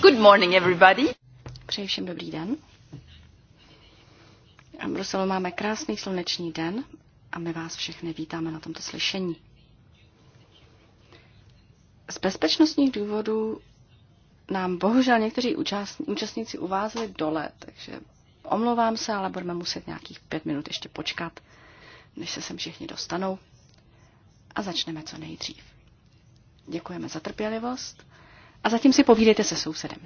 Good morning, everybody. Přeji všem dobrý den. A v Bruselu máme krásný sluneční den a my vás všechny vítáme na tomto slyšení. Z bezpečnostních důvodů nám bohužel někteří účastníci uvázli dole, takže omlouvám se, ale budeme muset nějakých pět minut ještě počkat, než se sem všichni dostanou a začneme co nejdřív. Děkujeme za trpělivost. A zatím si povídejte se sousedem.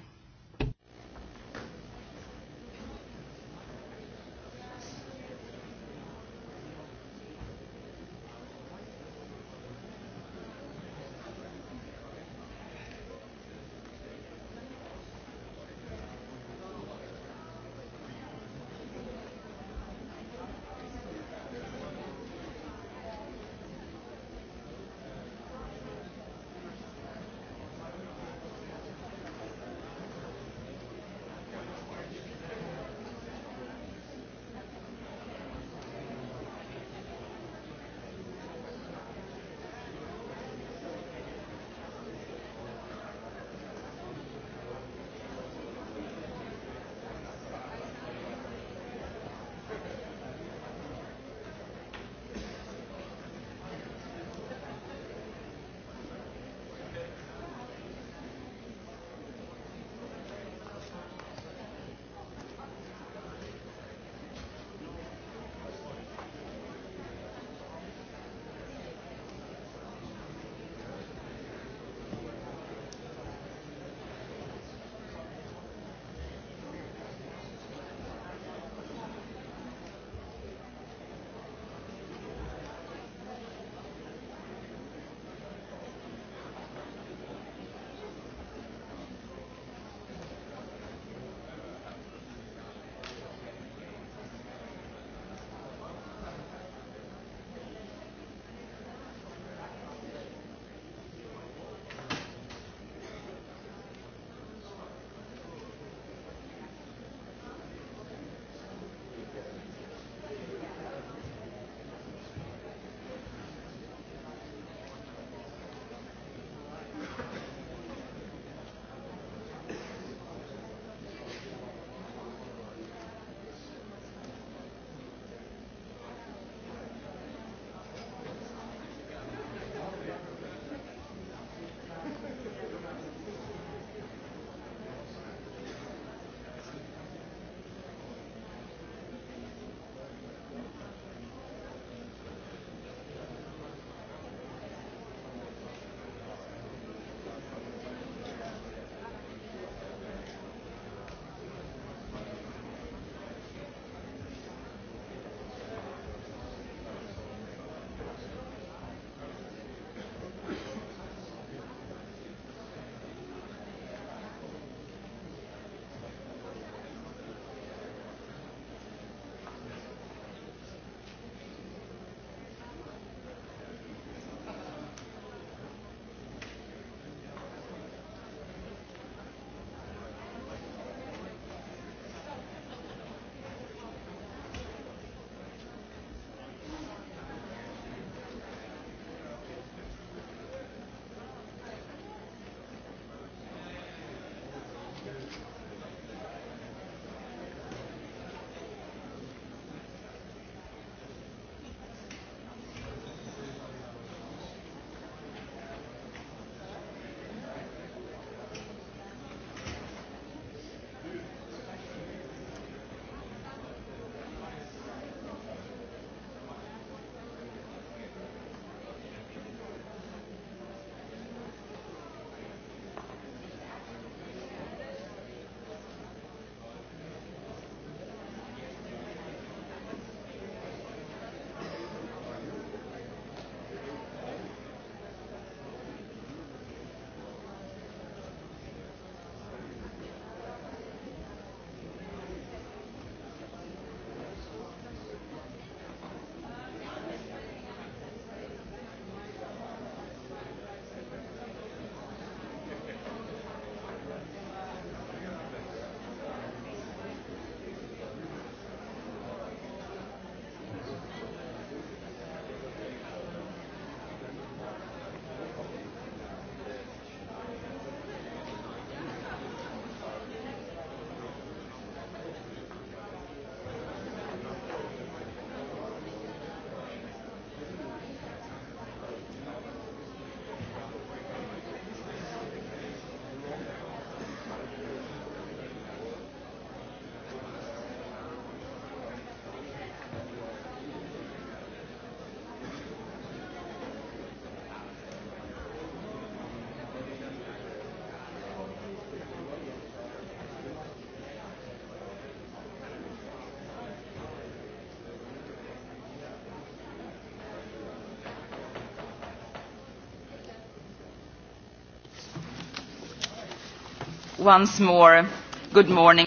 once more good morning.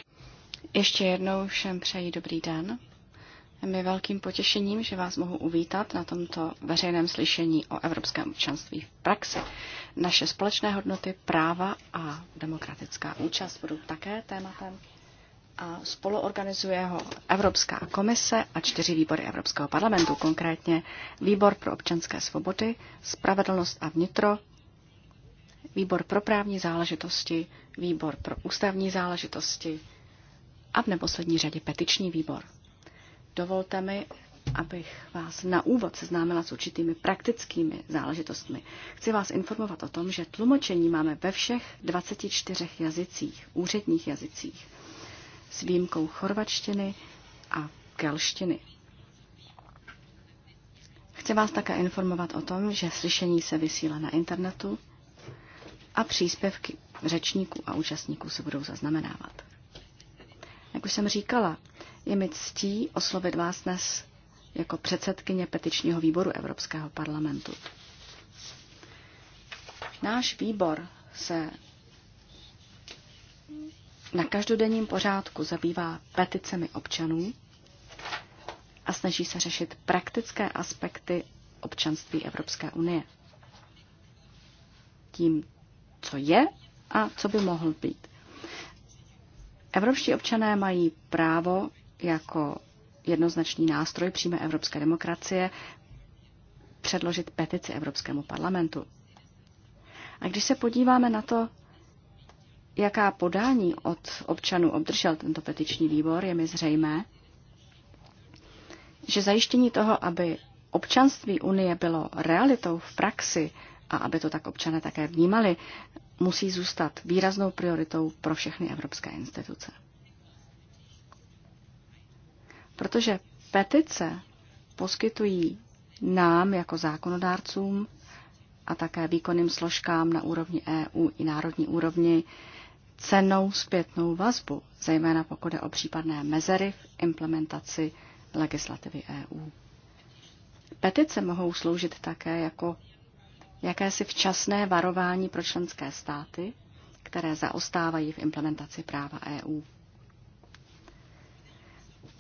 Ještě jednou všem přeji dobrý den. Je mi velkým potěšením, že vás mohu uvítat na tomto veřejném slyšení o evropském občanství v praxi. Naše společné hodnoty, práva a demokratická účast budou také tématem a spoluorganizuje ho Evropská komise a čtyři výbory Evropského parlamentu, konkrétně Výbor pro občanské svobody, Spravedlnost a vnitro, výbor pro právní záležitosti, výbor pro ústavní záležitosti a v neposlední řadě petiční výbor. Dovolte mi, abych vás na úvod seznámila s určitými praktickými záležitostmi. Chci vás informovat o tom, že tlumočení máme ve všech 24 jazycích, úředních jazycích, s výjimkou chorvačtiny a kelštiny. Chci vás také informovat o tom, že slyšení se vysílá na internetu a příspěvky řečníků a účastníků se budou zaznamenávat. Jak už jsem říkala, je mi ctí oslovit vás dnes jako předsedkyně petičního výboru Evropského parlamentu. Náš výbor se na každodenním pořádku zabývá peticemi občanů a snaží se řešit praktické aspekty občanství Evropské unie. Tím co je a co by mohl být. Evropští občané mají právo jako jednoznačný nástroj přímé evropské demokracie předložit petici Evropskému parlamentu. A když se podíváme na to, jaká podání od občanů obdržel tento petiční výbor, je mi zřejmé, že zajištění toho, aby občanství Unie bylo realitou v praxi, a aby to tak občané také vnímali, musí zůstat výraznou prioritou pro všechny evropské instituce. Protože petice poskytují nám jako zákonodárcům a také výkonným složkám na úrovni EU i národní úrovni cenou zpětnou vazbu, zejména pokud je o případné mezery v implementaci legislativy EU. Petice mohou sloužit také jako jakési včasné varování pro členské státy, které zaostávají v implementaci práva EU.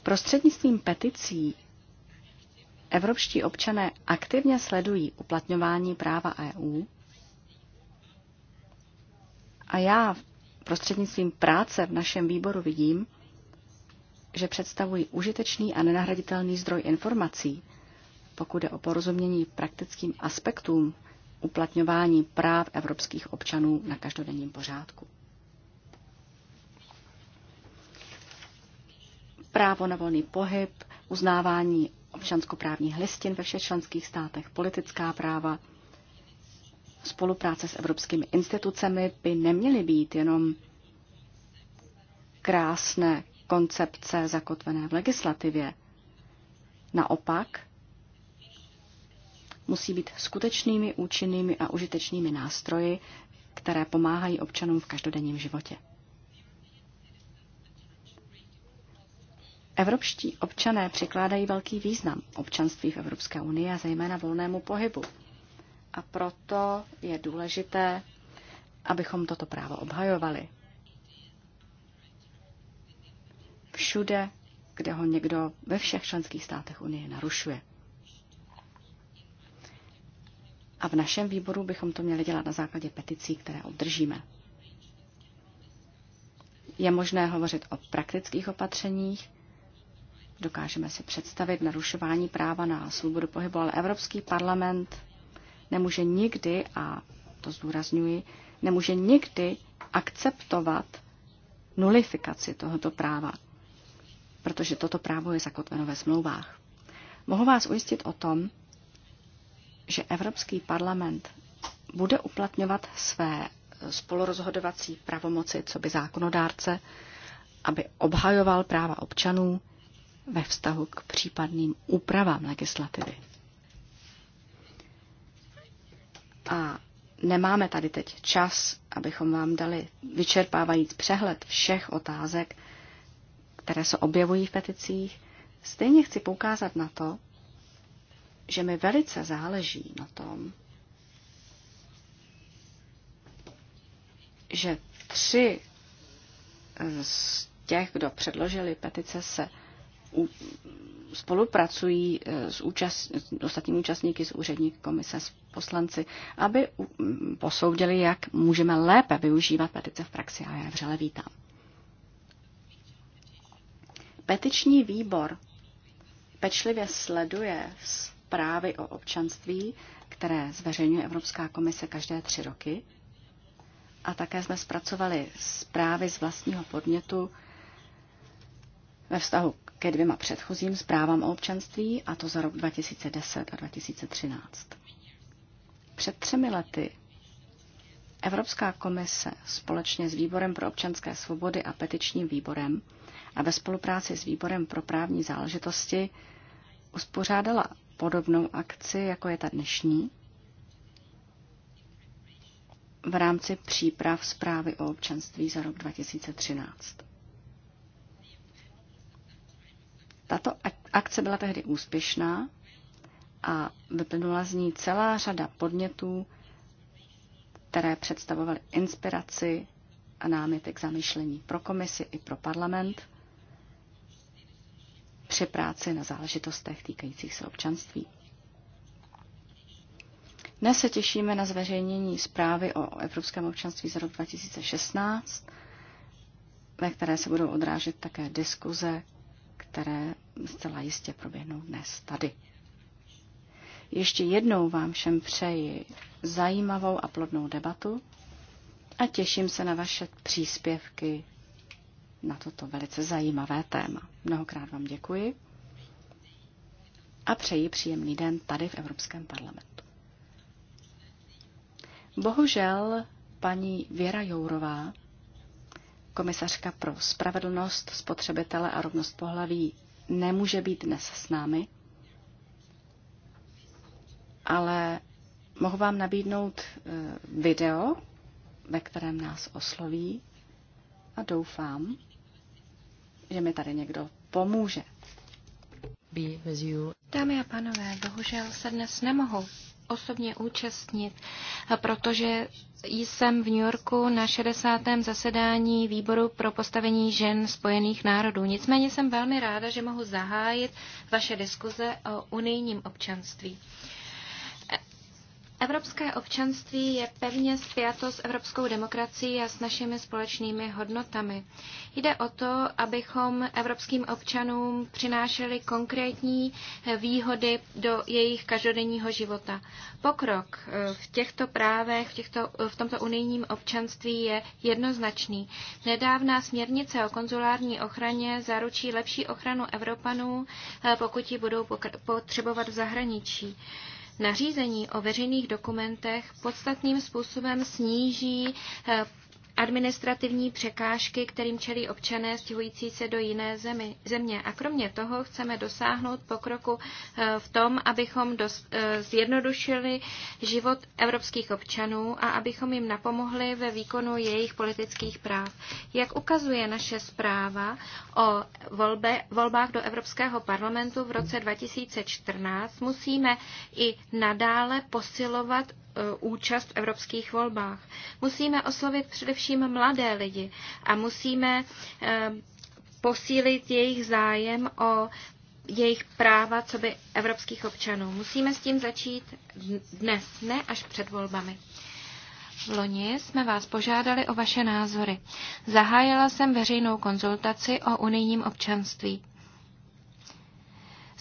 Prostřednictvím peticí evropští občané aktivně sledují uplatňování práva EU a já prostřednictvím práce v našem výboru vidím, že představují užitečný a nenahraditelný zdroj informací, pokud je o porozumění praktickým aspektům uplatňování práv evropských občanů na každodenním pořádku. Právo na volný pohyb, uznávání občanskoprávních listin ve všech členských státech, politická práva, spolupráce s evropskými institucemi by neměly být jenom krásné koncepce zakotvené v legislativě. Naopak, musí být skutečnými, účinnými a užitečnými nástroji, které pomáhají občanům v každodenním životě. Evropští občané přikládají velký význam občanství v Evropské unii a zejména volnému pohybu. A proto je důležité, abychom toto právo obhajovali. Všude, kde ho někdo ve všech členských státech Unie narušuje. A v našem výboru bychom to měli dělat na základě peticí, které obdržíme. Je možné hovořit o praktických opatřeních, dokážeme si představit narušování práva na svobodu pohybu, ale Evropský parlament nemůže nikdy, a to zdůrazňuji, nemůže nikdy akceptovat nulifikaci tohoto práva, protože toto právo je zakotveno ve smlouvách. Mohu vás ujistit o tom, že Evropský parlament bude uplatňovat své spolurozhodovací pravomoci co by zákonodárce, aby obhajoval práva občanů ve vztahu k případným úpravám legislativy. A nemáme tady teď čas, abychom vám dali vyčerpávající přehled všech otázek, které se objevují v peticích. Stejně chci poukázat na to, že mi velice záleží na tom, že tři eh, z těch, kdo předložili petice, se spolupracují eh, s, účast, s ostatními účastníky, s úředníky komise, s poslanci, aby mm, posoudili, jak můžeme lépe využívat petice v praxi a já vřele vítám. Petiční výbor pečlivě sleduje zprávy o občanství, které zveřejňuje Evropská komise každé tři roky. A také jsme zpracovali zprávy z vlastního podnětu ve vztahu ke dvěma předchozím zprávám o občanství, a to za rok 2010 a 2013. Před třemi lety Evropská komise společně s Výborem pro občanské svobody a petičním výborem a ve spolupráci s Výborem pro právní záležitosti uspořádala podobnou akci, jako je ta dnešní, v rámci příprav zprávy o občanství za rok 2013. Tato akce byla tehdy úspěšná a vyplnula z ní celá řada podnětů, které představovaly inspiraci a náměty k zamyšlení pro komisi i pro parlament – při práci na záležitostech týkajících se občanství. Dnes se těšíme na zveřejnění zprávy o evropském občanství za rok 2016, ve které se budou odrážet také diskuze, které zcela jistě proběhnou dnes tady. Ještě jednou vám všem přeji zajímavou a plodnou debatu a těším se na vaše příspěvky na toto velice zajímavé téma. Mnohokrát vám děkuji a přeji příjemný den tady v Evropském parlamentu. Bohužel paní Věra Jourová, komisařka pro spravedlnost, spotřebitele a rovnost pohlaví, nemůže být dnes s námi, ale mohu vám nabídnout eh, video, ve kterém nás osloví a doufám, že mi tady někdo pomůže. Dámy a pánové, bohužel se dnes nemohu osobně účastnit, protože jsem v New Yorku na 60. zasedání výboru pro postavení žen Spojených národů. Nicméně jsem velmi ráda, že mohu zahájit vaše diskuze o unijním občanství. Uh, Evropské občanství je pevně spjato s evropskou demokracií a s našimi společnými hodnotami. Jde o to, abychom evropským občanům přinášeli konkrétní výhody do jejich každodenního života. Pokrok eh, v těchto právech, v, těchto, eh, v tomto unijním občanství je jednoznačný. Nedávná směrnice o konzulární ochraně zaručí lepší ochranu Evropanů, eh, pokud ji budou potřebovat v zahraničí nařízení o veřejných dokumentech podstatným způsobem sníží eh, administrativní překážky, kterým čelí občané stěhující se do jiné zemi, země. A kromě toho chceme dosáhnout pokroku eh, v tom, abychom dos, eh, zjednodušili život evropských občanů a abychom jim napomohli ve výkonu jejich politických práv. Jak ukazuje naše zpráva o volbe, volbách do Evropského parlamentu v roce 2014, musíme i nadále posilovat Eh, účast v evropských volbách. Musíme oslovit především mladé lidi a musíme eh, posílit jejich zájem o jejich práva co by evropských občanů. Musíme s tím začít dnes, ne až před volbami. V loni jsme vás požádali o vaše názory. Zahájila jsem veřejnou konzultaci o unijním občanství.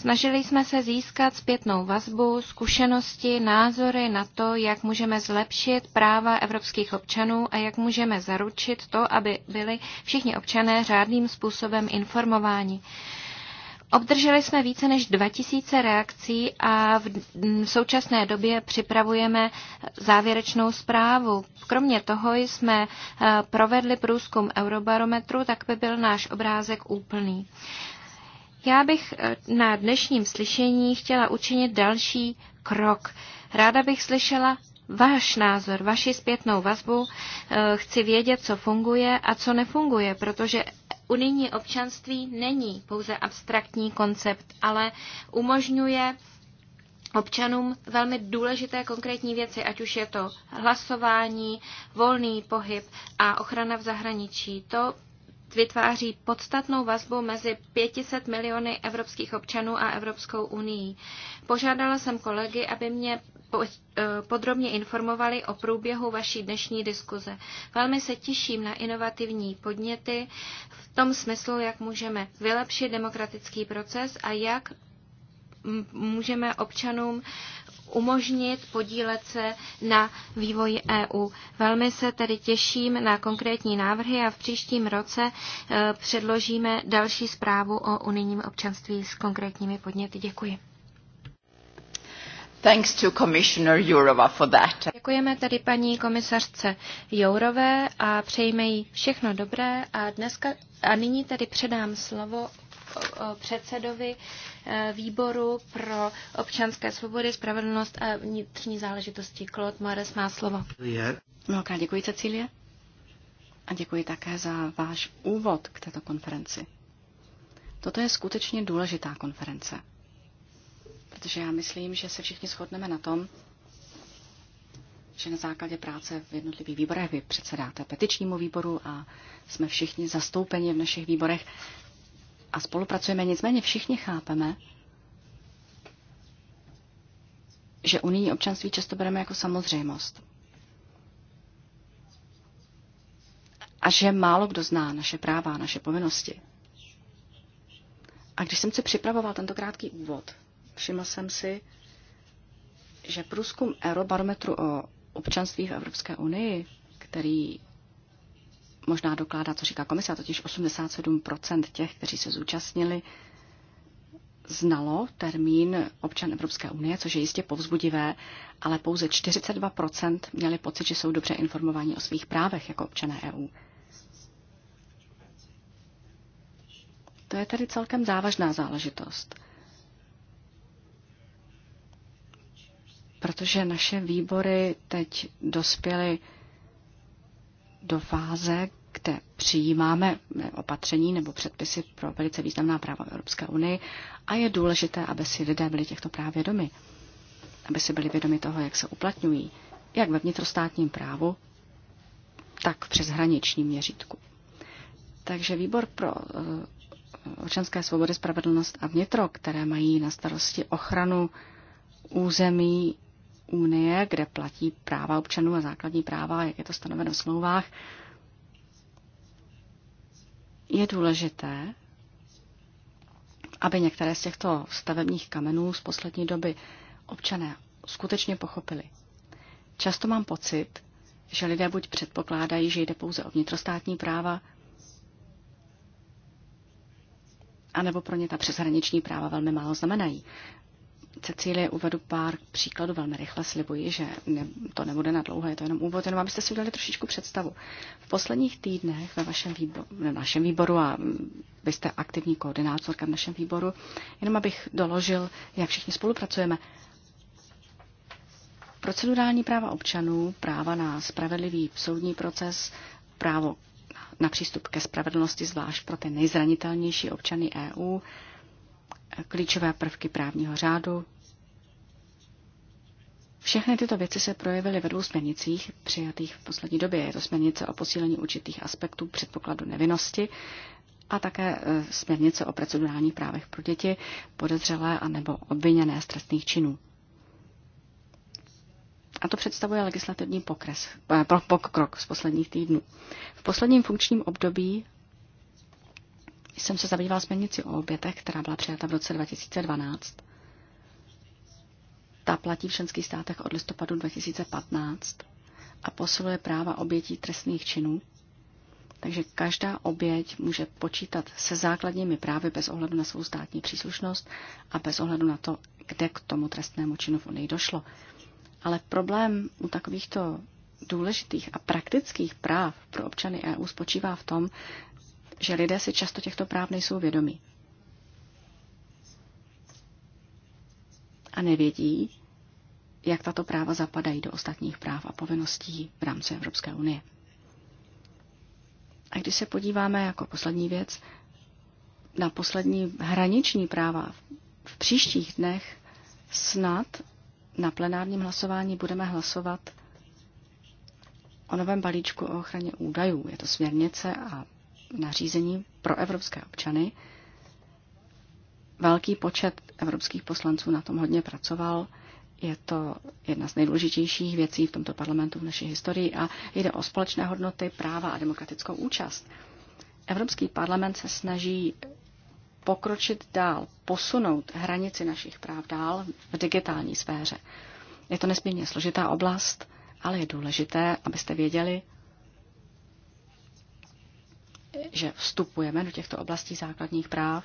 Snažili jsme se získat zpětnou vazbu, zkušenosti, názory na to, jak můžeme zlepšit práva evropských občanů a jak můžeme zaručit to, aby byli všichni občané řádným způsobem informováni. Obdrželi jsme více než 2000 reakcí a v současné době připravujeme závěrečnou zprávu. Kromě toho jsme eh, provedli průzkum Eurobarometru, tak by byl náš obrázek úplný. Já bych eh, na dnešním slyšení chtěla učinit další krok. Ráda bych slyšela váš názor, vaši zpětnou vazbu. Eh, chci vědět, co funguje a co nefunguje, protože unijní občanství není pouze abstraktní koncept, ale umožňuje občanům velmi důležité konkrétní věci, ať už je to hlasování, volný pohyb a ochrana v zahraničí. To vytváří podstatnou vazbu mezi 500 miliony evropských občanů a Evropskou unii. Požádala jsem kolegy, aby mě eh, podrobně informovali o průběhu vaší dnešní diskuze. Velmi se těším na inovativní podněty v tom smyslu, jak můžeme vylepšit demokratický proces a jak můžeme občanům umožnit podílet se na vývoji EU. Velmi se tedy těším na konkrétní návrhy a v příštím roce eh, předložíme další zprávu o unijním občanství s konkrétními podněty. Děkuji. Thanks to Commissioner Jourova for that. Děkujeme tedy paní komisařce Jourové a přejme jí všechno dobré a, dneska, a nyní tedy předám slovo Eh, předsedovi eh, výboru pro občanské svobody, spravedlnost a vnitřní záležitosti. Claude Mares má slovo. Mnohokrát děkuji, Cecílie. A děkuji také za váš úvod k této konferenci. Toto je skutečně důležitá konference, protože já myslím, že se všichni shodneme na tom, že na základě práce v jednotlivých výborech vy předsedáte petičnímu výboru a jsme všichni zastoupeni v našich výborech a spolupracujeme. Nicméně všichni chápeme, že unijní občanství často bereme jako samozřejmost. A že málo kdo zná naše práva, naše povinnosti. A když jsem si připravoval tento krátký úvod, všiml jsem si, že průzkum Eurobarometru o občanství v Evropské unii, který možná dokládá, co říká komise, a totiž 87% těch, kteří se zúčastnili, znalo termín občan Evropské unie, což je jistě povzbudivé, ale pouze 42% měli pocit, že jsou dobře informováni o svých právech jako občané EU. To je tedy celkem závažná záležitost. Protože naše výbory teď dospěly do fáze, kde přijímáme opatření nebo předpisy pro velice významná práva v Evropské unii a je důležité, aby si lidé byli těchto práv vědomi, aby si byli vědomi toho, jak se uplatňují, jak ve vnitrostátním právu, tak v přeshraničním měřítku. Takže výbor pro eh, občanské svobody, spravedlnost a vnitro, které mají na starosti ochranu území unie, kde platí práva občanů a základní práva, jak je to stanoveno v smlouvách, je důležité, aby některé z těchto stavebních kamenů z poslední doby občané skutečně pochopili. Často mám pocit, že lidé buď předpokládají, že jde pouze o vnitrostátní práva, anebo pro ně ta přeshraniční práva velmi málo znamenají. Cecílie, uvedu pár příkladů velmi rychle, slibuji, že ne, to nebude na dlouho, je to jenom úvod, jenom abyste si udělali trošičku představu. V posledních týdnech ve vašem výboru, v našem výboru a mm, vy jste aktivní koordinátorka v našem výboru, jenom abych doložil, jak všichni spolupracujeme. Procedurální práva občanů, práva na spravedlivý soudní proces, právo na přístup ke spravedlnosti, zvlášť pro ty nejzranitelnější občany EU, klíčové prvky právního řádu. Všechny tyto věci se projevily ve dvou směrnicích přijatých v poslední době. Je to směrnice o posílení určitých aspektů předpokladu nevinnosti a také e, směrnice o procedurálních právech pro děti, podezřelé a nebo obviněné z trestných činů. A to představuje legislativní pokres, e, pokrok z posledních týdnů. V posledním funkčním období jsem se zabýval směrnici o obětech, která byla přijata v roce 2012. Ta platí v členských státech od listopadu 2015 a posiluje práva obětí trestných činů, takže každá oběť může počítat se základními právy bez ohledu na svou státní příslušnost a bez ohledu na to, kde k tomu trestnému činu v Unii došlo. Ale problém u takovýchto důležitých a praktických práv pro občany EU spočívá v tom, že lidé si často těchto práv nejsou vědomí. A nevědí, jak tato práva zapadají do ostatních práv a povinností v rámci Evropské unie. A když se podíváme jako poslední věc na poslední hraniční práva, v příštích dnech snad na plenárním hlasování budeme hlasovat o novém balíčku o ochraně údajů. Je to směrnice a nařízení pro evropské občany. Velký počet evropských poslanců na tom hodně pracoval. Je to jedna z nejdůležitějších věcí v tomto parlamentu v naší historii a jde o společné hodnoty, práva a demokratickou účast. Evropský parlament se snaží pokročit dál, posunout hranici našich práv dál v digitální sféře. Je to nesmírně složitá oblast, ale je důležité, abyste věděli, že vstupujeme do těchto oblastí základních práv,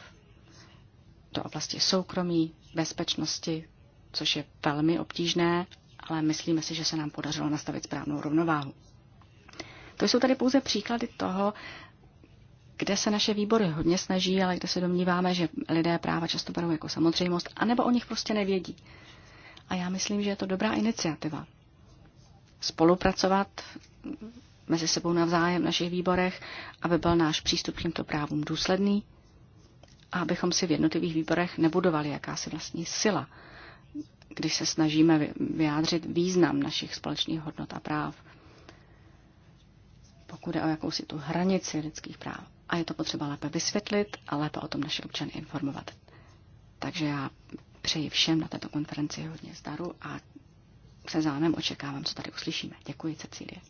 do oblasti soukromí, bezpečnosti, což je velmi obtížné, ale myslíme si, že se nám podařilo nastavit správnou rovnováhu. To jsou tady pouze příklady toho, kde se naše výbory hodně snaží, ale kde se domníváme, že lidé práva často berou jako samozřejmost, anebo o nich prostě nevědí. A já myslím, že je to dobrá iniciativa. Spolupracovat mezi sebou navzájem v našich výborech, aby byl náš přístup k těmto právům důsledný a abychom si v jednotlivých výborech nebudovali jakási vlastní sila, když se snažíme vyjádřit význam našich společných hodnot a práv, pokud je o jakousi tu hranici lidských práv. A je to potřeba lépe vysvětlit a lépe o tom naše občany informovat. Takže já přeji všem na této konferenci hodně zdaru a se zájmem očekávám, co tady uslyšíme. Děkuji, Cecílie.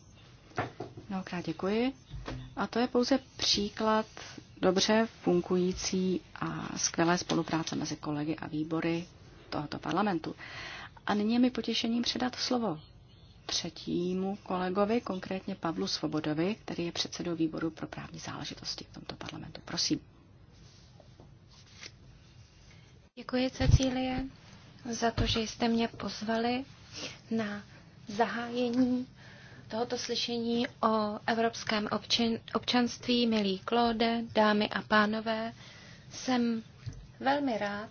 Mnohokrát děkuji. A to je pouze příklad dobře fungující a skvělé spolupráce mezi kolegy a výbory tohoto parlamentu. A nyní je mi potěšením předat slovo třetímu kolegovi, konkrétně Pavlu Svobodovi, který je předsedou výboru pro právní záležitosti v tomto parlamentu. Prosím. Děkuji, Cecílie, za to, že jste mě pozvali na zahájení tohoto slyšení o evropském občin, občanství, milí Klóde, dámy a pánové. Jsem velmi rád,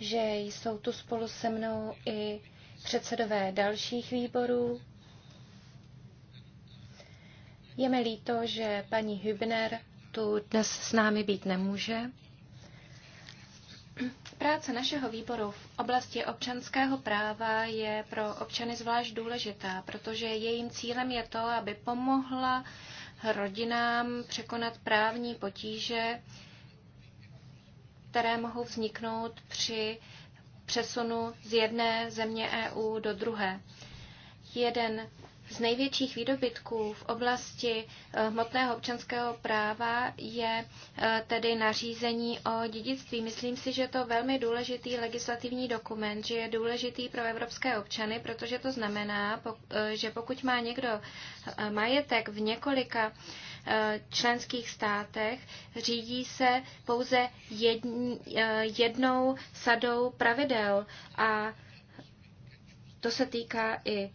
že jsou tu spolu se mnou i předsedové dalších výborů. Je mi líto, že paní Hübner tu dnes s námi být nemůže. Práce našeho výboru v oblasti občanského práva je pro občany zvlášť důležitá, protože jejím cílem je to, aby pomohla rodinám překonat právní potíže, které mohou vzniknout při přesunu z jedné země EU do druhé. Jeden z největších výdobytků v oblasti eh, hmotného občanského práva je eh, tedy nařízení o dědictví. Myslím si, že to velmi důležitý legislativní dokument, že je důležitý pro evropské občany, protože to znamená, eh, že pokud má někdo majetek v několika členských státech, řídí se pouze jednou sadou pravidel a to se týká i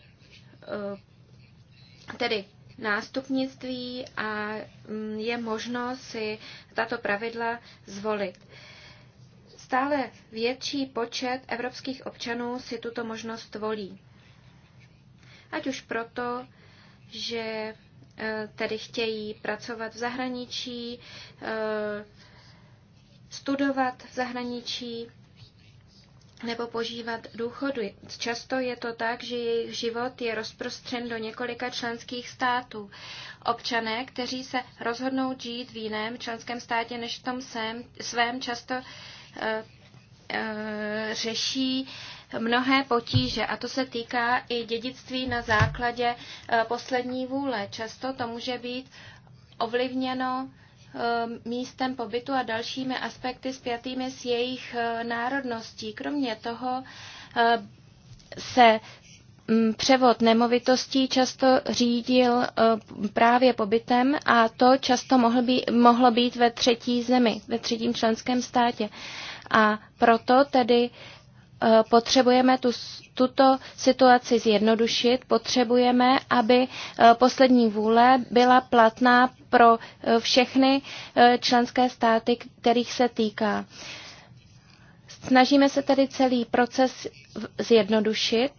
tedy nástupnictví a mm, je možno si tato pravidla zvolit. Stále větší počet evropských občanů si tuto možnost volí. Ať už proto, že e, tedy chtějí pracovat v zahraničí, e, studovat v zahraničí nebo požívat důchodu. Často je to tak, že jejich život je rozprostřen do několika členských států. Občané, kteří se rozhodnou žít v jiném členském státě než v tom sem, svém, často e, e, řeší mnohé potíže a to se týká i dědictví na základě e, poslední vůle. Často to může být ovlivněno e, Um, místem pobytu a dalšími aspekty spjatými s jejich uh, národností. Kromě toho uh, se um, převod nemovitostí často řídil uh, právě pobytem a to často mohl být, mohlo být ve třetí zemi, ve třetím členském státě. A proto tedy Eh, potřebujeme tu, tuto situaci zjednodušit, potřebujeme, aby eh, poslední vůle byla platná pro eh, všechny členské státy, kterých se týká. Snažíme se tedy celý proces zjednodušit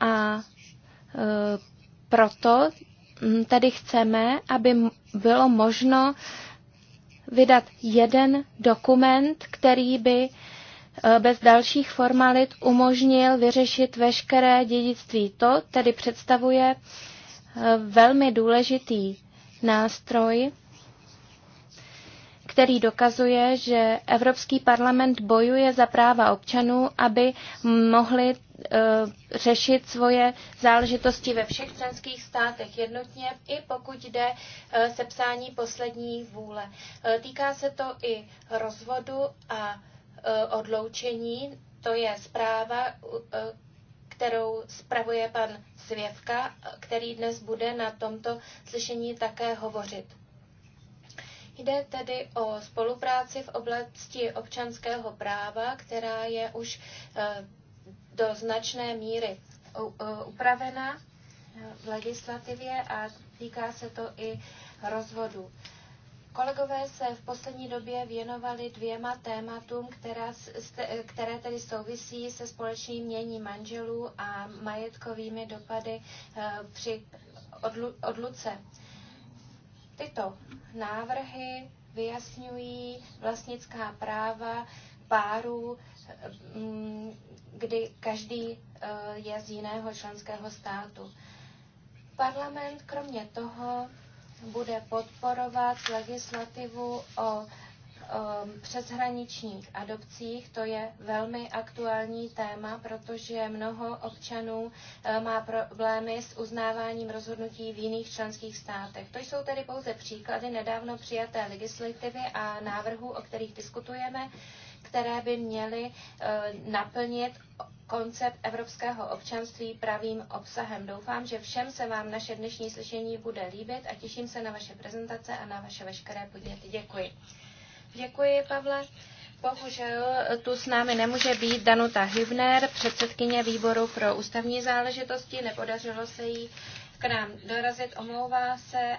a proto hm, tedy chceme, aby bylo možno vydat jeden dokument, který by eh, bez dalších formalit umožnil vyřešit veškeré dědictví. To tedy představuje eh, velmi důležitý nástroj který dokazuje, že Evropský parlament bojuje za práva občanů, aby mohli eh, řešit svoje záležitosti ve všech členských státech jednotně, i pokud jde eh, sepsání poslední vůle. Eh, týká se to i rozvodu a odloučení. To je zpráva, kterou spravuje pan Svěvka, který dnes bude na tomto slyšení také hovořit. Jde tedy o spolupráci v oblasti občanského práva, která je už eh, do značné míry eh, upravena eh, v legislativě a týká se to i rozvodu. Kolegové se v poslední době věnovali dvěma tématům, která, které tedy souvisí se společným měním manželů a majetkovými dopady při odluce. Tyto návrhy vyjasňují vlastnická práva párů, mm, kdy každý eh, je z jiného členského státu. Parlament kromě toho bude podporovat legislativu o Um, přeshraničních adopcích. To je velmi aktuální téma, protože mnoho občanů eh, má problémy s uznáváním rozhodnutí v jiných členských státech. To jsou tedy pouze příklady nedávno přijaté legislativy a návrhů, o kterých diskutujeme, které by měly eh, naplnit koncept evropského občanství pravým obsahem. Doufám, že všem se vám naše dnešní slyšení bude líbit a těším se na vaše prezentace a na vaše veškeré podněty. Děkuji. Děkuji, Pavle. Bohužel tu s námi nemůže být Danuta Hübner, předsedkyně výboru pro ústavní záležitosti. Nepodařilo se jí k nám dorazit, omlouvá se,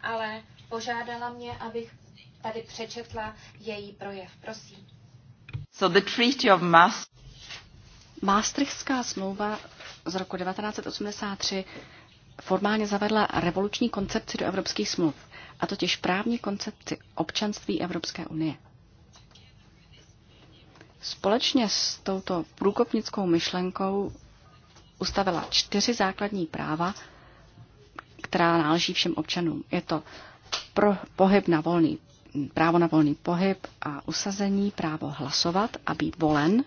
ale požádala mě, abych tady přečetla její projev. Prosím. So the Treaty of Maas- Maastrichtská smlouva z roku 1983 formálně zavedla revoluční koncepci do evropských smluv a totiž právní koncepci občanství Evropské unie. Společně s touto průkopnickou myšlenkou ustavila čtyři základní práva, která náleží všem občanům. Je to pro pohyb na volný, právo na volný pohyb a usazení, právo hlasovat a být volen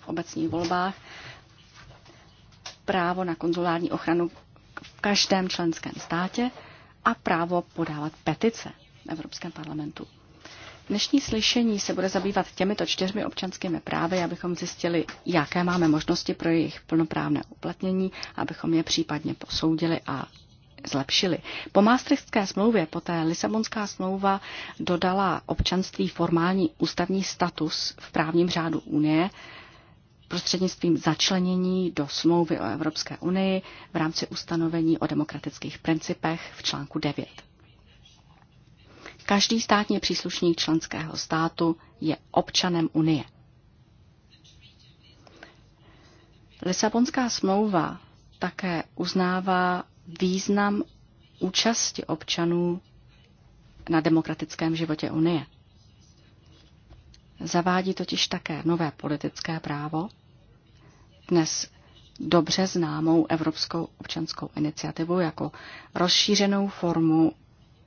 v obecních volbách, právo na konzulární ochranu v každém členském státě a právo podávat petice v Evropském parlamentu. Dnešní slyšení se bude zabývat těmito čtyřmi občanskými právy, abychom zjistili, jaké máme možnosti pro jejich plnoprávné uplatnění, abychom je případně posoudili a zlepšili. Po Maastrichtské smlouvě poté Lisabonská smlouva dodala občanství formální ústavní status v právním řádu Unie prostřednictvím začlenění do smlouvy o Evropské unii v rámci ustanovení o demokratických principech v článku 9. Každý státní příslušník členského státu je občanem Unie. Lisabonská smlouva také uznává význam účasti občanů na demokratickém životě Unie. Zavádí totiž také nové politické právo, dnes dobře známou Evropskou občanskou iniciativu jako rozšířenou formu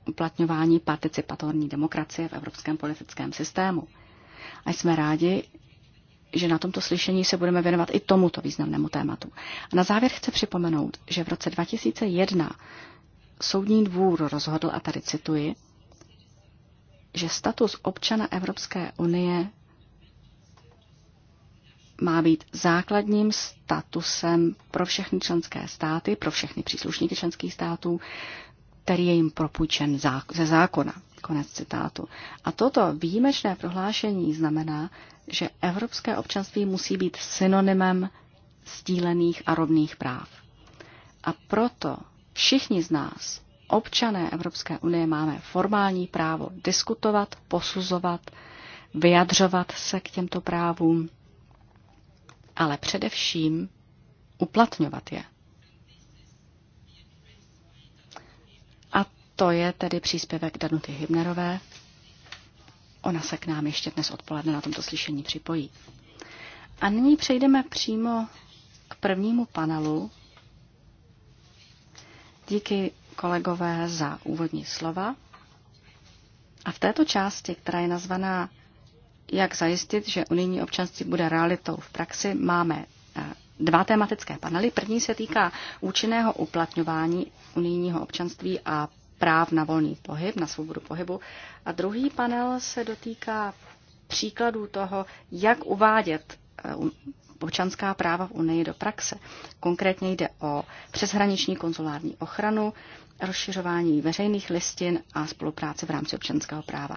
uplatňování participatorní demokracie v evropském politickém systému. A jsme rádi, že na tomto slyšení se budeme věnovat i tomuto významnému tématu. A na závěr chci připomenout, že v roce 2001 Soudní dvůr rozhodl, a tady cituji, že status občana Evropské unie má být základním statusem pro všechny členské státy, pro všechny příslušníky členských států, který je jim propůjčen ze zákona. Konec citátu. A toto výjimečné prohlášení znamená, že evropské občanství musí být synonymem sdílených a rovných práv. A proto všichni z nás, občané Evropské unie, máme formální právo diskutovat, posuzovat, vyjadřovat se k těmto právům ale především uplatňovat je. A to je tedy příspěvek Danuty Hybnerové. Ona se k nám ještě dnes odpoledne na tomto slyšení připojí. A nyní přejdeme přímo k prvnímu panelu. Díky kolegové za úvodní slova. A v této části, která je nazvaná jak zajistit, že unijní občanství bude realitou v praxi, máme eh, dva tematické panely. První se týká účinného uplatňování unijního občanství a práv na volný pohyb, na svobodu pohybu. A druhý panel se dotýká příkladů toho, jak uvádět eh, občanská práva v Unii do praxe. Konkrétně jde o přeshraniční konzulární ochranu, rozšiřování veřejných listin a spolupráce v rámci občanského práva.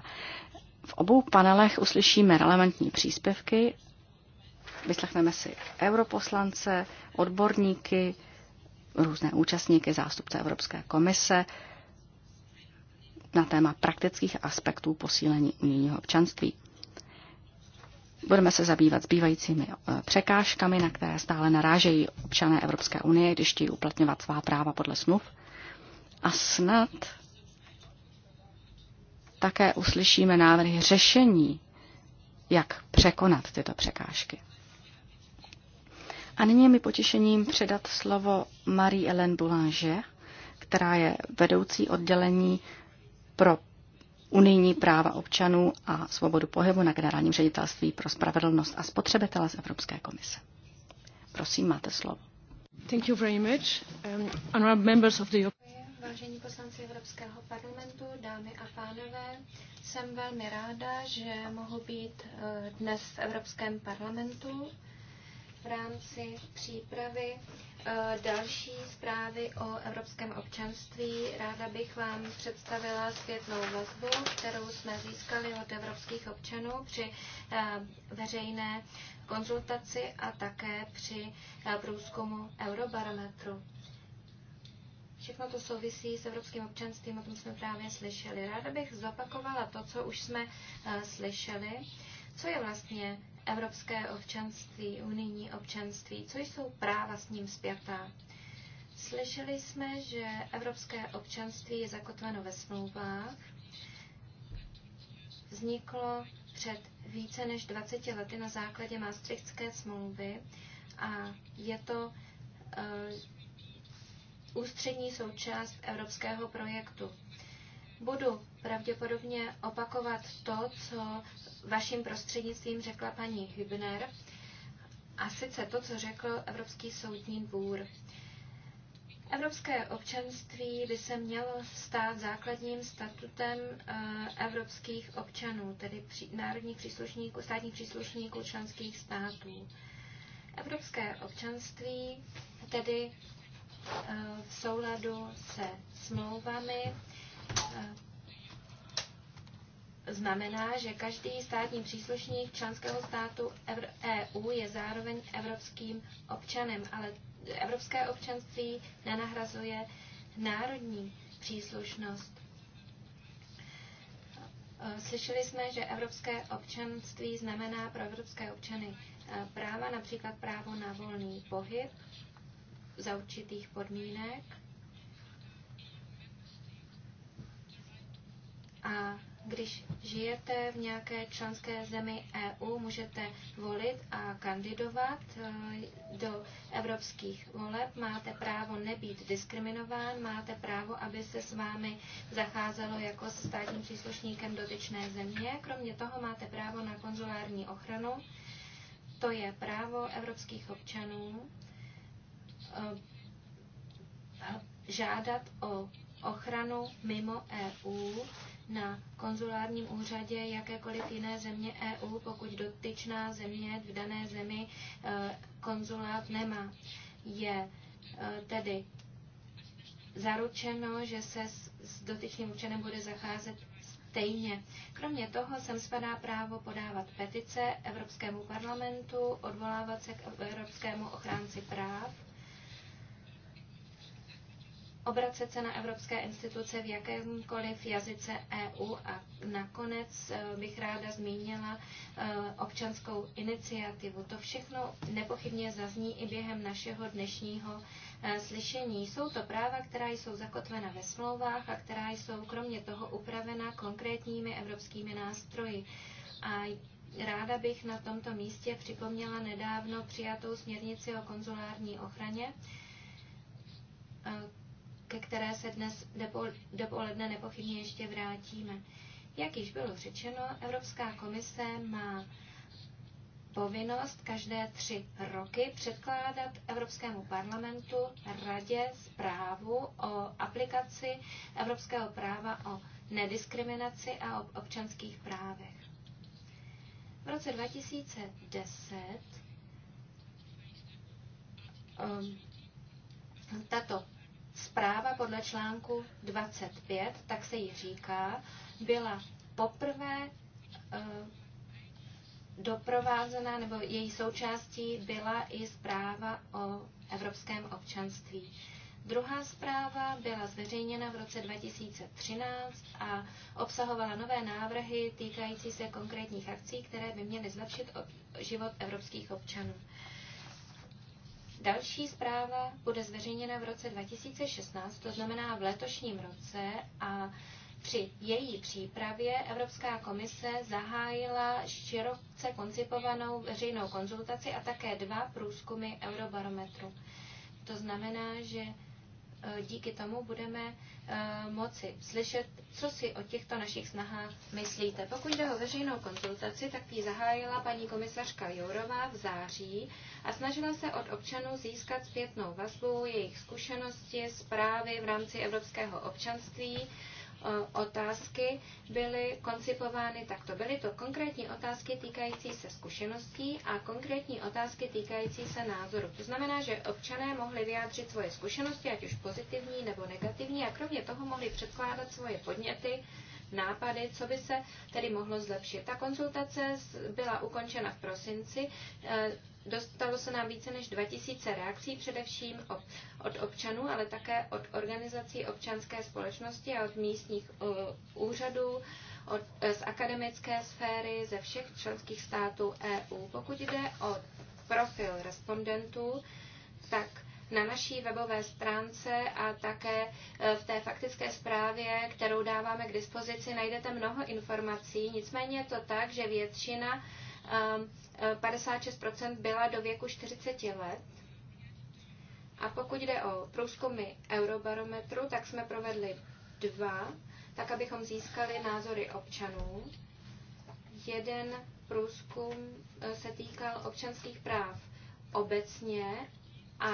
V obou panelech uslyšíme relevantní příspěvky, vyslechneme si europoslance, odborníky, různé účastníky, zástupce Evropské komise na téma praktických aspektů posílení unijního občanství. Budeme se zabývat zbývajícími eh, překážkami, na které stále narážejí občané Evropské unie, když chtějí uplatňovat svá práva podle smluv. A snad také uslyšíme návrhy řešení, jak překonat tyto překážky. A nyní je mi potěšením předat slovo Marie-Hélène Boulanger, která je vedoucí oddělení pro unijní práva občanů a svobodu pohybu na generálním ředitelství pro spravedlnost a spotřebitele z Evropské komise. Prosím, máte slovo. Thank you very much. Um, members of the vážení poslanci Evropského parlamentu, dámy a pánové, jsem velmi ráda, že mohu být eh, dnes v Evropském parlamentu v rámci přípravy eh, další zprávy o evropském občanství. Ráda bych vám představila zpětnou vazbu, kterou jsme získali od evropských občanů při eh, veřejné konzultaci a také při průzkumu Eurobarometru. Všechno to souvisí s evropským občanstvím, o tom jsme právě slyšeli. Ráda bych zopakovala to, co už jsme eh, slyšeli. Co je vlastně evropské občanství, unijní občanství, co jsou práva s ním zpětá. Slyšeli jsme, že evropské občanství je zakotveno ve smlouvách. Vzniklo před více než 20 lety na základě Maastrichtské smlouvy a je to eh, ústřední součást evropského projektu. Budu pravděpodobně opakovat to, co vaším prostřednictvím řekla paní Hübner, a sice to, co řekl Evropský soudní dvůr. Evropské občanství by se mělo stát základním statutem eh, evropských občanů, tedy národních příslušníků, státních příslušníků členských států. Evropské občanství tedy v souladu se smlouvami eh, znamená, že každý státní příslušník členského státu EU e je zároveň evropským občanem, ale evropské občanství nenahrazuje národní příslušnost. Eh, slyšeli jsme, že evropské občanství znamená pro evropské občany eh, práva, například právo na volný pohyb, za určitých podmínek. A když žijete v nějaké členské zemi EU, můžete volit a kandidovat eh, do evropských voleb. Máte právo nebýt diskriminován, máte právo, aby se s vámi zacházelo jako s státním příslušníkem dotyčné země. Kromě toho máte právo na konzulární ochranu. To je právo evropských občanů Eh, žádat o ochranu mimo EU na konzulárním úřadě jakékoliv jiné země EU, pokud dotyčná země v dané zemi eh, konzulát nemá. Je eh, tedy zaručeno, že se s dotyčným účenem bude zacházet stejně. Kromě toho sem spadá právo podávat petice Evropskému parlamentu, odvolávat se k Evropskému ochránci práv obracet se na evropské instituce v jakémkoliv jazyce EU. A nakonec eh, bych ráda zmínila eh, občanskou iniciativu. To všechno nepochybně zazní i během našeho dnešního eh, slyšení. Jsou to práva, která jsou zakotvena ve smlouvách a která jsou kromě toho upravena konkrétními evropskými nástroji. A ráda bych na tomto místě připomněla nedávno přijatou směrnici o konzulární ochraně, ke které se dnes dopoledne nepochybně ještě vrátíme. Jak již bylo řečeno, Evropská komise má povinnost každé tři roky předkládat Evropskému parlamentu, radě zprávu o aplikaci evropského práva o nediskriminaci a o občanských právech. V roce 2010 um, tato zpráva podle článku 25, tak se jí říká, byla poprvé eh, doprovázená, nebo její součástí byla i zpráva o evropském občanství. Druhá zpráva byla zveřejněna v roce 2013 a obsahovala nové návrhy týkající se konkrétních akcí, které by měly zlepšit život evropských občanů. Další zpráva bude zveřejněna v roce 2016, to znamená v letošním roce a při její přípravě Evropská komise zahájila široce koncipovanou veřejnou konzultaci a také dva průzkumy Eurobarometru. To znamená, že Eh, díky tomu budeme eh, moci slyšet, co si o těchto našich snahách myslíte. Pokud jde o veřejnou konzultaci, tak ji zahájila paní komisařka Jourová v září a snažila se od občanů získat zpětnou vazbu, jejich zkušenosti, zprávy v rámci evropského občanství otázky byly koncipovány takto. Byly to konkrétní otázky týkající se zkušeností a konkrétní otázky týkající se názoru. To znamená, že občané mohli vyjádřit svoje zkušenosti, ať už pozitivní nebo negativní, a kromě toho mohli předkládat svoje podněty, nápady, co by se tedy mohlo zlepšit. Ta konzultace byla ukončena v prosinci. Eh, Dostalo se nám více než 2000 reakcí, především od občanů, ale také od organizací občanské společnosti a od místních úřadů, od, e, z akademické sféry, ze všech členských států EU. Pokud jde o profil respondentů, tak na naší webové stránce a také e, v té faktické zprávě, kterou dáváme k dispozici, najdete mnoho informací. Nicméně je to tak, že většina 56% e, byla do věku 40 let. A pokud jde o průzkumy Eurobarometru, tak jsme provedli dva, tak abychom získali názory občanů. Jeden průzkum e, se týkal občanských práv obecně a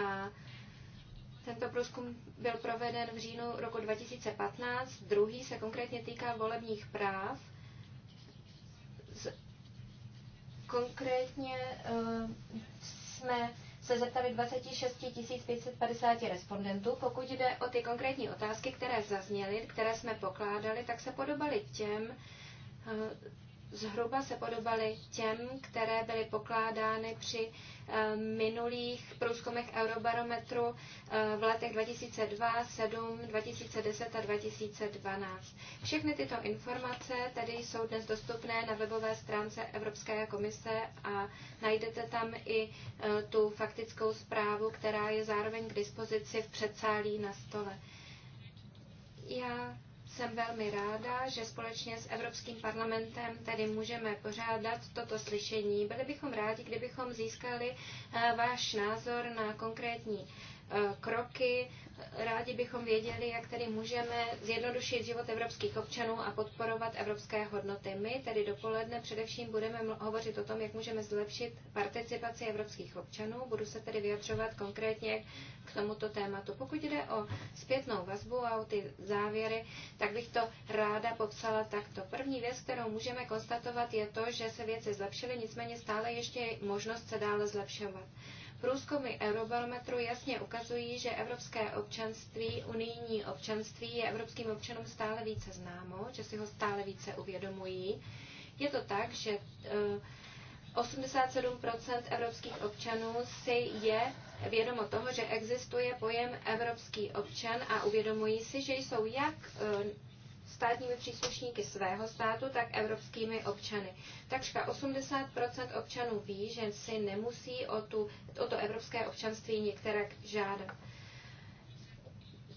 tento průzkum byl proveden v říjnu roku 2015, druhý se konkrétně týká volebních práv Konkrétně eh, jsme se zeptali 26 550 respondentů. Pokud jde o ty konkrétní otázky, které zazněly, které jsme pokládali, tak se podobaly těm, eh, zhruba se podobaly těm, které byly pokládány při Eh, minulých průzkumech Eurobarometru eh, v letech 2002, 2007, 2010 a 2012. Všechny tyto informace tedy jsou dnes dostupné na webové stránce Evropské komise a najdete tam i eh, tu faktickou zprávu, která je zároveň k dispozici v předsálí na stole. Já jsem velmi ráda, že společně s Evropským parlamentem tedy můžeme pořádat toto slyšení. Byli bychom rádi, kdybychom získali eh, váš názor na konkrétní Eh, kroky. Rádi bychom věděli, jak tedy můžeme zjednodušit život evropských občanů a podporovat evropské hodnoty. My tedy dopoledne především budeme hovořit o tom, jak můžeme zlepšit participaci evropských občanů. Budu se tedy vyjadřovat konkrétně k tomuto tématu. Pokud jde o zpětnou vazbu a o ty závěry, tak bych to ráda popsala takto. První věc, kterou můžeme konstatovat, je to, že se věci zlepšily, nicméně stále ještě je možnost se dále zlepšovat. Průzkumy Eurobarometru jasně ukazují, že evropské občanství, unijní občanství je evropským občanům stále více známo, že si ho stále více uvědomují. Je to tak, že 87 eh, evropských občanů si je vědomo toho, že existuje pojem evropský občan a uvědomují si, že jsou jak eh, státními příslušníky svého státu, tak evropskými občany. Takřka 80 občanů ví, že si nemusí o, tu, o to evropské občanství některak žádat.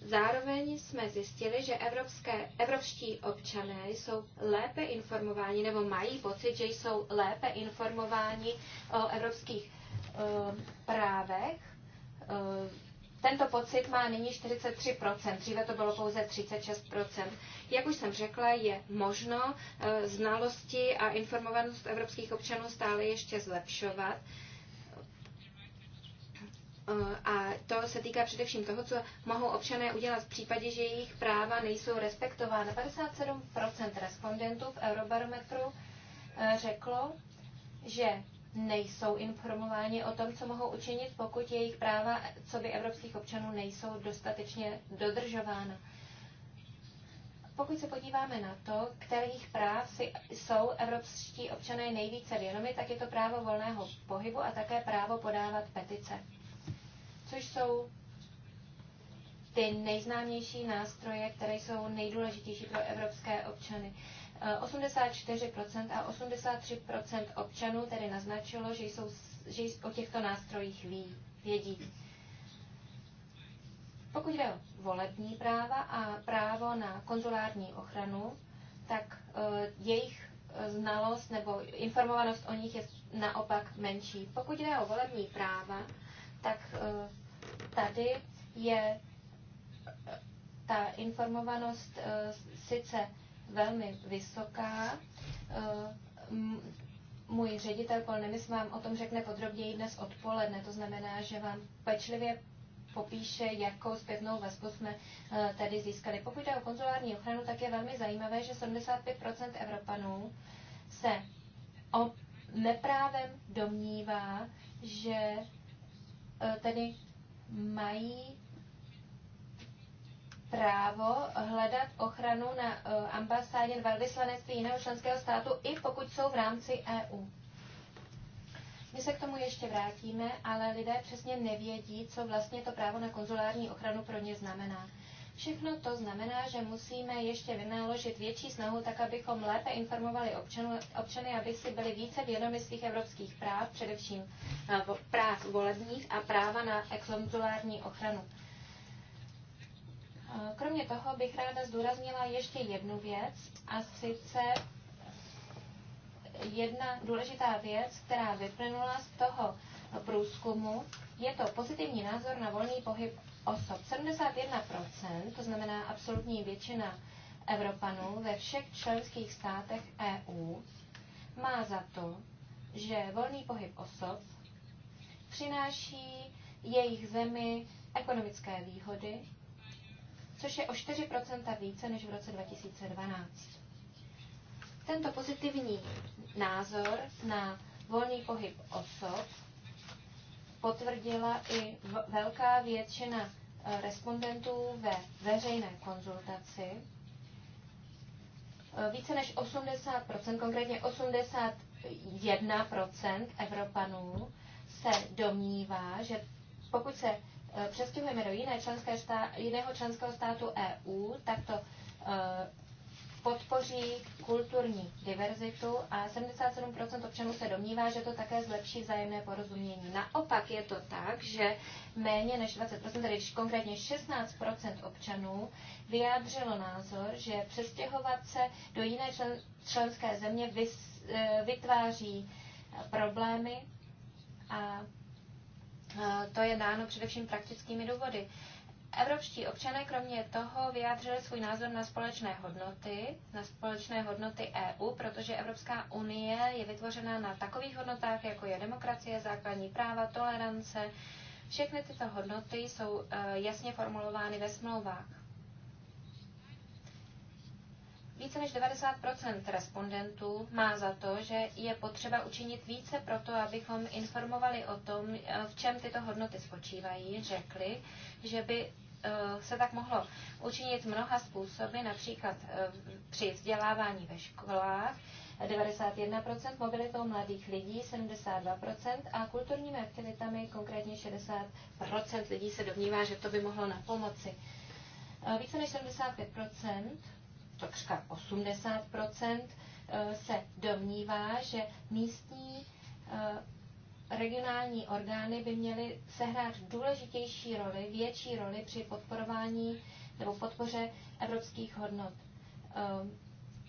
Zároveň jsme zjistili, že evropské, evropští občané jsou lépe informováni nebo mají pocit, že jsou lépe informováni o evropských e, právech, eh, tento pocit má nyní 43%, dříve to bylo pouze 36%. Jak už jsem řekla, je možno eh, znalosti a informovanost evropských občanů stále ještě zlepšovat. Eh, a to se týká především toho, co mohou občané udělat v případě, že jejich práva nejsou respektována. 57% respondentů v Eurobarometru eh, řeklo, že nejsou informováni o tom, co mohou učinit, pokud jejich práva co by evropských občanů nejsou dostatečně dodržována. Pokud se podíváme na to, kterých práv si jsou evropští občané nejvíce vědomi, tak je to právo volného pohybu a také právo podávat petice, což jsou ty nejznámější nástroje, které jsou nejdůležitější pro evropské občany. 84% a 83% občanů tedy naznačilo, že, jsou, že o těchto nástrojích ví, vědí. Pokud jde o volební práva a právo na konzulární ochranu, tak e, jejich e, znalost nebo informovanost o nich je naopak menší. Pokud jde o volební práva, tak e, tady je ta informovanost sice velmi vysoká. Eh, můj ředitel Polnemis vám o tom řekne podrobněji dnes odpoledne, to znamená, že vám pečlivě popíše, jakou zpětnou vazbu jsme eh, tady získali. Pokud jde o konzulární ochranu, tak je velmi zajímavé, že 75 Evropanů se o neprávem domnívá, že eh, tedy mají právo hledat ochranu na eh, ambasádě velvyslanectví jiného členského státu, i pokud jsou v rámci EU. My se k tomu ještě vrátíme, ale lidé přesně nevědí, co vlastně to právo na konzulární ochranu pro ně znamená. Všechno to znamená, že musíme ještě vynaložit větší snahu, tak abychom lépe informovali občanů, občany, aby si byli více vědomi svých evropských práv, především eh, práv volebních a práva na konzulární ochranu. Eh, kromě toho bych ráda zdůraznila ještě jednu věc, a sice jedna důležitá věc, která vyplynula z toho průzkumu, je to pozitivní názor na volný pohyb osob. 71%, to znamená absolutní většina Evropanů ve všech členských státech EU, má za to, že volný pohyb osob přináší jejich zemi ekonomické výhody což je o 4 více než v roce 2012. Tento pozitivní názor na volný pohyb osob potvrdila i velká většina eh, respondentů ve veřejné konzultaci. Eh, více než 80 konkrétně 81 Evropanů se domnívá, že pokud se Eh, přestěhujeme do jiné členské stá, jiného členského státu EU, tak to eh, podpoří kulturní diverzitu a 77% občanů se domnívá, že to také zlepší vzájemné porozumění. Naopak je to tak, že méně než 20%, tedy konkrétně 16% občanů vyjádřilo názor, že přestěhovat se do jiné člen, členské země vys, eh, vytváří problémy a Eh, to je dáno především praktickými důvody. Evropští občané kromě toho vyjádřili svůj názor na společné hodnoty, na společné hodnoty EU, protože Evropská unie je vytvořena na takových hodnotách, jako je demokracie, základní práva, tolerance. Všechny tyto hodnoty jsou eh, jasně formulovány ve smlouvách. Více než 90 respondentů má za to, že je potřeba učinit více pro to, abychom informovali o tom, eh, v čem tyto hodnoty spočívají, řekli, že by eh, se tak mohlo učinit mnoha způsoby, například eh, při vzdělávání ve školách, 91%, mobilitou mladých lidí 72% a kulturními aktivitami konkrétně 60% lidí se domnívá, že to by mohlo na pomoci. Více než 75% takřka 80 eh, se domnívá, že místní eh, regionální orgány by měly sehrát důležitější roli, větší roli při podporování nebo podpoře evropských hodnot.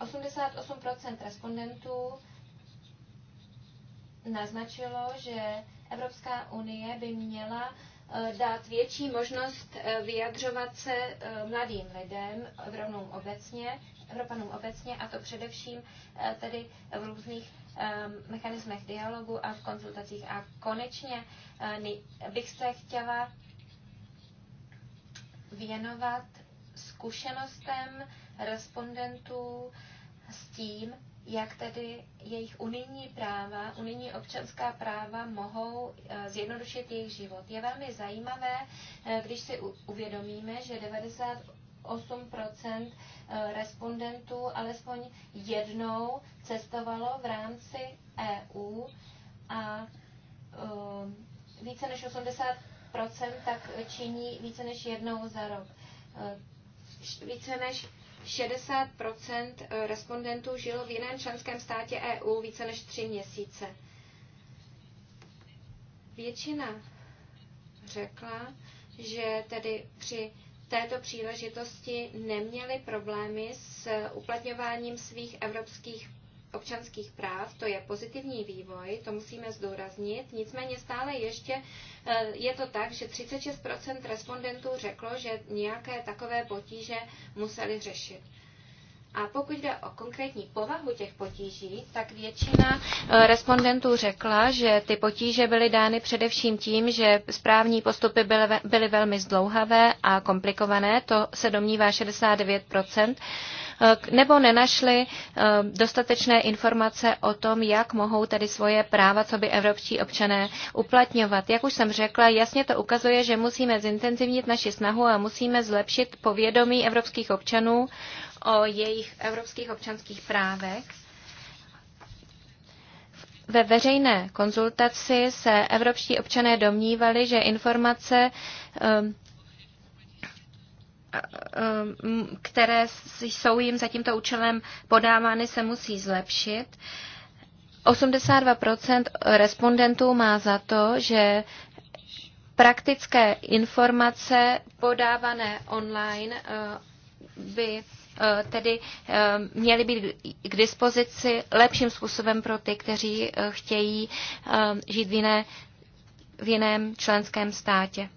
88 eh, respondentů naznačilo, že Evropská unie by měla Eh, dát větší možnost eh, vyjadřovat se eh, mladým lidem, Evropanům obecně, Evropanům obecně, a to především tedy v různých ehm, mechanismech dialogu a v konzultacích. A konečně bych se chtěla věnovat zkušenostem respondentů s tím, jak tedy jejich unijní práva, unijní občanská práva mohou eh, zjednodušit jejich život. Je velmi zajímavé, eh, když si uvědomíme, že 90 8 eh, respondentů alespoň jednou cestovalo v rámci EU a více než 80 tak činí více než jednou za rok. Více než 60 eh, respondentů žilo v jiném členském státě EU více než tři měsíce. Většina řekla, že tedy při této příležitosti neměli problémy s uplatňováním svých evropských občanských práv, to je pozitivní vývoj, to musíme zdůraznit. Nicméně stále ještě eh, je to tak, že 36 respondentů řeklo, že nějaké takové potíže museli řešit. A pokud jde o konkrétní povahu těch potíží, tak většina eh, respondentů řekla, že ty potíže byly dány především tím, že správní postupy byly, byly velmi zdlouhavé a komplikované. To se domnívá 69 Eh, nebo nenašli eh, dostatečné informace o tom, jak mohou tedy svoje práva, co by evropští občané uplatňovat. Jak už jsem řekla, jasně to ukazuje, že musíme zintenzivnit naši snahu a musíme zlepšit povědomí evropských občanů o jejich evropských občanských právech. Ve veřejné konzultaci se evropští občané domnívali, že informace eh, Eh, eh, které jsou jim za tímto účelem podávány, se musí zlepšit. 82% respondentů má za to, že praktické informace podávané online eh, by tedy měly být k dispozici lepším způsobem pro ty, kteří chtějí žít v, jiné, v jiném členském státě.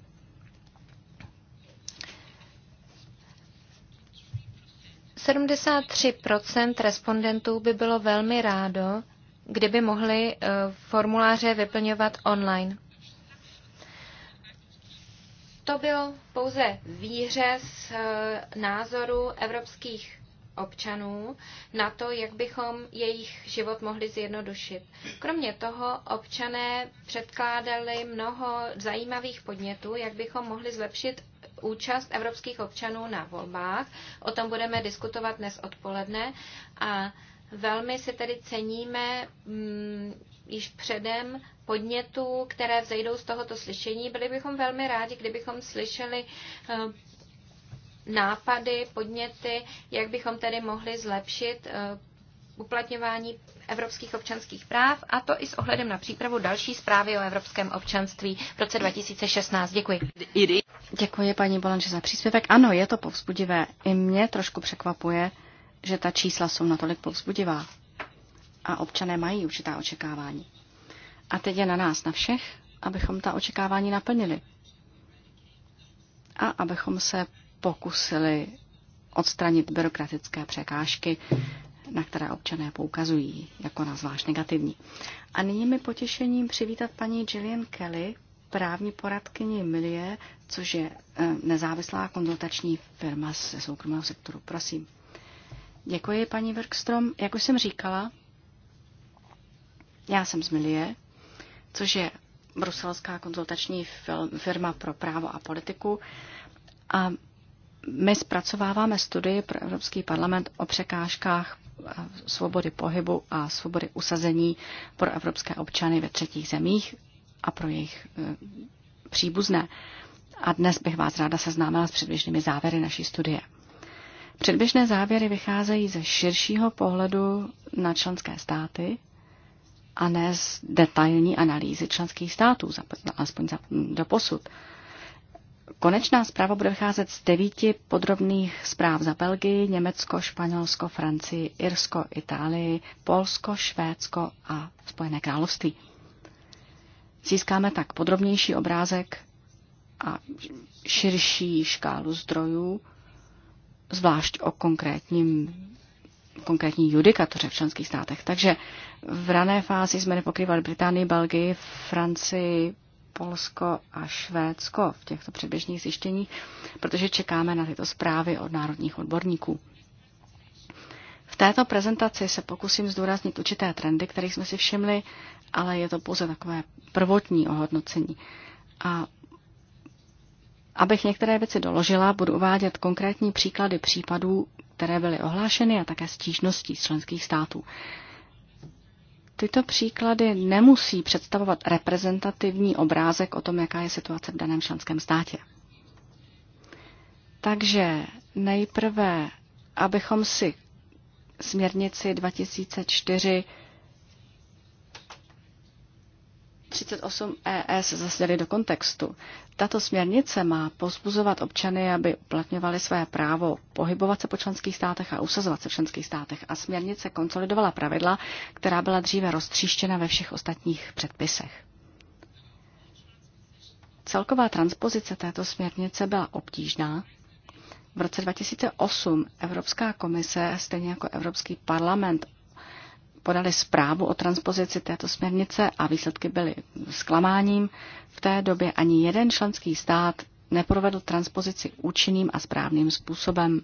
73 respondentů by bylo velmi rádo, kdyby mohli eh, formuláře vyplňovat online. To byl pouze výřez eh, názoru evropských občanů na to, jak bychom jejich život mohli zjednodušit. Kromě toho občané předkládali mnoho zajímavých podnětů, jak bychom mohli zlepšit účast evropských občanů na volbách. O tom budeme diskutovat dnes odpoledne a velmi si tedy ceníme mm, již předem podnětů, které vzejdou z tohoto slyšení. Byli bychom velmi rádi, kdybychom slyšeli eh, nápady, podněty, jak bychom tedy mohli zlepšit eh, uplatňování evropských občanských práv, a to i s ohledem na přípravu další zprávy o evropském občanství v roce 2016. Děkuji. Děkuji paní Bolanče za příspěvek. Ano, je to povzbudivé. I mě trošku překvapuje, že ta čísla jsou natolik povzbudivá. A občané mají určitá očekávání. A teď je na nás, na všech, abychom ta očekávání naplnili. A abychom se pokusili odstranit byrokratické překážky, na které občané poukazují jako na zvlášť negativní. A nyní mi potěšením přivítat paní Gillian Kelly, právní poradkyni Milie, což je eh, nezávislá konzultační firma ze soukromého sektoru. Prosím. Děkuji, paní Werkstrom. Jak už jsem říkala, já jsem z Milie, což je bruselská konzultační firma pro právo a politiku. A my zpracováváme studii pro Evropský parlament o překážkách svobody pohybu a svobody usazení pro evropské občany ve třetích zemích a pro jejich e, příbuzné. A dnes bych vás ráda seznámila s předběžnými závěry naší studie. Předběžné závěry vycházejí ze širšího pohledu na členské státy a ne z detailní analýzy členských států, aspoň do posud. Konečná zpráva bude vycházet z devíti podrobných zpráv za Belgii, Německo, Španělsko, Francii, Irsko, Itálii, Polsko, Švédsko a Spojené království. Získáme tak podrobnější obrázek a širší škálu zdrojů, zvlášť o konkrétním, konkrétní judikatoře v členských státech. Takže v rané fázi jsme nepokrývali Británii, Belgii, Francii, Polsko a Švédsko v těchto předběžných zjištěních, protože čekáme na tyto zprávy od národních odborníků. V této prezentaci se pokusím zdůraznit určité trendy, kterých jsme si všimli, ale je to pouze takové prvotní ohodnocení. A abych některé věci doložila, budu uvádět konkrétní příklady případů, které byly ohlášeny a také stížností členských států. Tyto příklady nemusí představovat reprezentativní obrázek o tom, jaká je situace v daném členském státě. Takže nejprve, abychom si směrnici 2004 38 ES zasněli do kontextu. Tato směrnice má pozbuzovat občany, aby uplatňovali své právo pohybovat se po členských státech a usazovat se v členských státech. A směrnice konsolidovala pravidla, která byla dříve roztříštěna ve všech ostatních předpisech. Celková transpozice této směrnice byla obtížná. V roce 2008 Evropská komise, stejně jako Evropský parlament, podali zprávu o transpozici této směrnice a výsledky byly zklamáním. V té době ani jeden členský stát neprovedl transpozici účinným a správným způsobem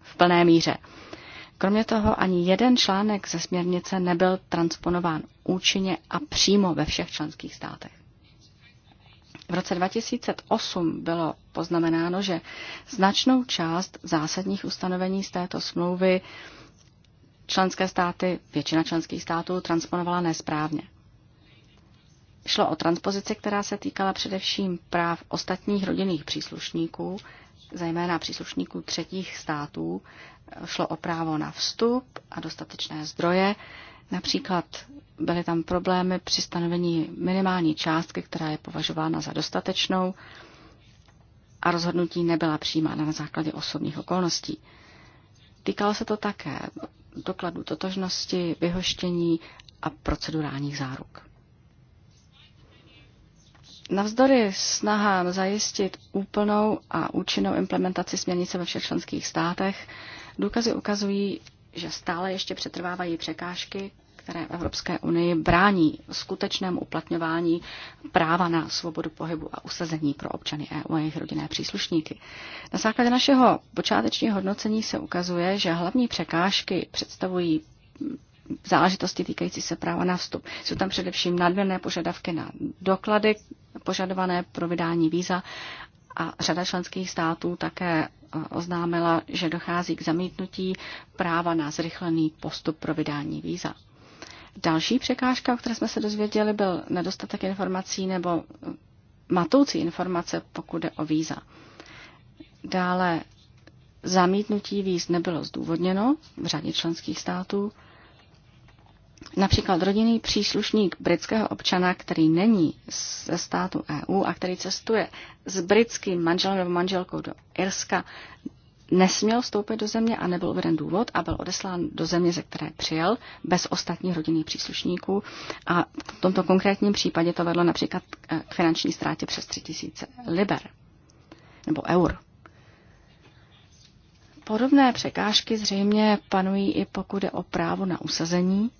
v plné míře. Kromě toho ani jeden článek ze směrnice nebyl transponován účinně a přímo ve všech členských státech. V roce 2008 bylo poznamenáno, že značnou část zásadních ustanovení z této smlouvy členské státy, většina členských států, transponovala nesprávně. Šlo o transpozici, která se týkala především práv ostatních rodinných příslušníků, zejména příslušníků třetích států. Šlo o právo na vstup a dostatečné zdroje. Například byly tam problémy při stanovení minimální částky, která je považována za dostatečnou a rozhodnutí nebyla přijímána na základě osobních okolností. Týkalo se to také dokladů totožnosti, vyhoštění a procedurálních záruk. Navzdory snahám zajistit úplnou a účinnou implementaci směrnice ve všech členských státech, důkazy ukazují, že stále ještě přetrvávají překážky, které v Evropské unii brání skutečnému uplatňování práva na svobodu pohybu a usazení pro občany EU a jejich rodinné příslušníky. Na základě našeho počátečního hodnocení se ukazuje, že hlavní překážky představují záležitosti týkající se práva na vstup. Jsou tam především nadměrné požadavky na doklady požadované pro vydání víza a řada členských států také eh, oznámila, že dochází k zamítnutí práva na zrychlený postup pro vydání víza. Další překážka, o které jsme se dozvěděli, byl nedostatek informací nebo matoucí informace, pokud jde o víza. Dále zamítnutí víz nebylo zdůvodněno v řadě členských států. Například rodinný příslušník britského občana, který není ze státu EU a který cestuje s britským manželem nebo manželkou do Irska, nesměl vstoupit do země a nebyl uveden důvod a byl odeslán do země, ze které přijel, bez ostatních rodinných příslušníků. A v tomto konkrétním případě to vedlo například k eh, finanční ztrátě přes 3000 liber nebo eur. Podobné překážky zřejmě panují i pokud je o právo na usazení.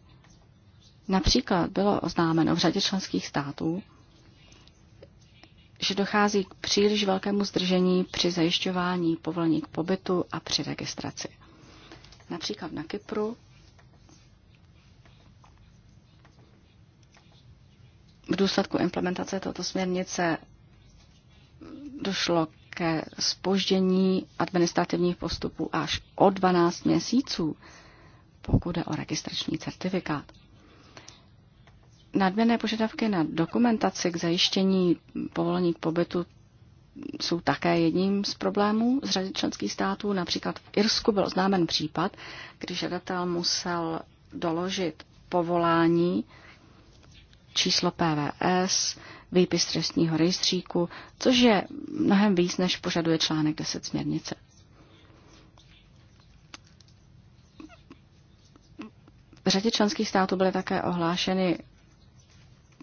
Například bylo oznámeno v řadě členských států, že dochází k příliš velkému zdržení při zajišťování povolení k pobytu a při registraci. Například na Kypru v důsledku implementace této směrnice došlo ke spoždění administrativních postupů až o 12 měsíců, pokud je o registrační certifikát. Nadměrné požadavky na dokumentaci k zajištění povolení k pobytu jsou také jedním z problémů z řady členských států. Například v Irsku byl známen případ, kdy žadatel musel doložit povolání, číslo PVS, výpis trestního rejstříku, což je mnohem víc, než požaduje článek 10 směrnice. V řadě členských států byly také ohlášeny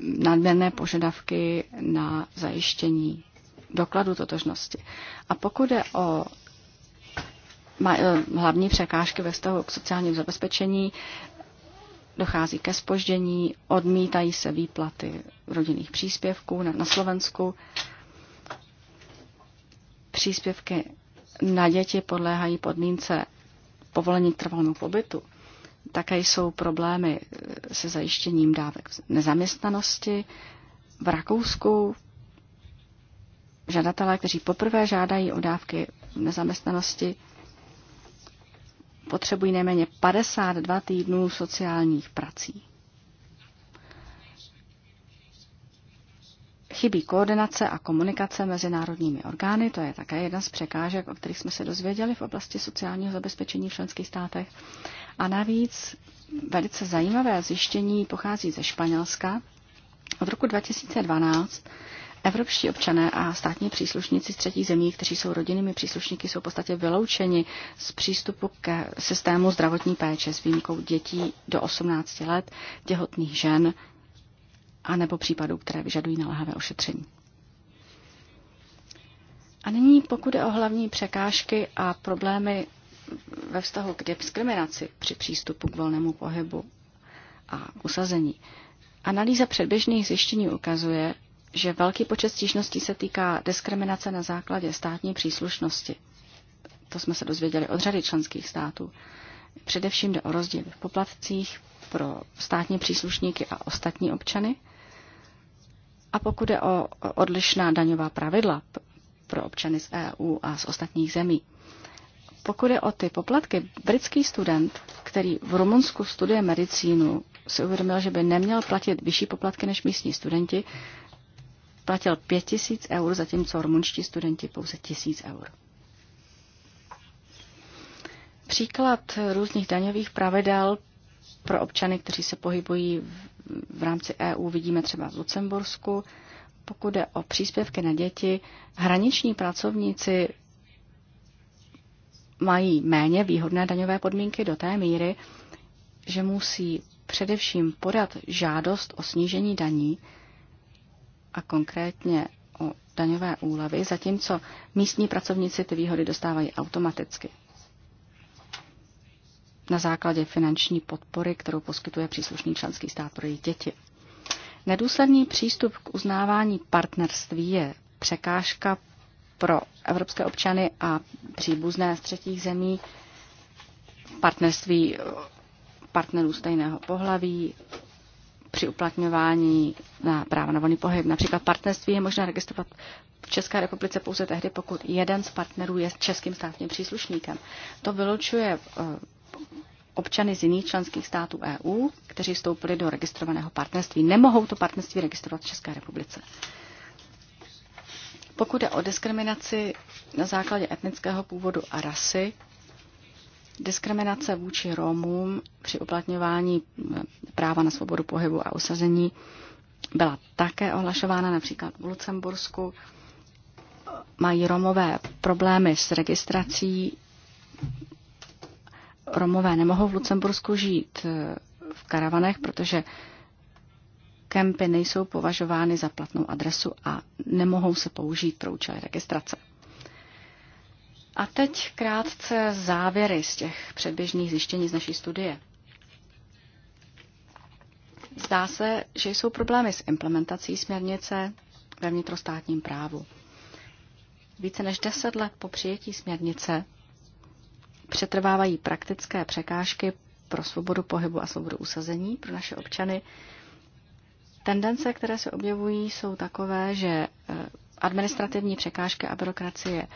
nadměrné požadavky na zajištění dokladu totožnosti. A pokud je o eh, hlavní překážky ve vztahu k sociálnímu zabezpečení, dochází ke spoždění, odmítají se výplaty rodinných příspěvků na, na Slovensku. Příspěvky na děti podléhají podmínce povolení k trvalému pobytu. Také jsou problémy eh, se zajištěním dávek nezaměstnanosti. V Rakousku žadatelé, kteří poprvé žádají o dávky nezaměstnanosti, potřebují nejméně 52 týdnů sociálních prací. Chybí koordinace a komunikace mezi národními orgány, to je také jedna z překážek, o kterých jsme se dozvěděli v oblasti sociálního zabezpečení v členských státech. A navíc velice zajímavé zjištění pochází ze Španělska. Od roku 2012 Evropští občané a státní příslušníci z třetích zemí, kteří jsou rodinnými příslušníky, jsou v podstatě vyloučeni z přístupu k systému zdravotní péče s výjimkou dětí do 18 let, těhotných žen, a nebo případů, které vyžadují naléhavé ošetření. A nyní, pokud je o hlavní překážky a problémy ve vztahu k diskriminaci při přístupu k volnému pohybu a usazení. Analýza předběžných zjištění ukazuje, že velký počet stížností se týká diskriminace na základě státní příslušnosti. To jsme se dozvěděli od řady členských států. Především jde o rozdíl v poplatcích pro státní příslušníky a ostatní občany – a pokud je o odlišná daňová pravidla pro občany z EU a z ostatních zemí, pokud je o ty poplatky, britský student, který v Rumunsku studuje medicínu, si uvědomil, že by neměl platit vyšší poplatky než místní studenti, platil 5000 eur, zatímco rumunští studenti pouze 1000 eur. Příklad různých daňových pravidel pro občany, kteří se pohybují v rámci EU vidíme třeba v Lucembursku. Pokud jde o příspěvky na děti, hraniční pracovníci mají méně výhodné daňové podmínky do té míry, že musí především podat žádost o snížení daní a konkrétně o daňové úlevy, zatímco místní pracovníci ty výhody dostávají automaticky na základě finanční podpory, kterou poskytuje příslušný členský stát pro jejich děti. Nedůsledný přístup k uznávání partnerství je překážka pro evropské občany a příbuzné z třetích zemí partnerství partnerů stejného pohlaví při uplatňování na práva na volný pohyb. Například partnerství je možné registrovat v České republice pouze tehdy, pokud jeden z partnerů je českým státním příslušníkem. To vylučuje eh, občany z jiných členských států EU, kteří vstoupili do registrovaného partnerství. Nemohou to partnerství registrovat v České republice. Pokud je o diskriminaci na základě etnického původu a rasy, diskriminace vůči Romům při uplatňování eh, práva na svobodu pohybu a usazení byla také ohlašována například v Lucembursku. Mají Romové problémy s registrací Romové nemohou v Lucembursku žít eh, v karavanech, protože kempy nejsou považovány za platnou adresu a nemohou se použít pro účely registrace. A teď krátce závěry z těch předběžných zjištění z naší studie. Zdá se, že jsou problémy s implementací směrnice ve vnitrostátním právu. Více než deset let po přijetí směrnice přetrvávají praktické překážky pro svobodu pohybu a svobodu usazení pro naše občany. Tendence, které se objevují, jsou takové, že eh, administrativní překážky a byrokracie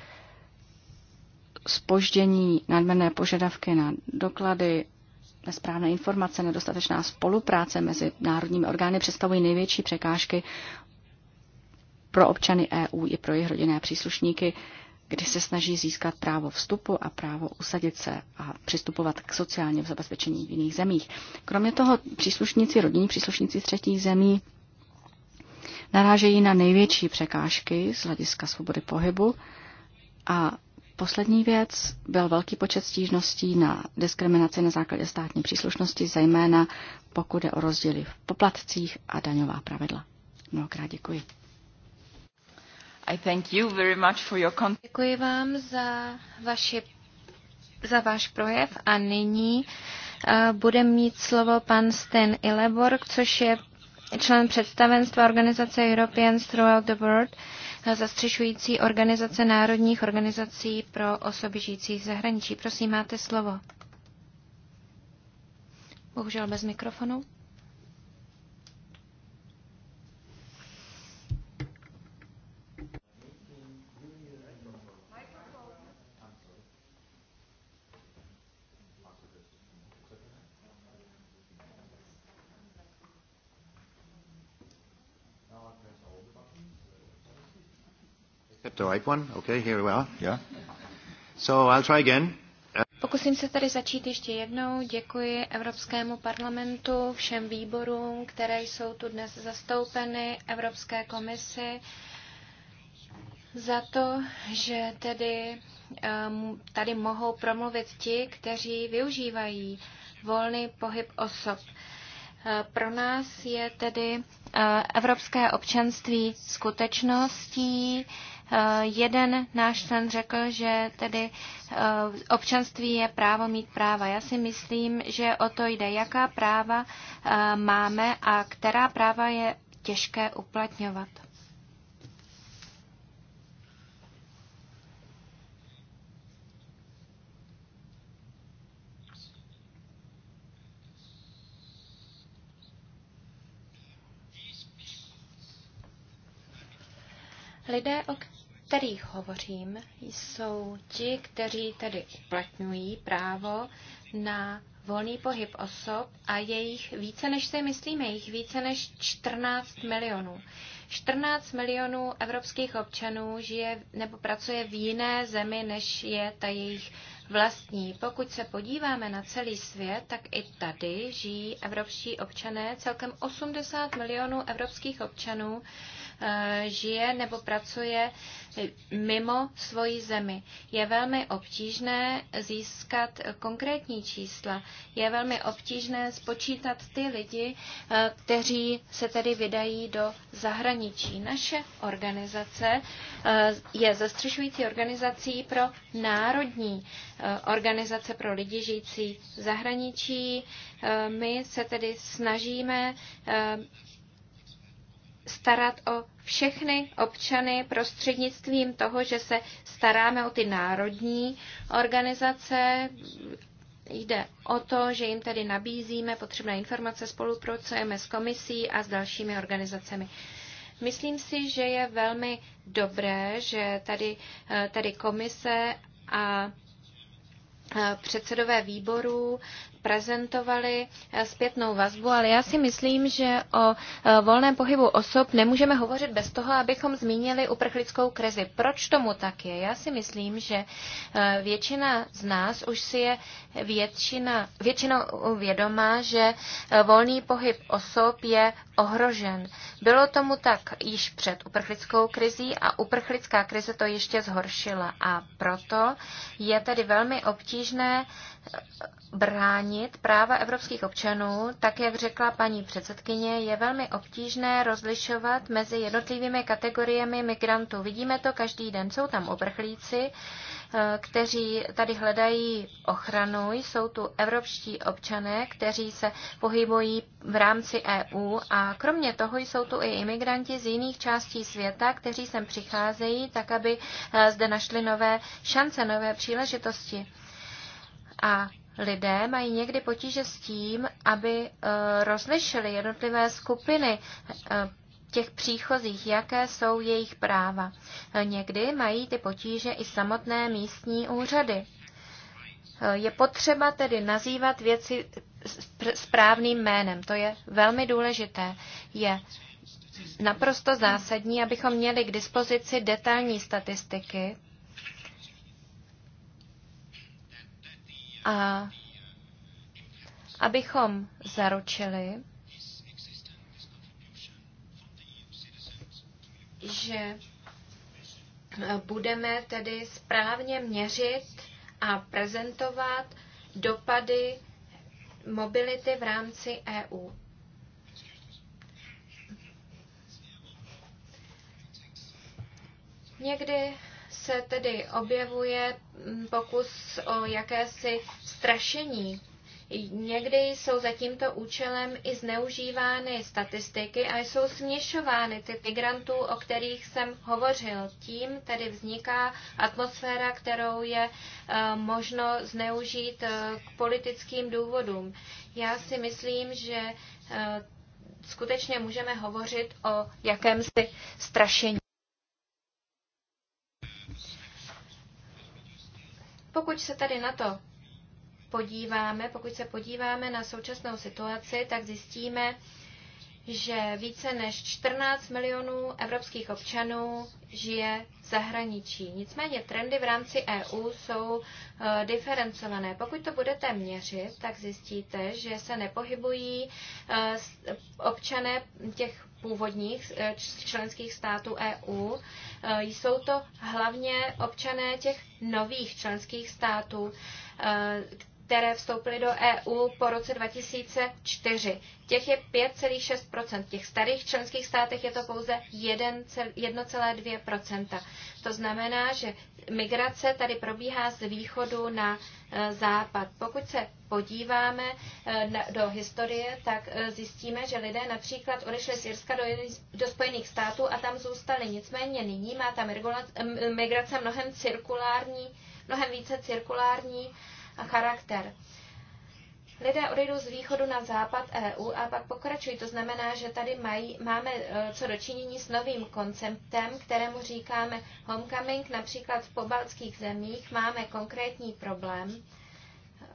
spoždění, nadměrné požadavky na doklady, nesprávné informace, nedostatečná spolupráce mezi národními orgány představují největší překážky pro občany EU i pro jejich rodinné příslušníky, kdy se snaží získat právo vstupu a právo usadit se a přistupovat k sociálnímu zabezpečení v jiných zemích. Kromě toho příslušníci rodinní, příslušníci třetích zemí narážejí na největší překážky z hlediska svobody pohybu a poslední věc byl velký počet stížností na diskriminaci na základě státní příslušnosti, zejména pokud je o rozdíly v poplatcích a daňová pravidla. Mnohokrát děkuji. I thank you very much for your Děkuji vám za, vaši, za váš projev a nyní uh, bude mít slovo pan Sten Ileborg, což je člen představenstva organizace Europeans Throughout the World, eh, zastřešující organizace národních organizací pro osoby žijící v zahraničí. Prosím, máte slovo. Bohužel bez mikrofonu. the right one. Okay, here we are. Yeah. So I'll try again. Pokusím se tady začít ještě jednou. Děkuji Evropskému parlamentu, všem výborům, které jsou tu dnes zastoupeny, Evropské komisi za to, že tedy ehm, tady mohou promluvit ti, kteří využívají volný pohyb osob. Eh, pro nás je tedy eh, evropské občanství skutečností, Eh, jeden náš člen řekl, že tedy eh, občanství je právo mít práva. Já si myslím, že o to jde, jaká práva eh, máme a která práva je těžké uplatňovat. Lidé, o kterých hovořím, jsou ti, kteří tedy uplatňují právo na volný pohyb osob a jejich více než si myslíme, jejich více než 14 milionů. 14 milionů evropských občanů žije nebo pracuje v jiné zemi, než je ta jejich vlastní. Pokud se podíváme na celý svět, tak i tady žijí evropští občané, celkem 80 milionů evropských občanů Eh, žije nebo pracuje mimo svoji zemi. Je velmi obtížné získat konkrétní čísla. Je velmi obtížné spočítat ty lidi, eh, kteří se tedy vydají do zahraničí. Naše organizace eh, je zastřešující organizací pro národní organizace pro lidi žijící v zahraničí. My se tedy snažíme starat o všechny občany prostřednictvím toho, že se staráme o ty národní organizace. Jde o to, že jim tedy nabízíme potřebné informace, spolupracujeme s komisí a s dalšími organizacemi. Myslím si, že je velmi dobré, že tady, eh, tady komise a eh, předsedové výborů prezentovali eh, zpětnou vazbu, ale já si myslím, že o eh, volném pohybu osob nemůžeme hovořit bez toho, abychom zmínili uprchlickou krizi. Proč tomu tak je? Já si myslím, že eh, většina z nás už si je většina, většinou vědomá, že volný pohyb osob je ohrožen. Bylo tomu tak již před uprchlickou krizí a uprchlická krize to ještě zhoršila a proto je tedy velmi obtížné bránit práva evropských občanů, tak jak řekla paní předsedkyně, je velmi obtížné rozlišovat mezi jednotlivými kategoriemi migrantů. Vidíme to každý den, jsou tam obrchlíci, eh, kteří tady hledají ochranu, jsou tu evropští občané, kteří se pohybují v rámci EU a kromě toho jsou tu i imigranti z jiných částí světa, kteří sem přicházejí, tak aby eh, zde našli nové šance, nové příležitosti. A lidé mají někdy potíže s tím, aby eh, rozlišili jednotlivé skupiny eh, těch příchozích, jaké jsou jejich práva. Eh, někdy mají ty potíže i samotné místní úřady. Je potřeba tedy nazývat věci správným jménem. To je velmi důležité. Je naprosto zásadní, abychom měli k dispozici detailní statistiky, a abychom zaručili, že eh, budeme tedy správně měřit a prezentovat dopady mobility v rámci EU. Někdy se tedy objevuje mm, pokus o jakési strašení. Někdy jsou za tímto účelem i zneužívány statistiky a jsou směšovány ty migrantů, o kterých jsem hovořil. Tím tedy vzniká atmosféra, kterou je eh, možno zneužít eh, k politickým důvodům. Já si myslím, že eh, skutečně můžeme hovořit o jakémsi strašení. Pokud se tady na to podíváme, pokud se podíváme na současnou situaci, tak zjistíme, že více než 14 milionů evropských občanů žije v zahraničí. Nicméně trendy v rámci EU jsou eh, diferencované. Pokud to budete měřit, tak zjistíte, že se nepohybují eh, občané těch původních eh, členských států EU. jsou to hlavně občané těch nových členských států, které vstoupily do EU po roce 2004. Těch je 5,6%. V těch starých členských státech je to pouze 1,2%. To znamená, že migrace tady probíhá z východu na e, západ. Pokud se podíváme e, do historie, tak e, zjistíme, že lidé například odešli z Jirska do, do Spojených států a tam zůstali. Nicméně nyní má ta migrace mnohem cirkulární, mnohem více cirkulární a charakter. Lidé odejdou z východu na západ EU a pak pokračují. To znamená, že tady mají, máme e, co dočinění s novým konceptem, kterému říkáme homecoming. Například v pobaltských zemích máme konkrétní problém. E,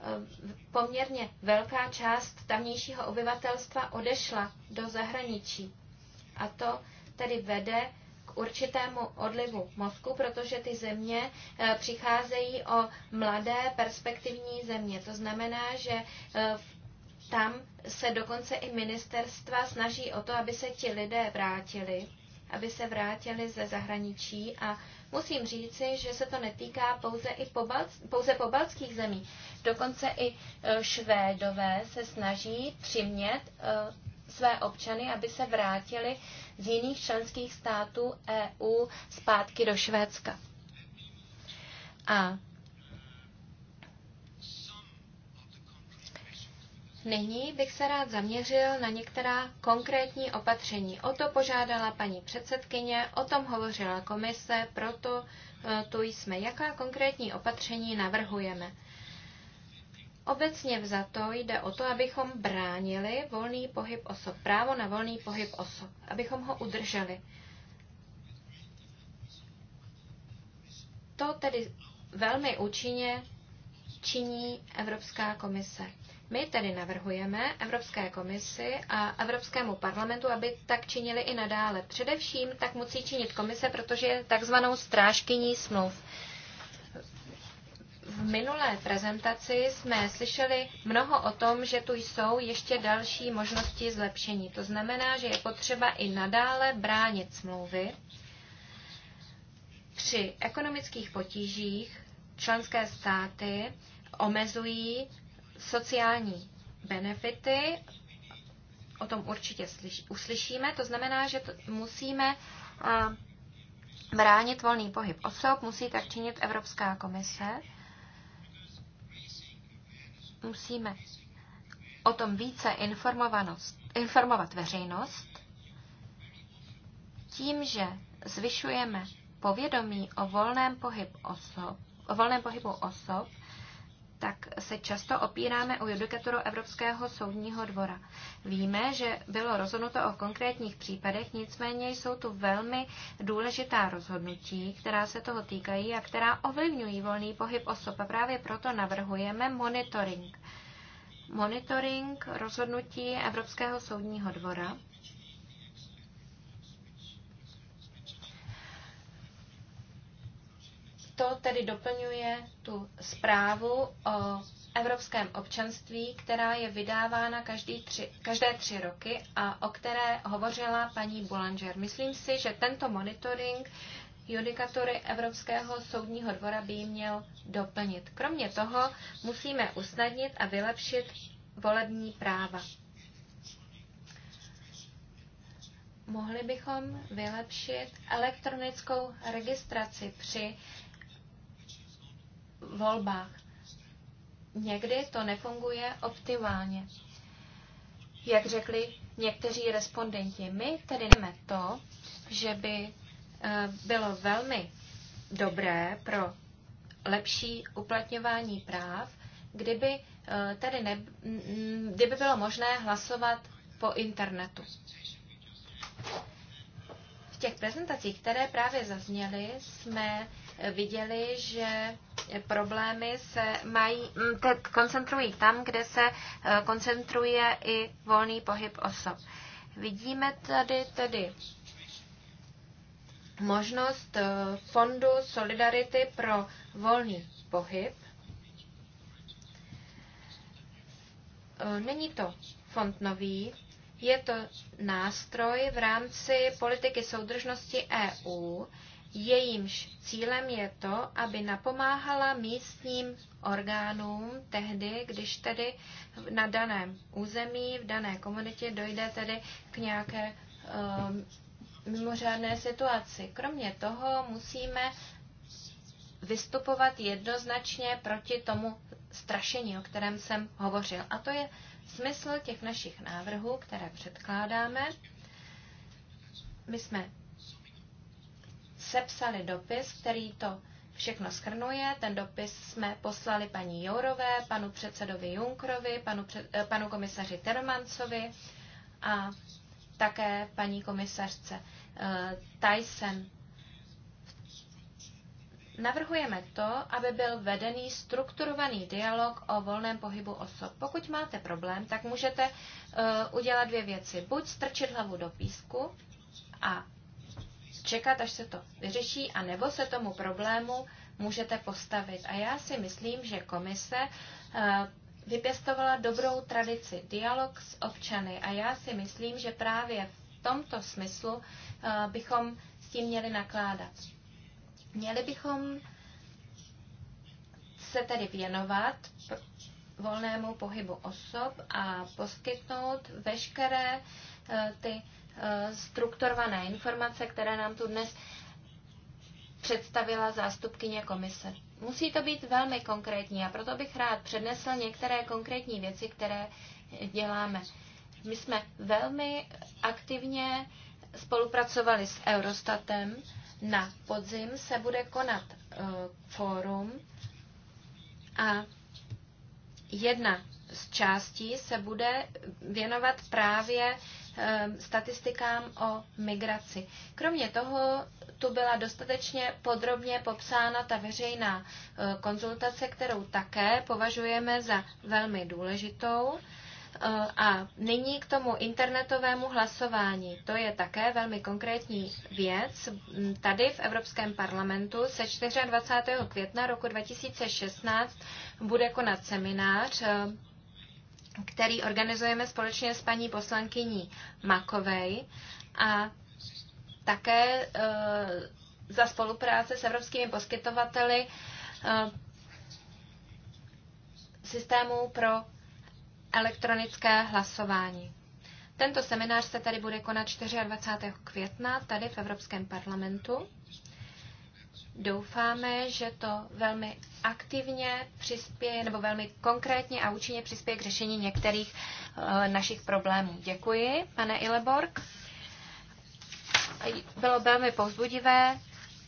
poměrně velká část tamnějšího obyvatelstva odešla do zahraničí. A to tedy vede určitému odlivu mozku, protože ty země eh, přicházejí o mladé perspektivní země. To znamená, že eh, tam se dokonce i ministerstva snaží o to, aby se ti lidé vrátili, aby se vrátili ze zahraničí a Musím říci, že se to netýká pouze, i Balc- pouze pobaltských zemí. Dokonce i eh, Švédové se snaží přimět své občany, aby se vrátili z jiných členských států EU zpátky do Švédska. A Nyní bych se rád zaměřil na některá konkrétní opatření. O to požádala paní předsedkyně, o tom hovořila komise, proto e, tu jsme. Jaká konkrétní opatření navrhujeme? Obecně vzato jde o to, abychom bránili volný pohyb osob, právo na volný pohyb osob, abychom ho udrželi. To tedy velmi účinně činí Evropská komise. My tedy navrhujeme Evropské komisi a Evropskému parlamentu, aby tak činili i nadále. Především tak musí činit komise, protože je takzvanou strážkyní smluv v minulé prezentaci jsme slyšeli mnoho o tom, že tu jsou ještě další možnosti zlepšení. To znamená, že je potřeba i nadále bránit smlouvy. Při ekonomických potížích členské státy omezují sociální benefity, o tom určitě uslyšíme, to znamená, že to musíme eh, bránit volný pohyb osob, musí tak činit Evropská komise musíme o tom více informovat veřejnost tím, že zvyšujeme povědomí o volném, pohyb osob, o volném pohybu osob, tak se často opíráme o judikaturu Evropského soudního dvora. Víme, že bylo rozhodnuto o konkrétních případech, nicméně jsou tu velmi důležitá rozhodnutí, která se toho týkají a která ovlivňují volný pohyb osob a právě proto navrhujeme monitoring. Monitoring rozhodnutí Evropského soudního dvora to tedy doplňuje tu zprávu o evropském občanství, která je vydávána každý tři, každé tři roky a o které hovořila paní Boulanger. Myslím si, že tento monitoring judikatury Evropského soudního dvora by měl doplnit. Kromě toho musíme usnadnit a vylepšit volební práva. Mohli bychom vylepšit elektronickou registraci při volbách. Někdy to nefunguje optimálně. Jak řekli někteří respondenti, my tedy neme to, že by eh, bylo velmi dobré pro lepší uplatňování práv, kdyby eh, tedy ne, mm, kdyby bylo možné hlasovat po internetu. V těch prezentacích, které právě zazněly, jsme viděli, že problémy se mají, mm, te, koncentrují tam, kde se eh, koncentruje i volný pohyb osob. Vidíme tady tedy možnost eh, fondu Solidarity pro volný pohyb. Eh, není to fond nový, je to nástroj v rámci politiky soudržnosti EU, jejímž cílem je to, aby napomáhala místním orgánům tehdy, když tedy na daném území, v dané komunitě dojde tedy k nějaké um, mimořádné situaci. Kromě toho musíme vystupovat jednoznačně proti tomu strašení, o kterém jsem hovořil. A to je smysl těch našich návrhů, které předkládáme. My jsme sepsali dopis, který to všechno schrnuje. Ten dopis jsme poslali paní Jourové, panu předsedovi Junkrovi, panu, před, eh, panu komisaři Termancovi a také paní komisařce eh, Tyson. Navrhujeme to, aby byl vedený strukturovaný dialog o volném pohybu osob. Pokud máte problém, tak můžete eh, udělat dvě věci. Buď strčit hlavu do písku a čekat, až se to vyřeší, a nebo se tomu problému můžete postavit. A já si myslím, že komise eh, vypěstovala dobrou tradici, dialog s občany. A já si myslím, že právě v tomto smyslu eh, bychom s tím měli nakládat. Měli bychom se tedy věnovat volnému pohybu osob a poskytnout veškeré eh, ty Eh, strukturované informace, které nám tu dnes představila zástupkyně komise. Musí to být velmi konkrétní a proto bych rád přednesl některé konkrétní věci, které děláme. My jsme velmi aktivně spolupracovali s Eurostatem. Na podzim se bude konat uh, fórum a jedna z částí se bude věnovat právě uh, Ehm, statistikám o migraci. Kromě toho tu byla dostatečně podrobně popsána ta veřejná eh, konzultace, kterou také považujeme za velmi důležitou. Eh, a nyní k tomu internetovému hlasování. To je také velmi konkrétní věc. Mm, tady v Evropském parlamentu se 24. května roku 2016 bude konat seminář eh, který organizujeme společně s paní poslankyní Makovej a také e, za spolupráce s evropskými poskytovateli e, systému pro elektronické hlasování. Tento seminář se tady bude konat 24. května tady v Evropském parlamentu doufáme, že to velmi aktivně přispěje nebo velmi konkrétně a účinně přispěje k řešení některých eh, našich problémů. Děkuji, pane Ileborg. Bylo velmi povzbudivé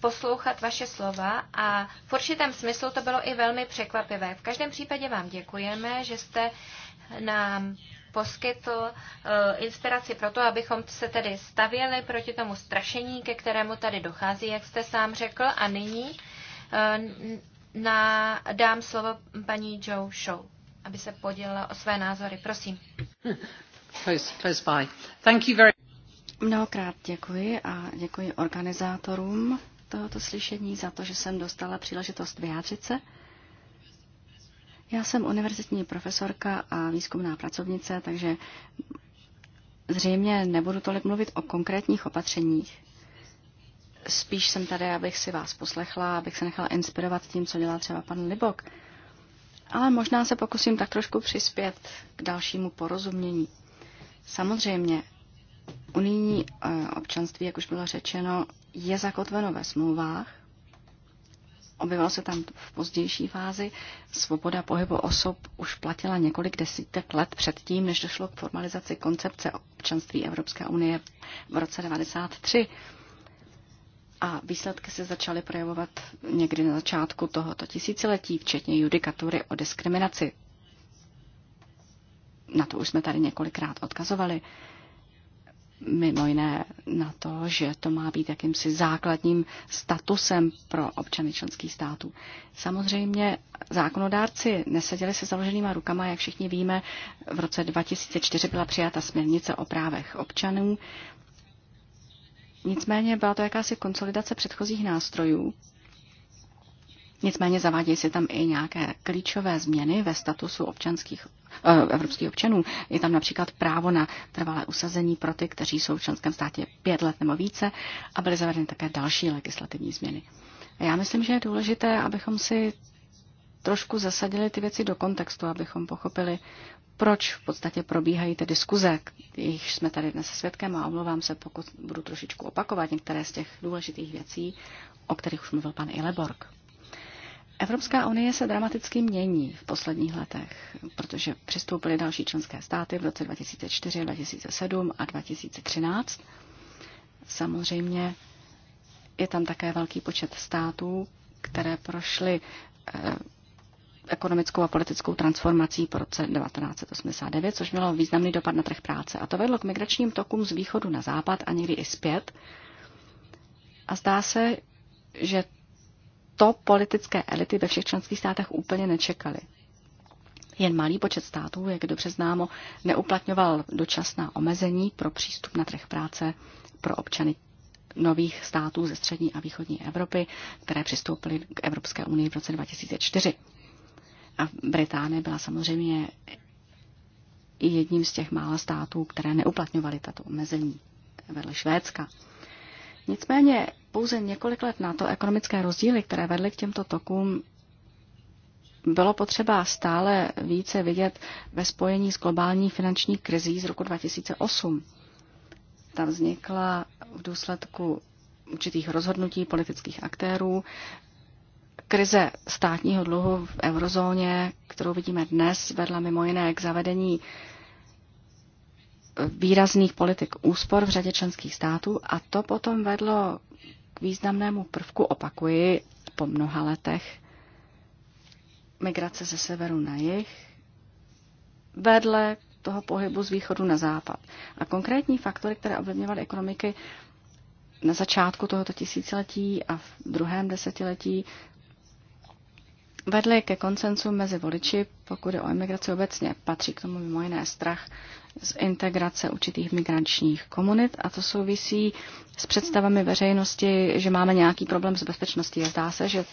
poslouchat vaše slova a v určitém smyslu to bylo i velmi překvapivé. V každém případě vám děkujeme, že jste nám poskytl eh, inspiraci pro to, abychom se tedy stavěli proti tomu strašení, ke kterému tady dochází, jak jste sám řekl. A nyní eh, na, dám slovo paní Joe Show, aby se podělila o své názory. Prosím. Close, close by. Thank you very... Mnohokrát děkuji a děkuji organizátorům tohoto slyšení za to, že jsem dostala příležitost vyjádřit se. Já jsem univerzitní profesorka a výzkumná pracovnice, takže zřejmě nebudu tolik mluvit o konkrétních opatřeních. Spíš jsem tady, abych si vás poslechla, abych se nechala inspirovat tím, co dělá třeba pan Libok. Ale možná se pokusím tak trošku přispět k dalšímu porozumění. Samozřejmě, unijní eh, občanství, jak už bylo řečeno, je zakotveno ve smlouvách objevilo se tam v pozdější fázi. Svoboda pohybu osob už platila několik desítek let předtím, než došlo k formalizaci koncepce občanství Evropské unie v roce 1993. A výsledky se začaly projevovat někdy na začátku tohoto tisíciletí, včetně judikatury o diskriminaci. Na to už jsme tady několikrát odkazovali mimo jiné na to, že to má být jakýmsi základním statusem pro občany členských států. Samozřejmě zákonodárci neseděli se založenýma rukama, jak všichni víme, v roce 2004 byla přijata směrnice o právech občanů. Nicméně byla to jakási konsolidace předchozích nástrojů. Nicméně zavádějí se tam i nějaké klíčové změny ve statusu občanských Eh, evropských občanů. Je tam například právo na trvalé usazení pro ty, kteří jsou v členském státě pět let nebo více a byly zavedeny také další legislativní změny. Já myslím, že je důležité, abychom si trošku zasadili ty věci do kontextu, abychom pochopili, proč v podstatě probíhají ty diskuze, jejich jsme tady dnes svědkem a omlouvám se, pokud budu trošičku opakovat některé z těch důležitých věcí, o kterých už mluvil pan Ileborg. Evropská unie se dramaticky mění v posledních letech, protože přistoupily další členské státy v roce 2004, 2007 a 2013. Samozřejmě je tam také velký počet států, které prošly eh, ekonomickou a politickou transformací po roce 1989, což mělo významný dopad na trh práce. A to vedlo k migračním tokům z východu na západ a někdy i zpět. A zdá se, že to politické elity ve všech členských státech úplně nečekaly. Jen malý počet států, jak dobře známo, neuplatňoval dočasná omezení pro přístup na trh práce pro občany nových států ze střední a východní Evropy, které přistoupily k Evropské unii v roce 2004. A Británie byla samozřejmě i jedním z těch mála států, které neuplatňovaly tato omezení vedle Švédska. Nicméně pouze několik let na to ekonomické rozdíly, které vedly k těmto tokům, bylo potřeba stále více vidět ve spojení s globální finanční krizí z roku 2008. Tam vznikla v důsledku určitých rozhodnutí politických aktérů, krize státního dluhu v eurozóně, kterou vidíme dnes, vedla mimo jiné k zavedení výrazných politik úspor v řadě členských států a to potom vedlo k významnému prvku, opakuji, po mnoha letech migrace ze severu na jih vedle toho pohybu z východu na západ. A konkrétní faktory, které ovlivňovaly ekonomiky na začátku tohoto tisíciletí a v druhém desetiletí, vedly ke koncensu mezi voliči, pokud je o emigraci obecně. Patří k tomu mimo jiné strach z integrace určitých migrančních komunit a to souvisí s představami veřejnosti, že máme nějaký problém s bezpečností. A zdá se, že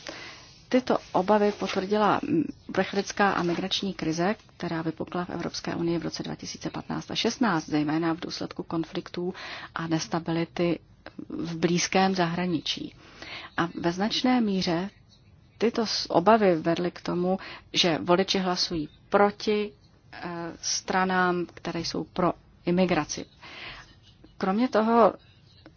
tyto obavy potvrdila uprchlická a migrační krize, která vypukla v Evropské unii v roce 2015 a 16, zejména v důsledku konfliktů a nestability v blízkém zahraničí. A ve značné míře tyto obavy vedly k tomu, že voliči hlasují proti eh, stranám, které jsou pro imigraci. Kromě toho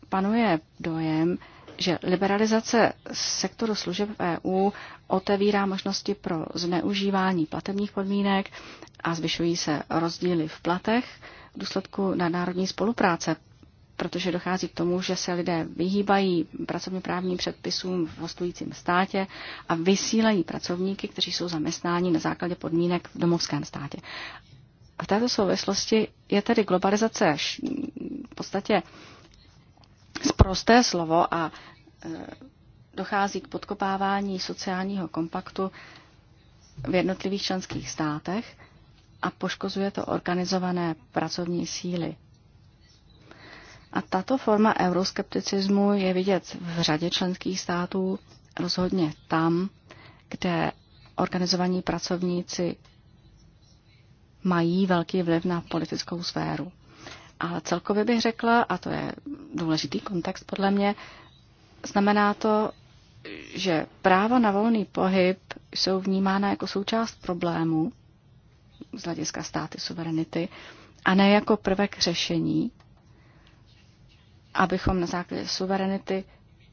panuje dojem, že liberalizace sektoru služeb v EU otevírá možnosti pro zneužívání platebních podmínek a zvyšují se rozdíly v platech v důsledku nadnárodní spolupráce protože dochází k tomu, že se lidé vyhýbají pracovně právním předpisům v hostujícím státě a vysílají pracovníky, kteří jsou zaměstnáni na základě podmínek v domovském státě. A v této souvislosti je tedy globalizace v podstatě zprosté slovo a e, dochází k podkopávání sociálního kompaktu v jednotlivých členských státech a poškozuje to organizované pracovní síly. A tato forma euroskepticismu je vidět v řadě členských států, rozhodně tam, kde organizovaní pracovníci mají velký vliv na politickou sféru. Ale celkově bych řekla, a to je důležitý kontext podle mě, znamená to, že práva na volný pohyb jsou vnímána jako součást problému z hlediska státy suverenity a ne jako prvek řešení, abychom na základě suverenity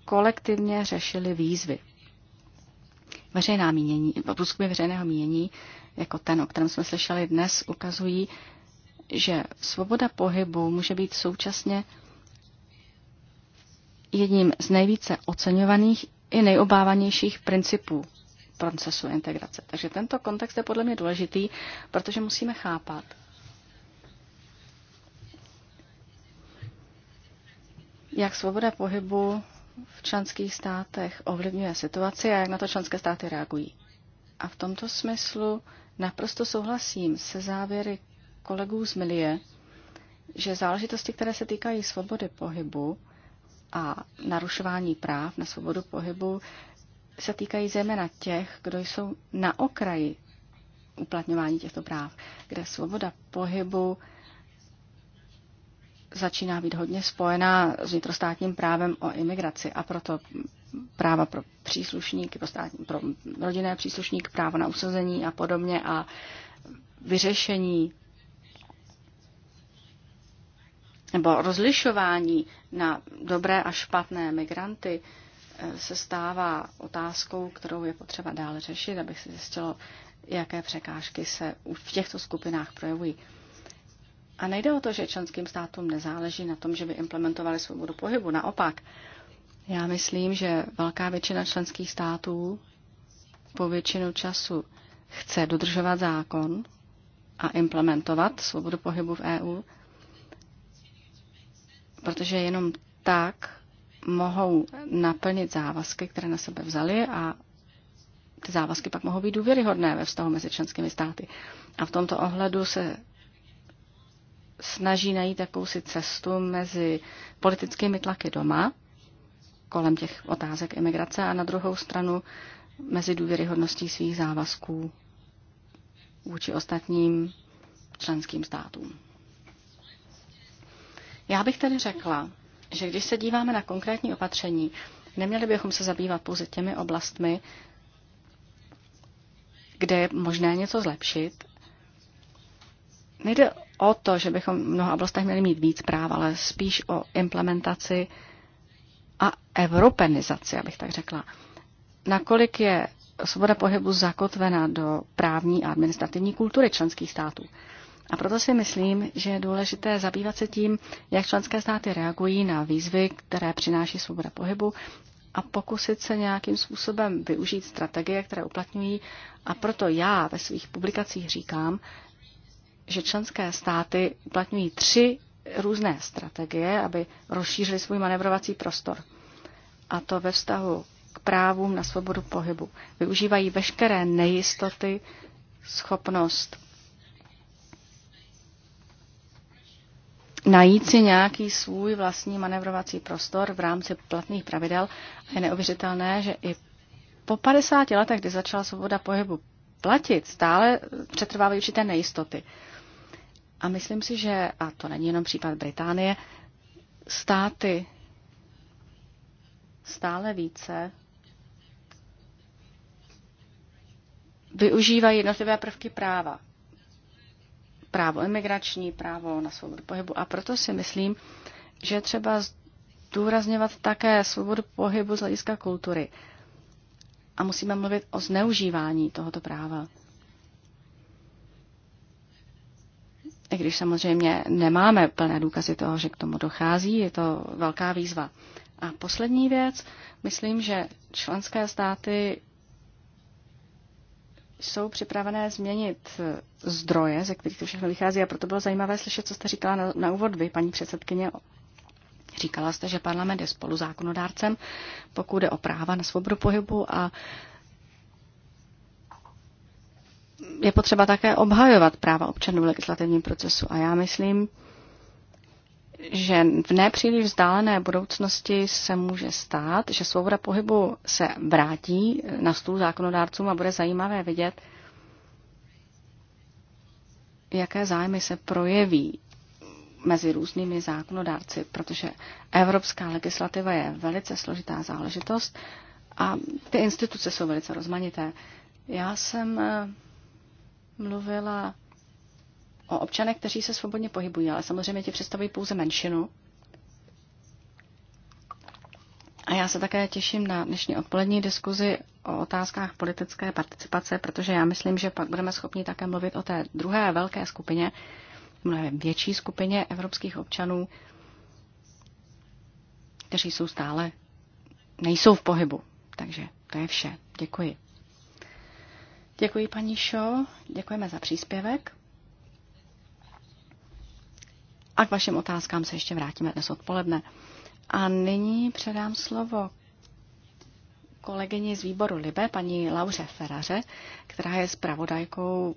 kolektivně řešili výzvy. Veřejná mínění, průzkumy veřejného mínění, jako ten, o kterém jsme slyšeli dnes, ukazují, že svoboda pohybu může být současně jedním z nejvíce oceňovaných i nejobávanějších principů procesu integrace. Takže tento kontext je podle mě důležitý, protože musíme chápat, jak svoboda pohybu v členských státech ovlivňuje situaci a jak na to členské státy reagují. A v tomto smyslu naprosto souhlasím se závěry kolegů z Milie, že záležitosti, které se týkají svobody pohybu a narušování práv na svobodu pohybu, se týkají zejména těch, kdo jsou na okraji uplatňování těchto práv, kde svoboda pohybu začíná být hodně spojená s vnitrostátním právem o imigraci a proto práva pro příslušníky, pro, státní, pro rodinné příslušník, právo na usazení a podobně a vyřešení nebo rozlišování na dobré a špatné migranty eh, se stává otázkou, kterou je potřeba dále řešit, abych se zjistilo, jaké překážky se v těchto skupinách projevují. A nejde o to, že členským státům nezáleží na tom, že by implementovali svobodu pohybu. Naopak, já myslím, že velká většina členských států po většinu času chce dodržovat zákon a implementovat svobodu pohybu v EU, protože jenom tak mohou naplnit závazky, které na sebe vzali a ty závazky pak mohou být důvěryhodné ve vztahu mezi členskými státy. A v tomto ohledu se snaží najít jakousi cestu mezi politickými tlaky doma, kolem těch otázek imigrace, a na druhou stranu mezi důvěryhodností svých závazků vůči ostatním členským státům. Já bych tedy řekla, že když se díváme na konkrétní opatření, neměli bychom se zabývat pouze těmi oblastmi, kde je možné něco zlepšit. Nejde o to, že bychom v mnoha oblastech měli mít víc práv, ale spíš o implementaci a evropenizaci, abych tak řekla. Nakolik je svoboda pohybu zakotvena do právní a administrativní kultury členských států. A proto si myslím, že je důležité zabývat se tím, jak členské státy reagují na výzvy, které přináší svoboda pohybu a pokusit se nějakým způsobem využít strategie, které uplatňují. A proto já ve svých publikacích říkám, že členské státy uplatňují tři různé strategie, aby rozšířili svůj manevrovací prostor. A to ve vztahu k právům na svobodu pohybu. Využívají veškeré nejistoty, schopnost najít si nějaký svůj vlastní manevrovací prostor v rámci platných pravidel. A je neuvěřitelné, že i po 50 letech, kdy začala svoboda pohybu platit, stále přetrvávají určité nejistoty. A myslím si, že, a to není jenom případ Británie, státy stále více využívají jednotlivé prvky práva. Právo imigrační, právo na svobodu pohybu. A proto si myslím, že třeba zdůrazňovat také svobodu pohybu z hlediska kultury. A musíme mluvit o zneužívání tohoto práva. I když samozřejmě nemáme plné důkazy toho, že k tomu dochází, je to velká výzva. A poslední věc, myslím, že členské státy jsou připravené změnit zdroje, ze kterých to všechno vychází a proto bylo zajímavé slyšet, co jste říkala na, na úvod vy, paní předsedkyně. Říkala jste, že parlament je zákonodárcem, pokud jde o práva na svobodu pohybu a je potřeba také obhajovat práva občanů v legislativním procesu. A já myslím, že v nepříliš vzdálené budoucnosti se může stát, že svoboda pohybu se vrátí na stůl zákonodárcům a bude zajímavé vidět, jaké zájmy se projeví mezi různými zákonodárci, protože evropská legislativa je velice složitá záležitost a ty instituce jsou velice rozmanité. Já jsem eh, mluvila o občanech, kteří se svobodně pohybují, ale samozřejmě ti představují pouze menšinu. A já se také těším na dnešní odpolední diskuzi o otázkách politické participace, protože já myslím, že pak budeme schopni také mluvit o té druhé velké skupině, mnohem větší skupině evropských občanů, kteří jsou stále, nejsou v pohybu. Takže to je vše. Děkuji. Děkuji, paní Šo, děkujeme za příspěvek. A k vašim otázkám se ještě vrátíme dnes odpoledne. A nyní předám slovo kolegyni z výboru Libe, paní Lauře Feraře, která je zpravodajkou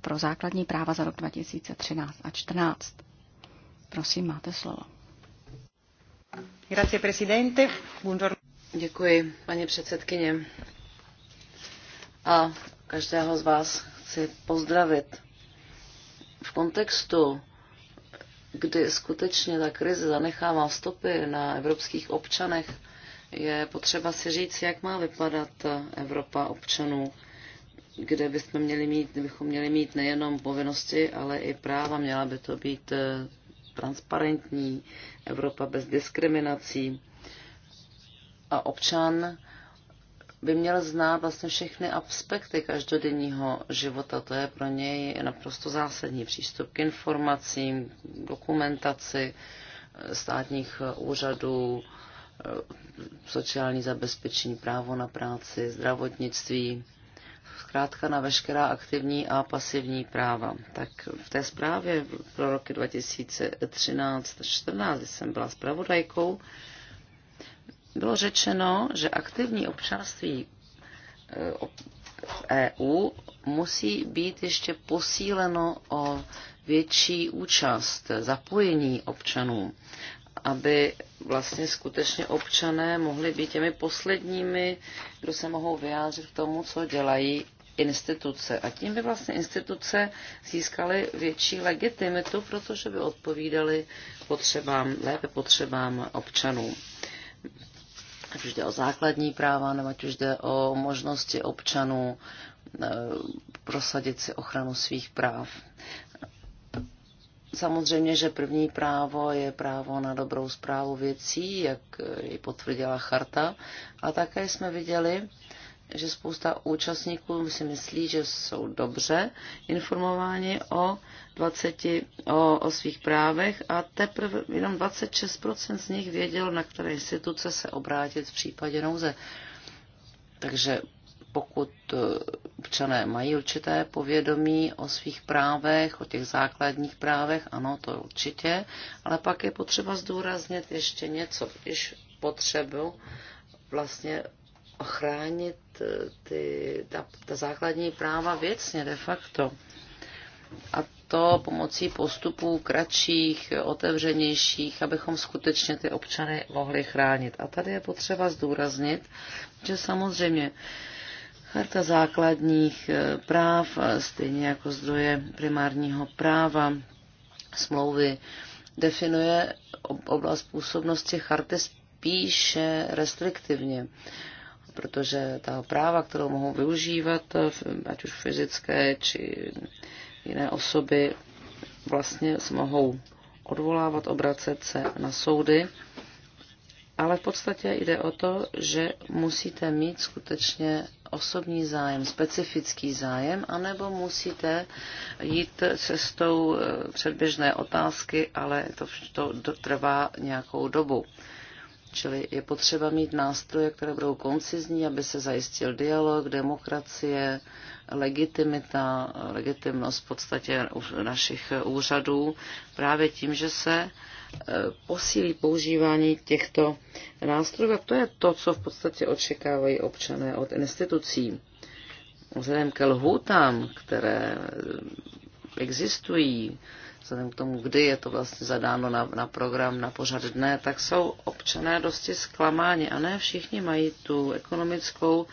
pro základní práva za rok 2013 a 2014. Prosím, máte slovo. Grazie, presidente. Buongiorno. Děkuji, paní předsedkyně a každého z vás chci pozdravit. V kontextu, kdy skutečně ta krize zanechává stopy na evropských občanech, je potřeba si říct, jak má vypadat Evropa občanů, kde bychom měli mít, bychom měli mít nejenom povinnosti, ale i práva. Měla by to být eh, transparentní Evropa bez diskriminací. A občan by měl znát vlastně všechny aspekty každodenního života. To je pro něj naprosto zásadní přístup k informacím, dokumentaci eh, státních eh, úřadů, eh, sociální zabezpečení, právo na práci, zdravotnictví, zkrátka na veškerá aktivní a pasivní práva. Tak v té zprávě pro roky 2013-2014, kdy jsem byla zpravodajkou, bylo řečeno, že aktivní občanství EU eh, e musí být ještě posíleno o větší účast, zapojení občanů, aby vlastně skutečně občané mohli být těmi posledními, kdo se mohou vyjádřit k tomu, co dělají instituce. A tím by vlastně instituce získaly větší legitimitu, protože by odpovídaly potřebám, lépe potřebám občanů ať už jde o základní práva, nebo ať už jde o možnosti občanů eh, prosadit si ochranu svých práv. Samozřejmě, že první právo je právo na dobrou zprávu věcí, jak ji potvrdila charta. A také jsme viděli, že spousta účastníků si myslí, že jsou dobře informováni o, 20, o, o svých právech a teprve jenom 26% z nich věděl, na které instituce se obrátit v případě nouze. Takže pokud e, občané mají určité povědomí o svých právech, o těch základních právech, ano, to určitě, ale pak je potřeba zdůraznit ještě něco, když potřebu vlastně ochránit eh, ty, ta, ta základní práva věcně de facto. A to pomocí postupů kratších, otevřenějších, abychom skutečně ty občany mohli chránit. A tady je potřeba zdůraznit, že samozřejmě Charta základních eh, práv, stejně jako zdroje primárního práva, smlouvy, definuje oblast působnosti charty spíše restriktivně protože ta práva, kterou mohou využívat, eh, ať už fyzické či jiné osoby, vlastně se mohou odvolávat, obracet se na soudy. Ale v podstatě jde o to, že musíte mít skutečně osobní zájem, specifický zájem, anebo musíte jít cestou eh, předběžné otázky, ale to, to trvá nějakou dobu. Čili je potřeba mít nástroje, které budou koncizní, aby se zajistil dialog, demokracie, legitimita, legitimnost v podstatě našich úřadů právě tím, že se e, posílí používání těchto nástrojů. A to je to, co v podstatě očekávají občané od institucí. Vzhledem ke lhůtám, které existují, vzhledem k tomu, kdy je to vlastně zadáno na, na program, na pořad dne, tak jsou občané dosti zklamáni a ne všichni mají tu ekonomickou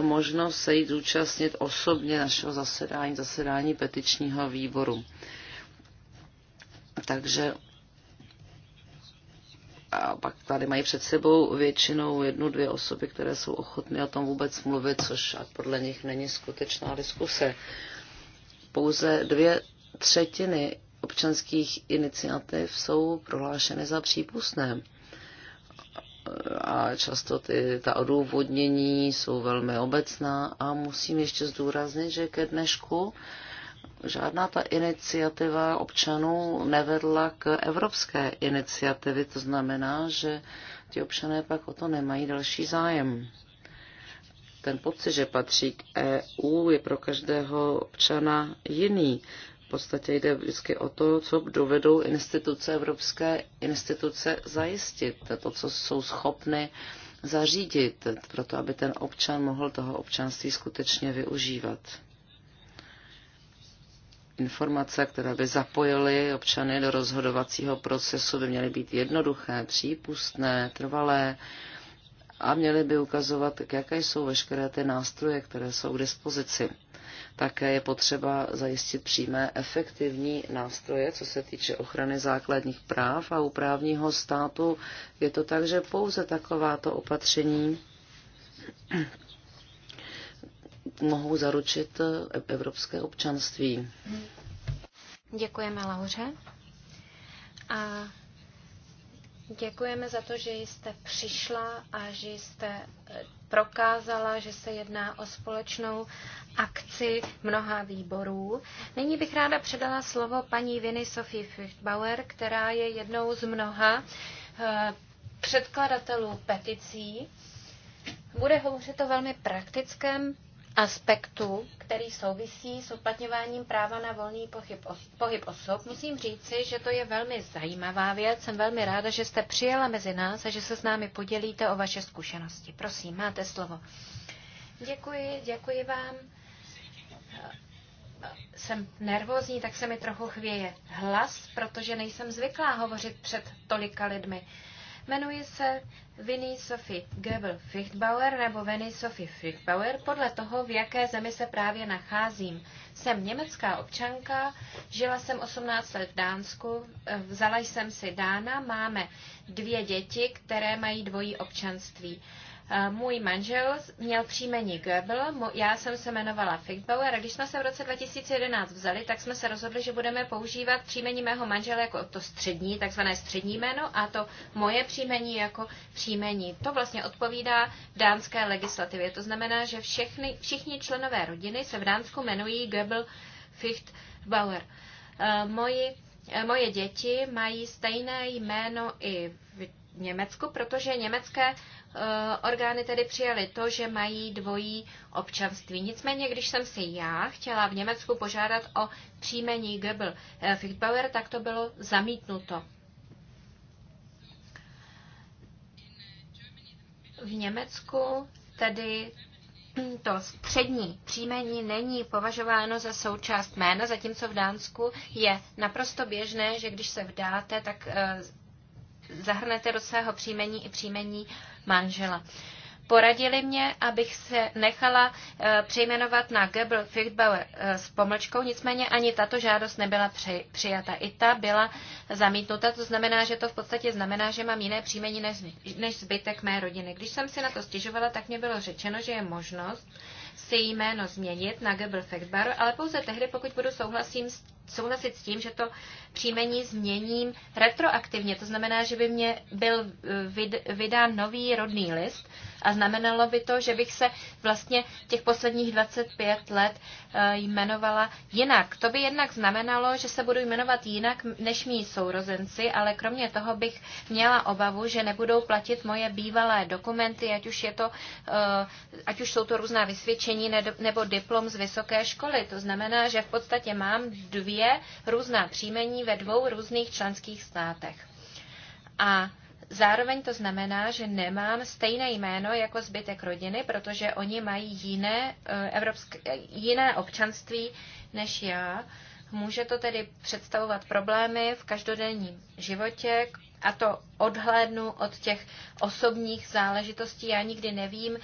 možnost se jít zúčastnit osobně našeho zasedání, zasedání petičního výboru. Takže a pak tady mají před sebou většinou jednu, dvě osoby, které jsou ochotny o tom vůbec mluvit, což podle nich není skutečná diskuse. Pouze dvě třetiny občanských iniciativ jsou prohlášeny za přípustné. A často ty, ta odůvodnění jsou velmi obecná a musím ještě zdůraznit, že ke dnešku žádná ta iniciativa občanů nevedla k evropské iniciativě. To znamená, že ti občané pak o to nemají další zájem. Ten pocit, že patří k EU, je pro každého občana jiný. V podstatě jde vždycky o to, co dovedou instituce, evropské instituce zajistit, to, co jsou schopny zařídit, proto aby ten občan mohl toho občanství skutečně využívat. Informace, které by zapojily občany do rozhodovacího procesu, by měly být jednoduché, přípustné, trvalé a měly by ukazovat, jaké jsou veškeré ty nástroje, které jsou k dispozici. Také je potřeba zajistit přímé efektivní nástroje, co se týče ochrany základních práv a uprávního státu je to tak, že pouze takováto opatření mohou zaručit eh, evropské občanství. Děkujeme, Lauře. A děkujeme za to, že jste přišla a že jste eh, prokázala, že se jedná o společnou akci mnoha výborů. Nyní bych ráda předala slovo paní Viny Sofie Fichtbauer, která je jednou z mnoha eh, předkladatelů peticí. Bude hovořit o velmi praktickém aspektu, který souvisí s uplatňováním práva na volný pohyb, os- pohyb osob, musím říci, že to je velmi zajímavá věc. Jsem velmi ráda, že jste přijela mezi nás a že se s námi podělíte o vaše zkušenosti. Prosím, máte slovo. Děkuji, děkuji vám jsem nervózní, tak se mi trochu chvěje hlas, protože nejsem zvyklá hovořit před tolika lidmi. Jmenuji se Vinny Sophie gebel Fichtbauer nebo Vinny Sophie Fichtbauer podle toho, v jaké zemi se právě nacházím. Jsem německá občanka, žila jsem 18 let v Dánsku, vzala jsem si Dána, máme dvě děti, které mají dvojí občanství. Eh, můj manžel měl příjmení Goebel, já jsem se jmenovala Fichtbauer a když jsme se v roce 2011 vzali, tak jsme se rozhodli, že budeme používat příjmení mého manžela jako to střední, takzvané střední jméno a to moje příjmení jako příjmení. To vlastně odpovídá dánské legislativě. To znamená, že všechny, všichni členové rodiny se v Dánsku jmenují Goebel Fichtbauer. Eh, moji, eh, moje děti mají stejné jméno i v Německu, protože německé Eh, orgány tedy přijaly to, že mají dvojí občanství. Nicméně, když jsem si já chtěla v Německu požádat o příjmení Goebbel eh, Fichtbauer, tak to bylo zamítnuto. V Německu tedy to střední příjmení není považováno za součást jména, zatímco v Dánsku je naprosto běžné, že když se vdáte, tak eh, zahrnete do svého příjmení i příjmení manžela. Poradili mě, abych se nechala eh, přejmenovat na Gebel Fichtbauer eh, s pomlčkou, nicméně ani tato žádost nebyla při, přijata. I ta byla zamítnuta, to znamená, že to v podstatě znamená, že mám jiné příjmení než, než zbytek mé rodiny. Když jsem si na to stěžovala, tak mě bylo řečeno, že je možnost, si jméno změnit na Gebel Fechtbar, ale pouze tehdy, pokud budu souhlasím, souhlasit s tím, že to příjmení změním retroaktivně. To znamená, že by mě byl eh, vydán nový rodný list, a znamenalo by to, že bych se vlastně těch posledních 25 let eh, jmenovala jinak. To by jednak znamenalo, že se budu jmenovat jinak než mý sourozenci, ale kromě toho bych měla obavu, že nebudou platit moje bývalé dokumenty, ať už, je to, eh, ať už jsou to různá vysvědčení nebo diplom z vysoké školy. To znamená, že v podstatě mám dvě různá příjmení ve dvou různých členských státech. A Zároveň to znamená, že nemám stejné jméno jako zbytek rodiny, protože oni mají jiné, eh, evropské, eh, jiné občanství než já. Může to tedy představovat problémy v každodenním životě, a to odhlédnu od těch osobních záležitostí. Já nikdy nevím,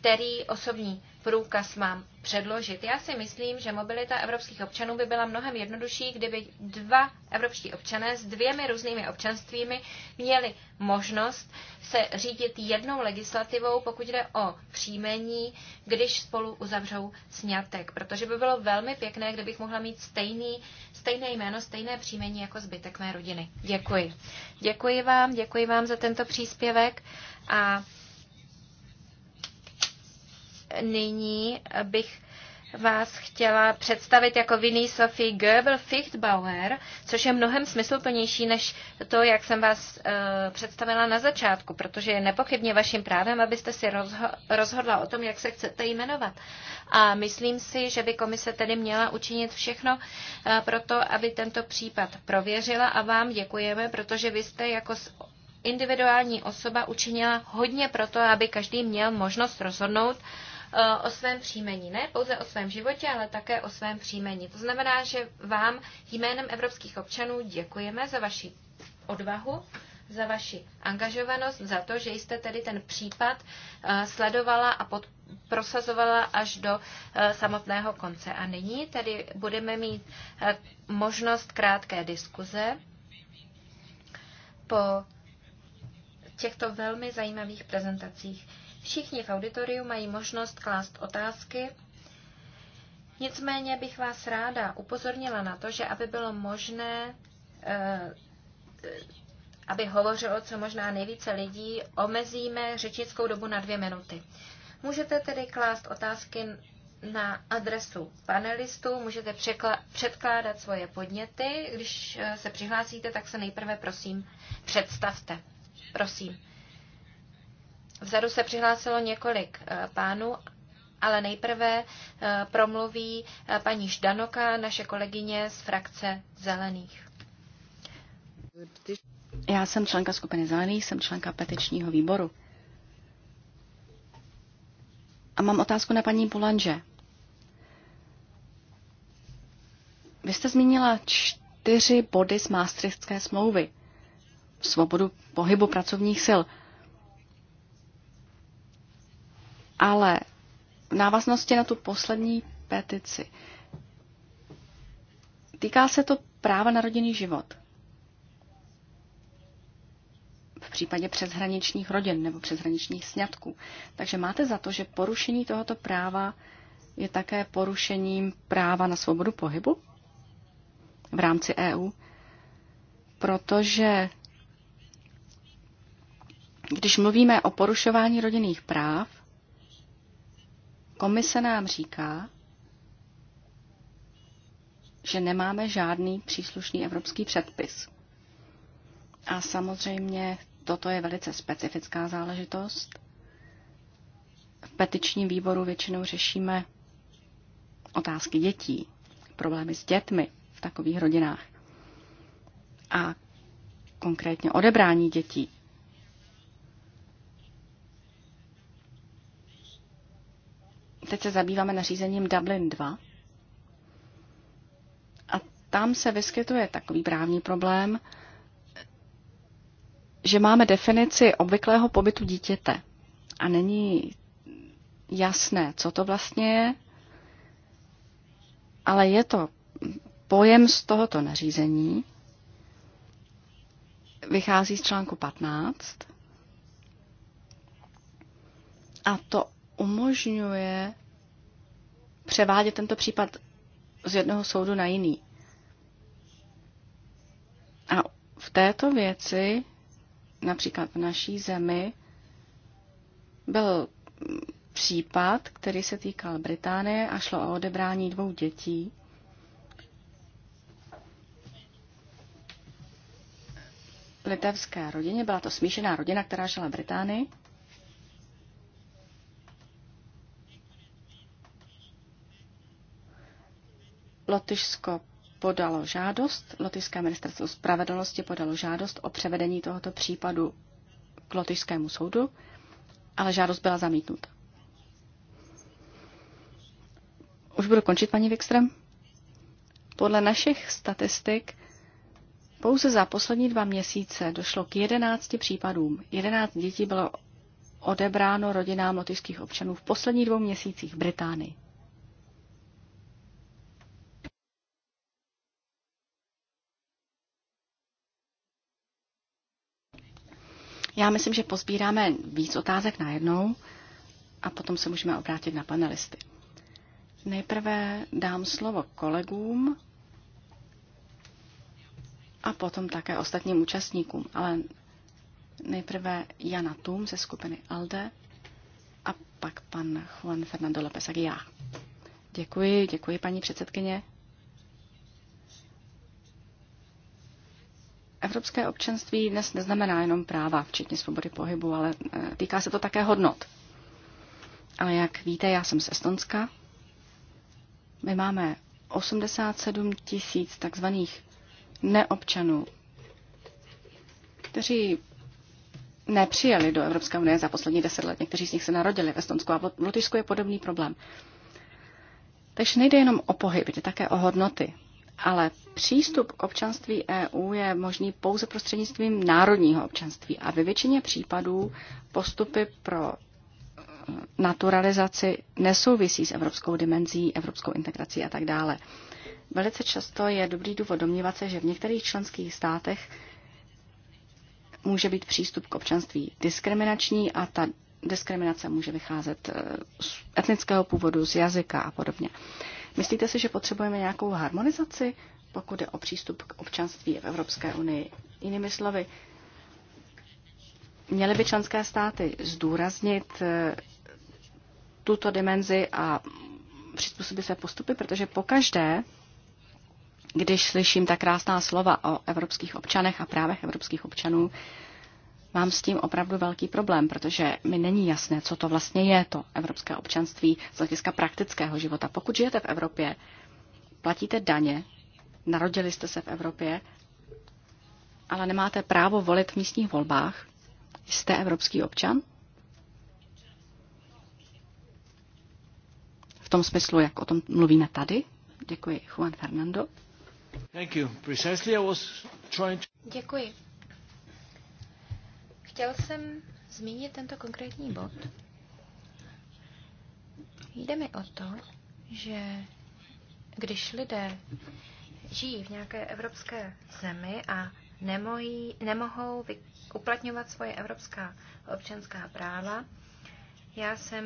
který osobní průkaz mám předložit. Já si myslím, že mobilita evropských občanů by byla mnohem jednodušší, kdyby dva evropští občané s dvěmi různými občanstvími měli možnost se řídit jednou legislativou, pokud jde o příjmení, když spolu uzavřou sňatek. Protože by bylo velmi pěkné, kdybych mohla mít stejný, stejné jméno, stejné příjmení jako zbytek mé rodiny. Děkuji. Děkuji vám, děkuji vám za tento příspěvek a nyní bych vás chtěla představit jako Vinny Sophie Goebel Fichtbauer, což je mnohem smysluplnější než to, jak jsem vás e, představila na začátku, protože je nepochybně vaším právem, abyste si rozho- rozhodla o tom, jak se chcete jmenovat. A myslím si, že by komise tedy měla učinit všechno e, pro to, aby tento případ prověřila a vám děkujeme, protože vy jste jako individuální osoba učinila hodně pro to, aby každý měl možnost rozhodnout, Eh, o svém příjmení. Ne pouze o svém životě, ale také o svém příjmení. To znamená, že vám jménem evropských občanů děkujeme za vaši odvahu, za vaši angažovanost, za to, že jste tedy ten případ eh, sledovala a pod, prosazovala až do eh, samotného konce. A nyní tedy budeme mít možnost krátké diskuze po těchto velmi zajímavých prezentacích. Všichni v auditoriu mají možnost klást otázky. Nicméně bych vás ráda upozornila na to, že aby bylo možné, eh, eh, aby hovořilo co možná nejvíce lidí, omezíme řečnickou dobu na dvě minuty. Můžete tedy klást otázky na adresu panelistů, můžete předkládat svoje podněty. Když eh, se přihlásíte, tak se nejprve prosím představte. Prosím. Vzadu se přihlásilo několik eh, pánů, ale nejprve eh, promluví eh, paní Ždanoka, naše kolegyně z frakce Zelených. Já jsem členka skupiny Zelených, jsem členka petičního výboru. A mám otázku na paní Bulanže. Vy jste zmínila čtyři body z Maastrichtské smlouvy. Svobodu pohybu pracovních sil – Ale v návaznosti na tu poslední petici. Týká se to práva na rodinný život. V případě přeshraničních rodin nebo přeshraničních sňatků. Takže máte za to, že porušení tohoto práva je také porušením práva na svobodu pohybu v rámci EU, protože když mluvíme o porušování rodinných práv, Komise nám říká, že nemáme žádný příslušný evropský předpis. A samozřejmě toto je velice specifická záležitost. V petičním výboru většinou řešíme otázky dětí, problémy s dětmi v takových rodinách a konkrétně odebrání dětí. teď se zabýváme nařízením Dublin 2. A tam se vyskytuje takový právní problém, že máme definici obvyklého pobytu dítěte a není jasné, co to vlastně je, ale je to pojem z tohoto nařízení, vychází z článku 15 a to umožňuje převádět tento případ z jednoho soudu na jiný. A v této věci, například v naší zemi, byl případ, který se týkal Británie a šlo o odebrání dvou dětí. Litevské rodině, byla to smíšená rodina, která žila v Británii Lotyšsko podalo žádost, Lotyšské ministerstvo spravedlnosti podalo žádost o převedení tohoto případu k Lotyšskému soudu, ale žádost byla zamítnuta. Už budu končit, paní Wikström. Podle našich statistik pouze za poslední dva měsíce došlo k 11 případům. 11 dětí bylo odebráno rodinám lotyšských občanů v posledních dvou měsících v Británii. Já myslím, že pozbíráme víc otázek najednou a potom se můžeme obrátit na panelisty. Nejprve dám slovo kolegům a potom také ostatním účastníkům, ale nejprve Jana Tum ze skupiny ALDE a pak pan Juan Fernando López Aguiar. Děkuji, děkuji paní předsedkyně. Evropské občanství dnes neznamená jenom práva, včetně svobody pohybu, ale e, týká se to také hodnot. Ale jak víte, já jsem z Estonska. My máme 87 tisíc takzvaných neobčanů, kteří nepřijeli do Evropské unie za poslední deset let. Někteří z nich se narodili v Estonsku a v Lotyšsku je podobný problém. Takže nejde jenom o pohyb, jde také o hodnoty. Ale přístup k občanství EU je možný pouze prostřednictvím národního občanství a ve většině případů postupy pro eh, naturalizaci nesouvisí s evropskou dimenzí, evropskou integrací a tak dále. Velice často je dobrý důvod domnívat se, že v některých členských státech může být přístup k občanství diskriminační a ta diskriminace může vycházet eh, z etnického původu, z jazyka a podobně. Uh, Myslíte si, že potřebujeme nějakou harmonizaci, pokud je o přístup k občanství v Evropské unii? Jinými slovy, měly by členské státy zdůraznit eh, tuto dimenzi a přizpůsobit své postupy, protože pokaždé, když slyším ta krásná slova o evropských občanech a právech evropských občanů, mám s tím opravdu velký problém, protože mi není jasné, co to vlastně je, to evropské občanství z hlediska praktického života. Pokud žijete v Evropě, platíte daně, narodili jste se v Evropě, ale nemáte právo volit v místních volbách, jste evropský občan? V tom smyslu, jak o tom mluvíme tady? Děkuji, Juan Fernando. Thank you. Precisely I was trying to... Děkuji. Chtěl jsem zmínit tento konkrétní bod. Jde mi o to, že když lidé žijí v nějaké evropské zemi a nemohí, nemohou vy, uplatňovat svoje evropská občanská práva, já jsem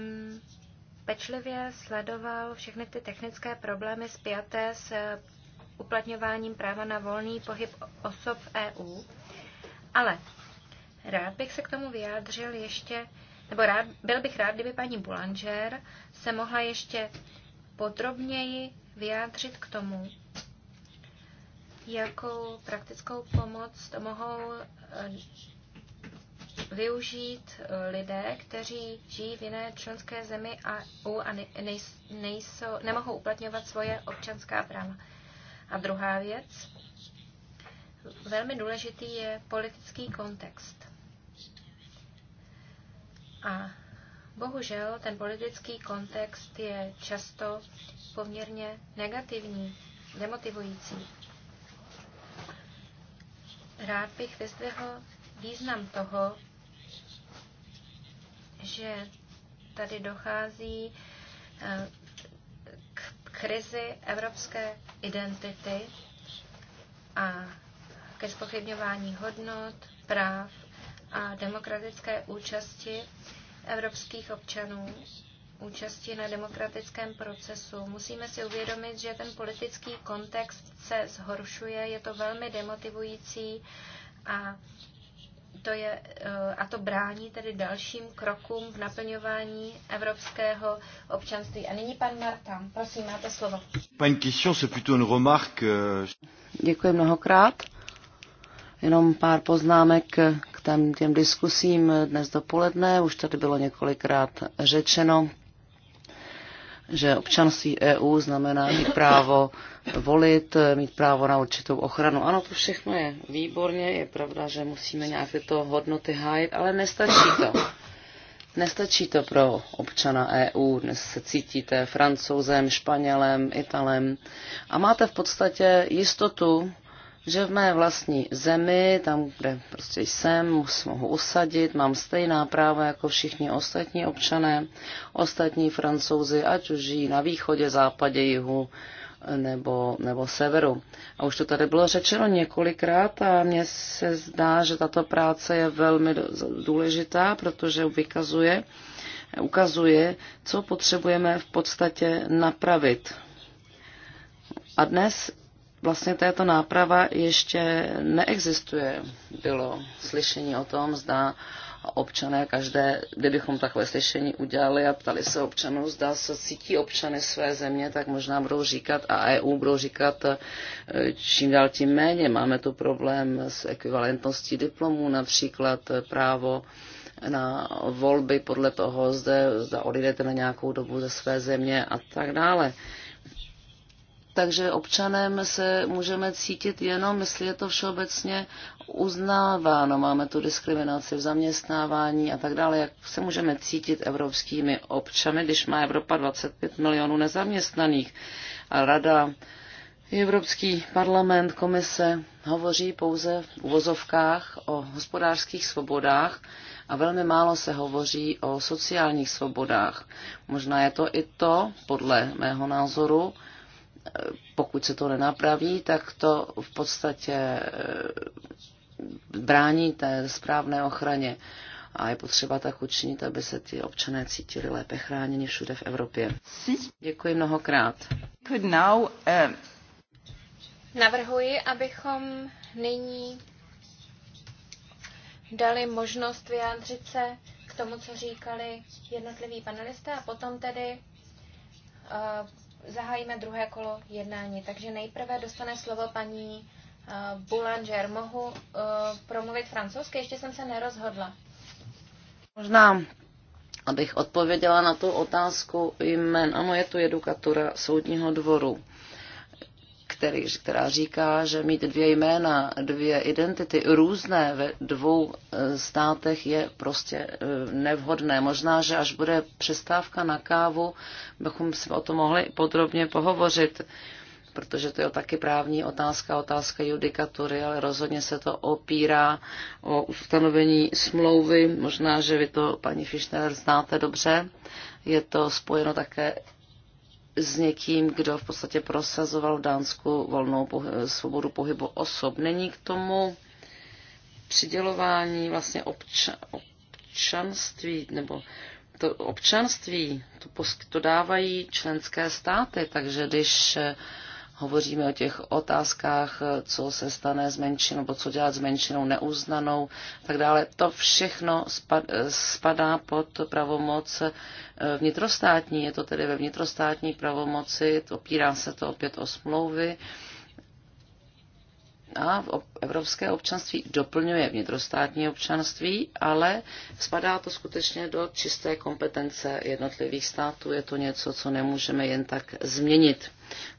pečlivě sledoval všechny ty technické problémy spjaté s uplatňováním práva na volný pohyb osob v EU. Ale Rád bych se k tomu vyjádřil ještě, nebo rád, byl bych rád, kdyby paní Boulanger se mohla ještě podrobněji vyjádřit k tomu, jakou praktickou pomoc to mohou eh, využít eh, lidé, kteří žijí v jiné členské zemi a, u a nejsou, nemohou uplatňovat svoje občanská práva. A druhá věc, velmi důležitý je politický kontext. A bohužel ten politický kontext je často poměrně negativní, demotivující. Rád bych vyzdvihl význam toho, že tady dochází eh, k krizi evropské identity a ke spochybňování hodnot, práv a demokratické účasti evropských občanů účasti na demokratickém procesu. Musíme si uvědomit, že ten politický kontext se zhoršuje, je to velmi demotivující a to, je, eh, a to brání tedy dalším krokům v naplňování evropského občanství. A nyní pan Marta prosím, máte slovo. Euh, Děkuji mnohokrát. Jenom pár poznámek těm, těm diskusím dnes dopoledne. Už tady bylo několikrát řečeno, že občanství EU znamená mít právo volit, mít právo na určitou ochranu. Ano, to všechno je výborně, je pravda, že musíme nějak tyto hodnoty hájit, ale nestačí to. Nestačí to pro občana EU. Dnes se cítíte francouzem, španělem, italem a máte v podstatě jistotu, že v mé vlastní zemi, tam, kde prostě jsem, mohu usadit, mám stejná práva jako všichni ostatní občané, ostatní francouzi, ať už žijí na východě, západě, jihu nebo, nebo severu. A už to tady bylo řečeno několikrát a mně se zdá, že tato práce je velmi důležitá, protože vykazuje, ukazuje, co potřebujeme v podstatě napravit. A dnes vlastně této náprava ještě neexistuje. Bylo slyšení o tom, zda občané každé, kdybychom takové slyšení udělali a ptali se občanů, zda se cítí občany své země, tak možná budou říkat a EU budou říkat eh, čím dál tím méně. Máme tu problém s ekvivalentností diplomů, například eh, právo na volby podle toho, zde, zda odejdete na nějakou dobu ze své země a tak dále takže občanem se můžeme cítit jenom, jestli je to všeobecně uznáváno. Máme tu diskriminaci v zaměstnávání a tak dále. Jak se můžeme cítit evropskými občany, když má Evropa 25 milionů nezaměstnaných a rada Evropský parlament, komise hovoří pouze v uvozovkách o hospodářských svobodách a velmi málo se hovoří o sociálních svobodách. Možná je to i to, podle mého názoru, pokud se to nenapraví, tak to v podstatě e, brání té správné ochraně. A je potřeba tak učinit, aby se ty občané cítili lépe chráněni všude v Evropě. Děkuji mnohokrát. Um, Navrhuji, abychom nyní dali možnost vyjádřit se k tomu, co říkali jednotliví panelisté a potom tedy uh, zahájíme druhé kolo jednání. Takže nejprve dostane slovo paní uh, Boulanger. Mohu uh, promluvit francouzsky? Ještě jsem se nerozhodla. Možná, abych odpověděla na tu otázku jmen. Ano, je tu edukatura soudního dvoru který, která říká, že mít dvě jména, dvě identity různé ve dvou e, státech je prostě e, nevhodné. Možná, že až bude přestávka na kávu, bychom se o tom mohli podrobně pohovořit protože to je taky právní otázka, otázka judikatury, ale rozhodně se to opírá o ustanovení smlouvy. Možná, že vy to, paní Fischner, znáte dobře. Je to spojeno také s někým, kdo v podstatě prosazoval v Dánsku volnou pohy- svobodu pohybu osob. Není k tomu přidělování vlastně obča- občanství nebo to občanství, to, to dávají členské státy, takže když Hovoříme o těch otázkách, co se stane s menšinou, nebo co dělat s menšinou neuznanou, tak dále. To všechno spadá pod pravomoc eh, vnitrostátní, je to tedy ve vnitrostátní pravomoci, opírá se to opět o smlouvy a evropské občanství doplňuje vnitrostátní občanství, ale spadá to skutečně do čisté kompetence jednotlivých států. Je to něco, co nemůžeme jen tak změnit.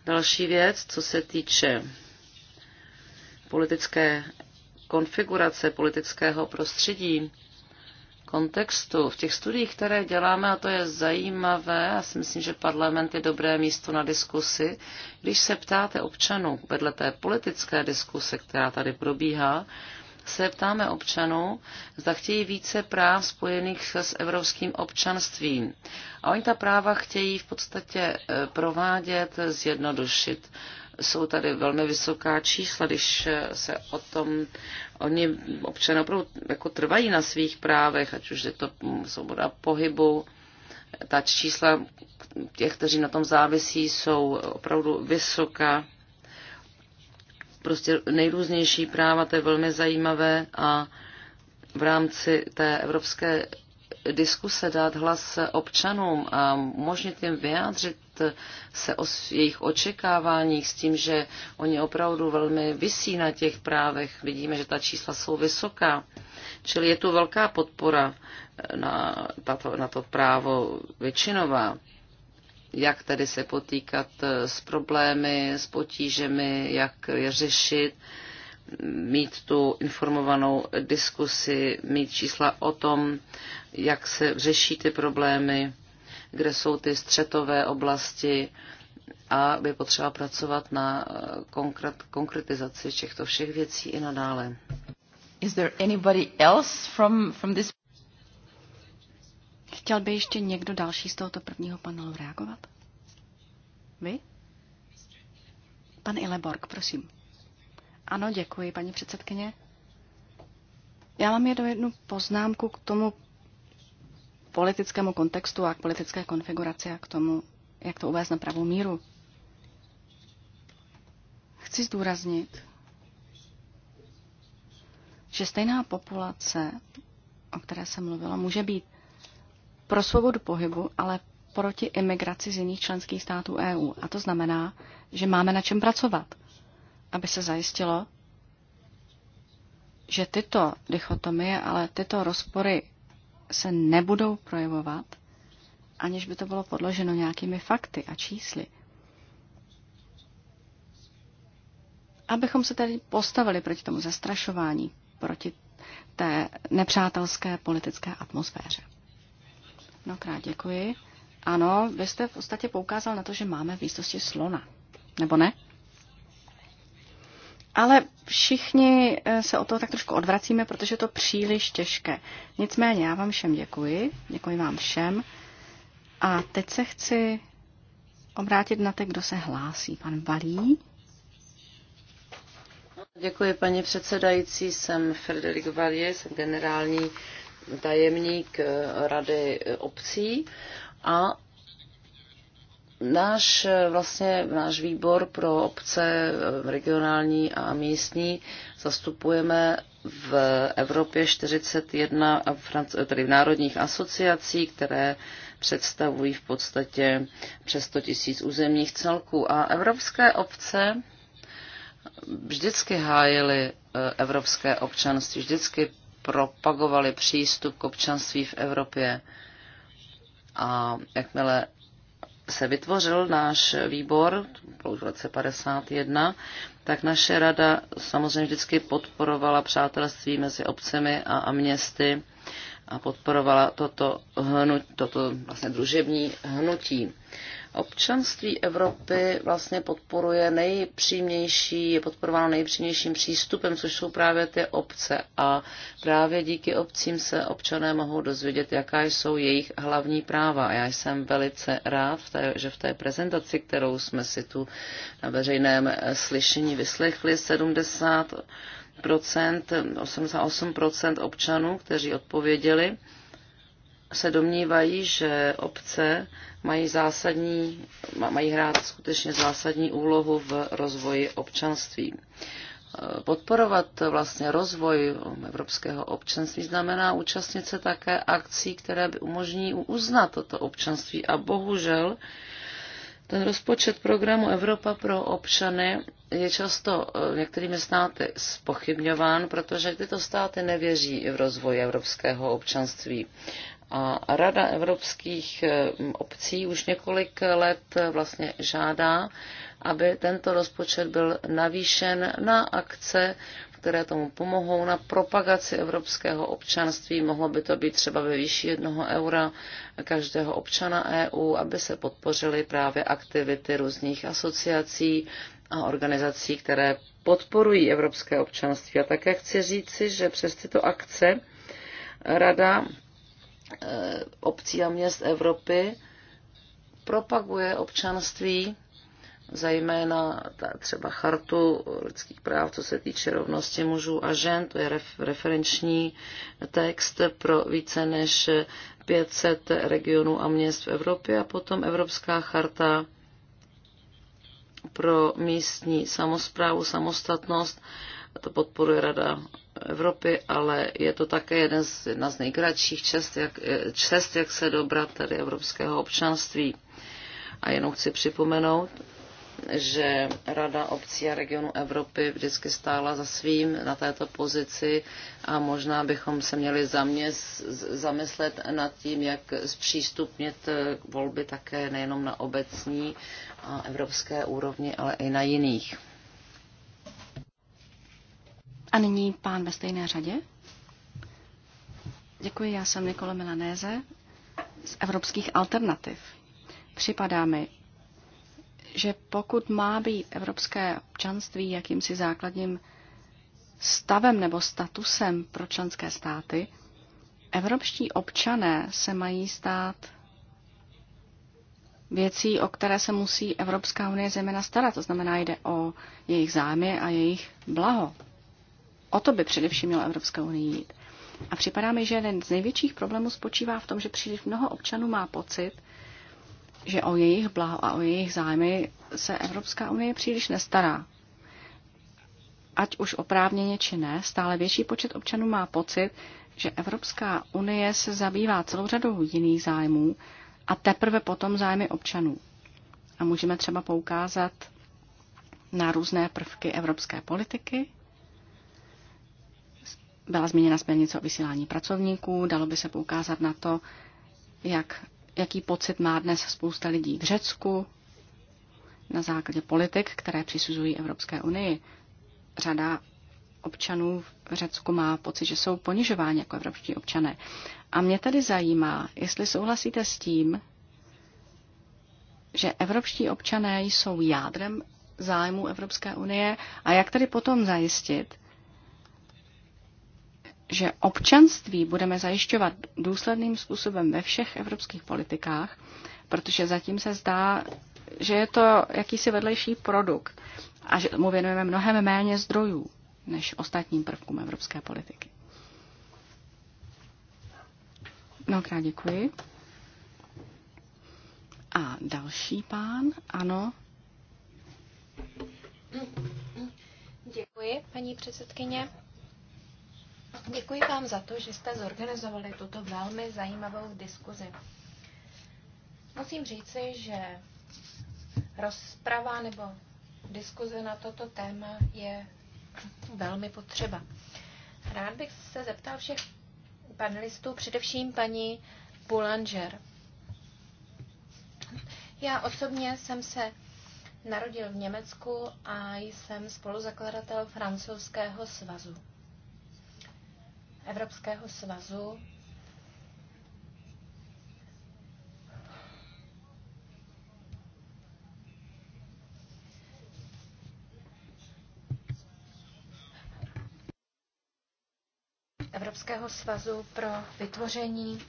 Další věc, co se týče politické konfigurace politického prostředí, kontextu, v těch studiích, které děláme, a to je zajímavé, já si myslím, že parlament je dobré místo na diskusi, když se ptáte občanů, vedle té politické diskuse, která tady probíhá, se ptáme občanů, zda chtějí více práv spojených s evropským občanstvím. A oni ta práva chtějí v podstatě eh, provádět, zjednodušit. Jsou tady velmi vysoká čísla, když eh, se o tom, oni občané opravdu jako trvají na svých právech, ať už je to svoboda pohybu, ta čísla těch, kteří na tom závisí, jsou opravdu vysoká. Prostě nejrůznější práva, to je velmi zajímavé a v rámci té evropské diskuse dát hlas občanům a možně jim vyjádřit se o jejich očekáváních s tím, že oni opravdu velmi vysí na těch právech. Vidíme, že ta čísla jsou vysoká. Čili je tu velká podpora eh, na, tato, na to právo většinová. Jak tedy se potýkat eh, s problémy, s potížemi, jak je řešit mít tu informovanou diskusi, mít čísla o tom, jak se řeší ty problémy, kde jsou ty střetové oblasti a by potřeba pracovat na eh, konkret, konkretizaci těchto všech věcí i nadále. Is there anybody else from, from this... Chtěl by ještě někdo další z tohoto prvního panelu reagovat? Vy? Pan Ileborg, prosím. Ano, děkuji, paní předsedkyně. Já mám jednu poznámku k tomu politickému kontextu a k politické konfiguraci a k tomu, jak to uvést na pravou míru. Chci zdůraznit, že stejná populace, o které se mluvila, může být pro svobodu pohybu, ale proti imigraci z jiných členských států EU. A to znamená, že máme na čem pracovat, aby se zajistilo, že tyto dichotomie, ale tyto rozpory se nebudou projevovat, aniž by to bylo podloženo nějakými fakty a čísly. Abychom se tedy postavili proti tomu zastrašování, proti té nepřátelské politické atmosféře. Mnohokrát děkuji. Ano, vy jste v podstatě poukázal na to, že máme v místnosti slona. Nebo ne? Ale všichni eh, se o to tak trošku odvracíme, protože je to příliš těžké. Nicméně já vám všem děkuji, děkuji vám všem. A teď se chci obrátit na ty, kdo se hlásí. Pan Valí. Děkuji, paní předsedající. Jsem Frederik Valier, jsem generální tajemník eh, Rady eh, obcí a Náš, eh, vlastně, náš výbor pro obce eh, regionální a místní zastupujeme v Evropě 41 tedy v národních asociací, které představují v podstatě přes 100 tisíc územních celků. A evropské obce vždycky hájily eh, evropské občanství, vždycky propagovali přístup k občanství v Evropě. A jakmile se vytvořil náš výbor, bylo v roce 51, tak naše rada samozřejmě vždycky podporovala přátelství mezi obcemi a, a městy a podporovala toto, hnutí, toto vlastně družební hnutí. Občanství Evropy vlastně podporuje nejpřímější, je podporováno nejpřímějším přístupem, což jsou právě ty obce. A právě díky obcím se občané mohou dozvědět, jaká jsou jejich hlavní práva. A já jsem velice rád, že v té prezentaci, kterou jsme si tu na veřejném eh, slyšení vyslechli, 70 88 občanů, kteří odpověděli, se domnívají, že obce mají, zásadní, mají hrát skutečně zásadní úlohu v rozvoji občanství. E, podporovat vlastně rozvoj evropského občanství znamená účastnit se také akcí, které by umožní uznat toto občanství. A bohužel ten rozpočet programu Evropa pro občany je často e, některými státy spochybňován, protože tyto státy nevěří v rozvoji evropského občanství. A Rada evropských eh, obcí už několik let eh, vlastně žádá, aby tento rozpočet byl navýšen na akce, které tomu pomohou, na propagaci evropského občanství. Mohlo by to být třeba ve výši jednoho eura každého občana EU, aby se podpořily právě aktivity různých asociací a organizací, které podporují evropské občanství. A také chci říci, že přes tyto akce Rada Eh, obcí a měst Evropy propaguje občanství, zejména třeba chartu lidských práv, co se týče rovnosti mužů a žen, to je ref, referenční text pro více než 500 regionů a měst v Evropě a potom Evropská charta pro místní samozprávu, samostatnost, to podporuje Rada Evropy, ale je to také jeden z, jedna z nejkratších čest jak, čest, jak se dobrat tady evropského občanství. A jenom chci připomenout, že Rada obcí a regionu Evropy vždycky stála za svým na této pozici a možná bychom se měli zaměs, zamyslet nad tím, jak zpřístupnit volby také nejenom na obecní a evropské úrovni, ale i na jiných. A nyní pán ve stejné řadě. Děkuji, já jsem Nikola Milanéze z Evropských alternativ. Připadá mi, že pokud má být evropské občanství jakýmsi základním stavem nebo statusem pro členské státy, evropští občané se mají stát věcí, o které se musí Evropská unie zejména starat. To znamená, jde o jejich zájmy a jejich blaho. O to by především měla Evropská unie jít. A připadá mi, že jeden z největších problémů spočívá v tom, že příliš mnoho občanů má pocit, že o jejich blaho a o jejich zájmy se Evropská unie příliš nestará. Ať už oprávněně či ne, stále větší počet občanů má pocit, že Evropská unie se zabývá celou řadou jiných zájmů a teprve potom zájmy občanů. A můžeme třeba poukázat na různé prvky evropské politiky, byla změněna směrnice o vysílání pracovníků, dalo by se poukázat na to, jak, jaký pocit má dnes spousta lidí v Řecku na základě politik, které přisuzují Evropské unii. Řada občanů v Řecku má pocit, že jsou ponižováni jako evropští občané. A mě tady zajímá, jestli souhlasíte s tím, že evropští občané jsou jádrem zájmu Evropské unie a jak tedy potom zajistit, že občanství budeme zajišťovat důsledným způsobem ve všech evropských politikách, protože zatím se zdá, že je to jakýsi vedlejší produkt a že mu věnujeme mnohem méně zdrojů než ostatním prvkům evropské politiky. Mnohokrát děkuji. A další pán, ano. Děkuji, paní předsedkyně. Děkuji vám za to, že jste zorganizovali tuto velmi zajímavou diskuzi. Musím říci, že rozprava nebo diskuze na toto téma je velmi potřeba. Rád bych se zeptal všech panelistů, především paní Boulanger. Já osobně jsem se narodil v Německu a jsem spoluzakladatel francouzského svazu. Evropského svazu Evropského svazu pro vytvoření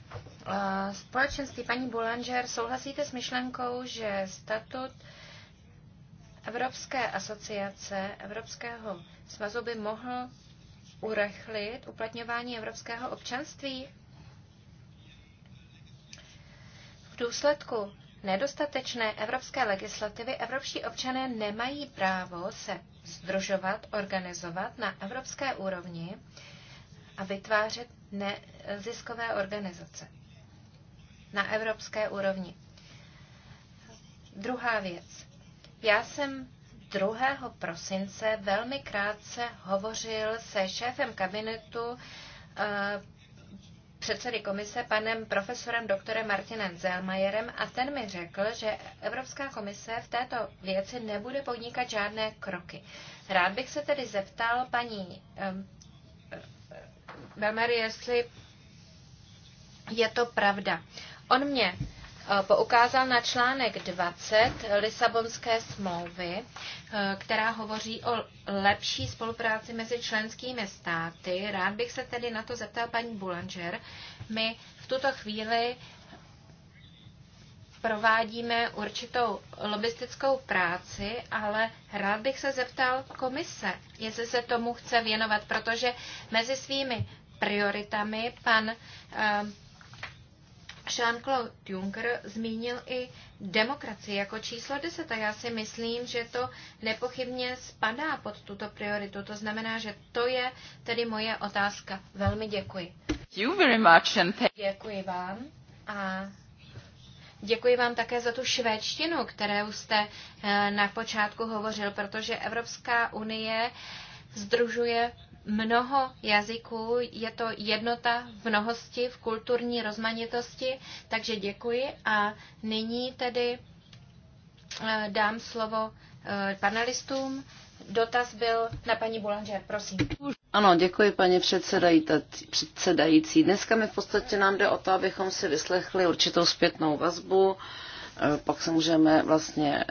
eh, společenství. Paní Boulanger, souhlasíte s myšlenkou, že statut Evropské asociace Evropského svazu by mohl urechlit uplatňování evropského občanství? V důsledku nedostatečné evropské legislativy evropští občané nemají právo se združovat, organizovat na evropské úrovni a vytvářet neziskové organizace na evropské úrovni. Druhá věc. Já jsem 2. prosince velmi krátce hovořil se šéfem kabinetu eh, předsedy komise panem profesorem doktorem Martinem Zelmajerem a ten mi řekl, že Evropská komise v této věci nebude podnikat žádné kroky. Rád bych se tedy zeptal paní Belmer, eh, jestli je to pravda. On mě Eh, poukázal na článek 20 Lisabonské smlouvy, eh, která hovoří o lepší spolupráci mezi členskými státy. Rád bych se tedy na to zeptal paní Boulanger. My v tuto chvíli provádíme určitou lobistickou práci, ale rád bych se zeptal komise, jestli se tomu chce věnovat, protože mezi svými prioritami pan eh, Jean-Claude Juncker zmínil i demokracii jako číslo 10 a já si myslím, že to nepochybně spadá pod tuto prioritu. To znamená, že to je tedy moje otázka. Velmi děkuji. You very much and děkuji vám a děkuji vám také za tu švédštinu, kterou jste eh, na počátku hovořil, protože Evropská unie združuje mnoho jazyků, je to jednota v mnohosti, v kulturní rozmanitosti, takže děkuji a nyní tedy eh, dám slovo eh, panelistům. Dotaz byl na paní Boulanger, prosím. Ano, děkuji paní předsedající. Dneska mi v podstatě nám jde o to, abychom si vyslechli určitou zpětnou vazbu Eh, pak se můžeme vlastně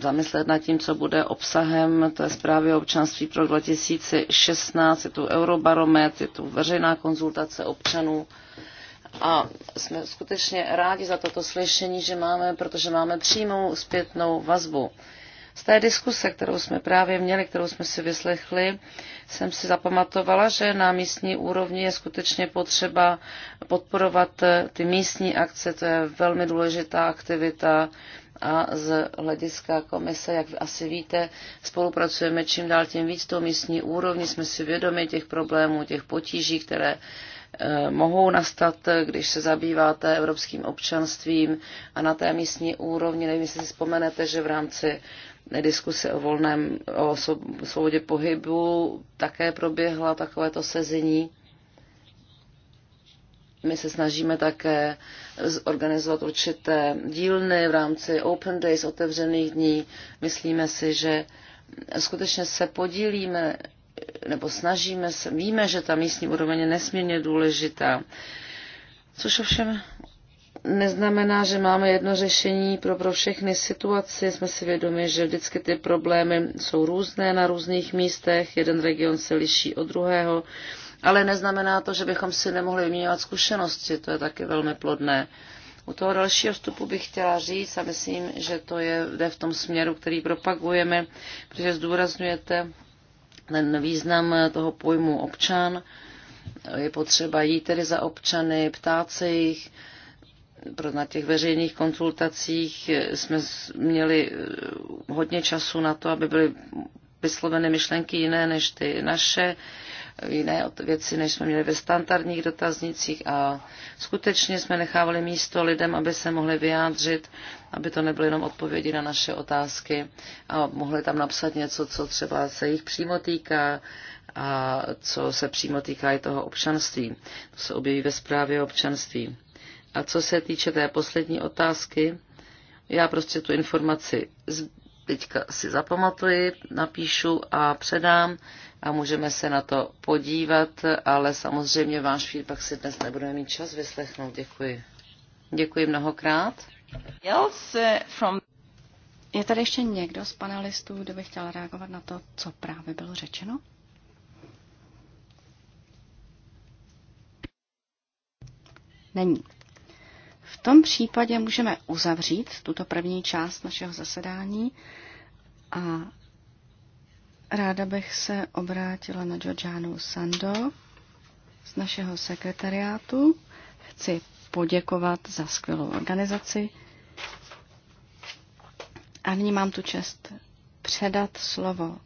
zamyslet nad tím, co bude obsahem té zprávy o občanství pro 2016. Je tu eurobaromet, je tu veřejná konzultace občanů. A jsme skutečně rádi za toto slyšení, že máme, protože máme přímou zpětnou vazbu. Z té diskuse, kterou jsme právě měli, kterou jsme si vyslechli, jsem si zapamatovala, že na místní úrovni je skutečně potřeba podporovat ty místní akce, to je velmi důležitá aktivita a z hlediska komise, jak asi víte, spolupracujeme čím dál tím víc tou místní úrovni, jsme si vědomi těch problémů, těch potíží, které eh, mohou nastat, když se zabýváte evropským občanstvím a na té místní úrovni, nevím, jestli si vzpomenete, že v rámci diskuse o volném, o svobodě pohybu také proběhla takovéto sezení. My se snažíme také zorganizovat určité dílny v rámci Open Days, otevřených dní. Myslíme si, že skutečně se podílíme nebo snažíme se, víme, že ta místní úroveň je nesmírně důležitá. Což ovšem neznamená, že máme jedno řešení pro, pro všechny situaci. Jsme si vědomi, že vždycky ty problémy jsou různé na různých místech, jeden region se liší od druhého, ale neznamená to, že bychom si nemohli vyměňovat zkušenosti, to je taky velmi plodné. U toho dalšího vstupu bych chtěla říct a myslím, že to je, jde v tom směru, který propagujeme, protože zdůrazňujete ten význam toho pojmu občan. Je potřeba jít tedy za občany, ptát se jich, na těch veřejných konzultacích eh, jsme měli eh, hodně času na to, aby byly vysloveny myšlenky jiné než ty naše, eh, jiné věci, než jsme měli ve standardních dotaznicích a skutečně jsme nechávali místo lidem, aby se mohli vyjádřit, aby to nebyly jenom odpovědi na naše otázky a mohli tam napsat něco, co třeba se jich přímo týká a co se přímo týká i toho občanství. To se objeví ve zprávě o občanství. A co se týče té poslední otázky, já prostě tu informaci teďka si zapamatuji, napíšu a předám a můžeme se na to podívat, ale samozřejmě váš feedback si dnes nebudeme mít čas vyslechnout. Děkuji. Děkuji mnohokrát. Eh, Je tady ještě někdo z panelistů, kdo by chtěl reagovat na to, co právě bylo řečeno? Není tom případě můžeme uzavřít tuto první část našeho zasedání a ráda bych se obrátila na Georgianu Sando z našeho sekretariátu. Chci poděkovat za skvělou organizaci a nyní mám tu čest předat slovo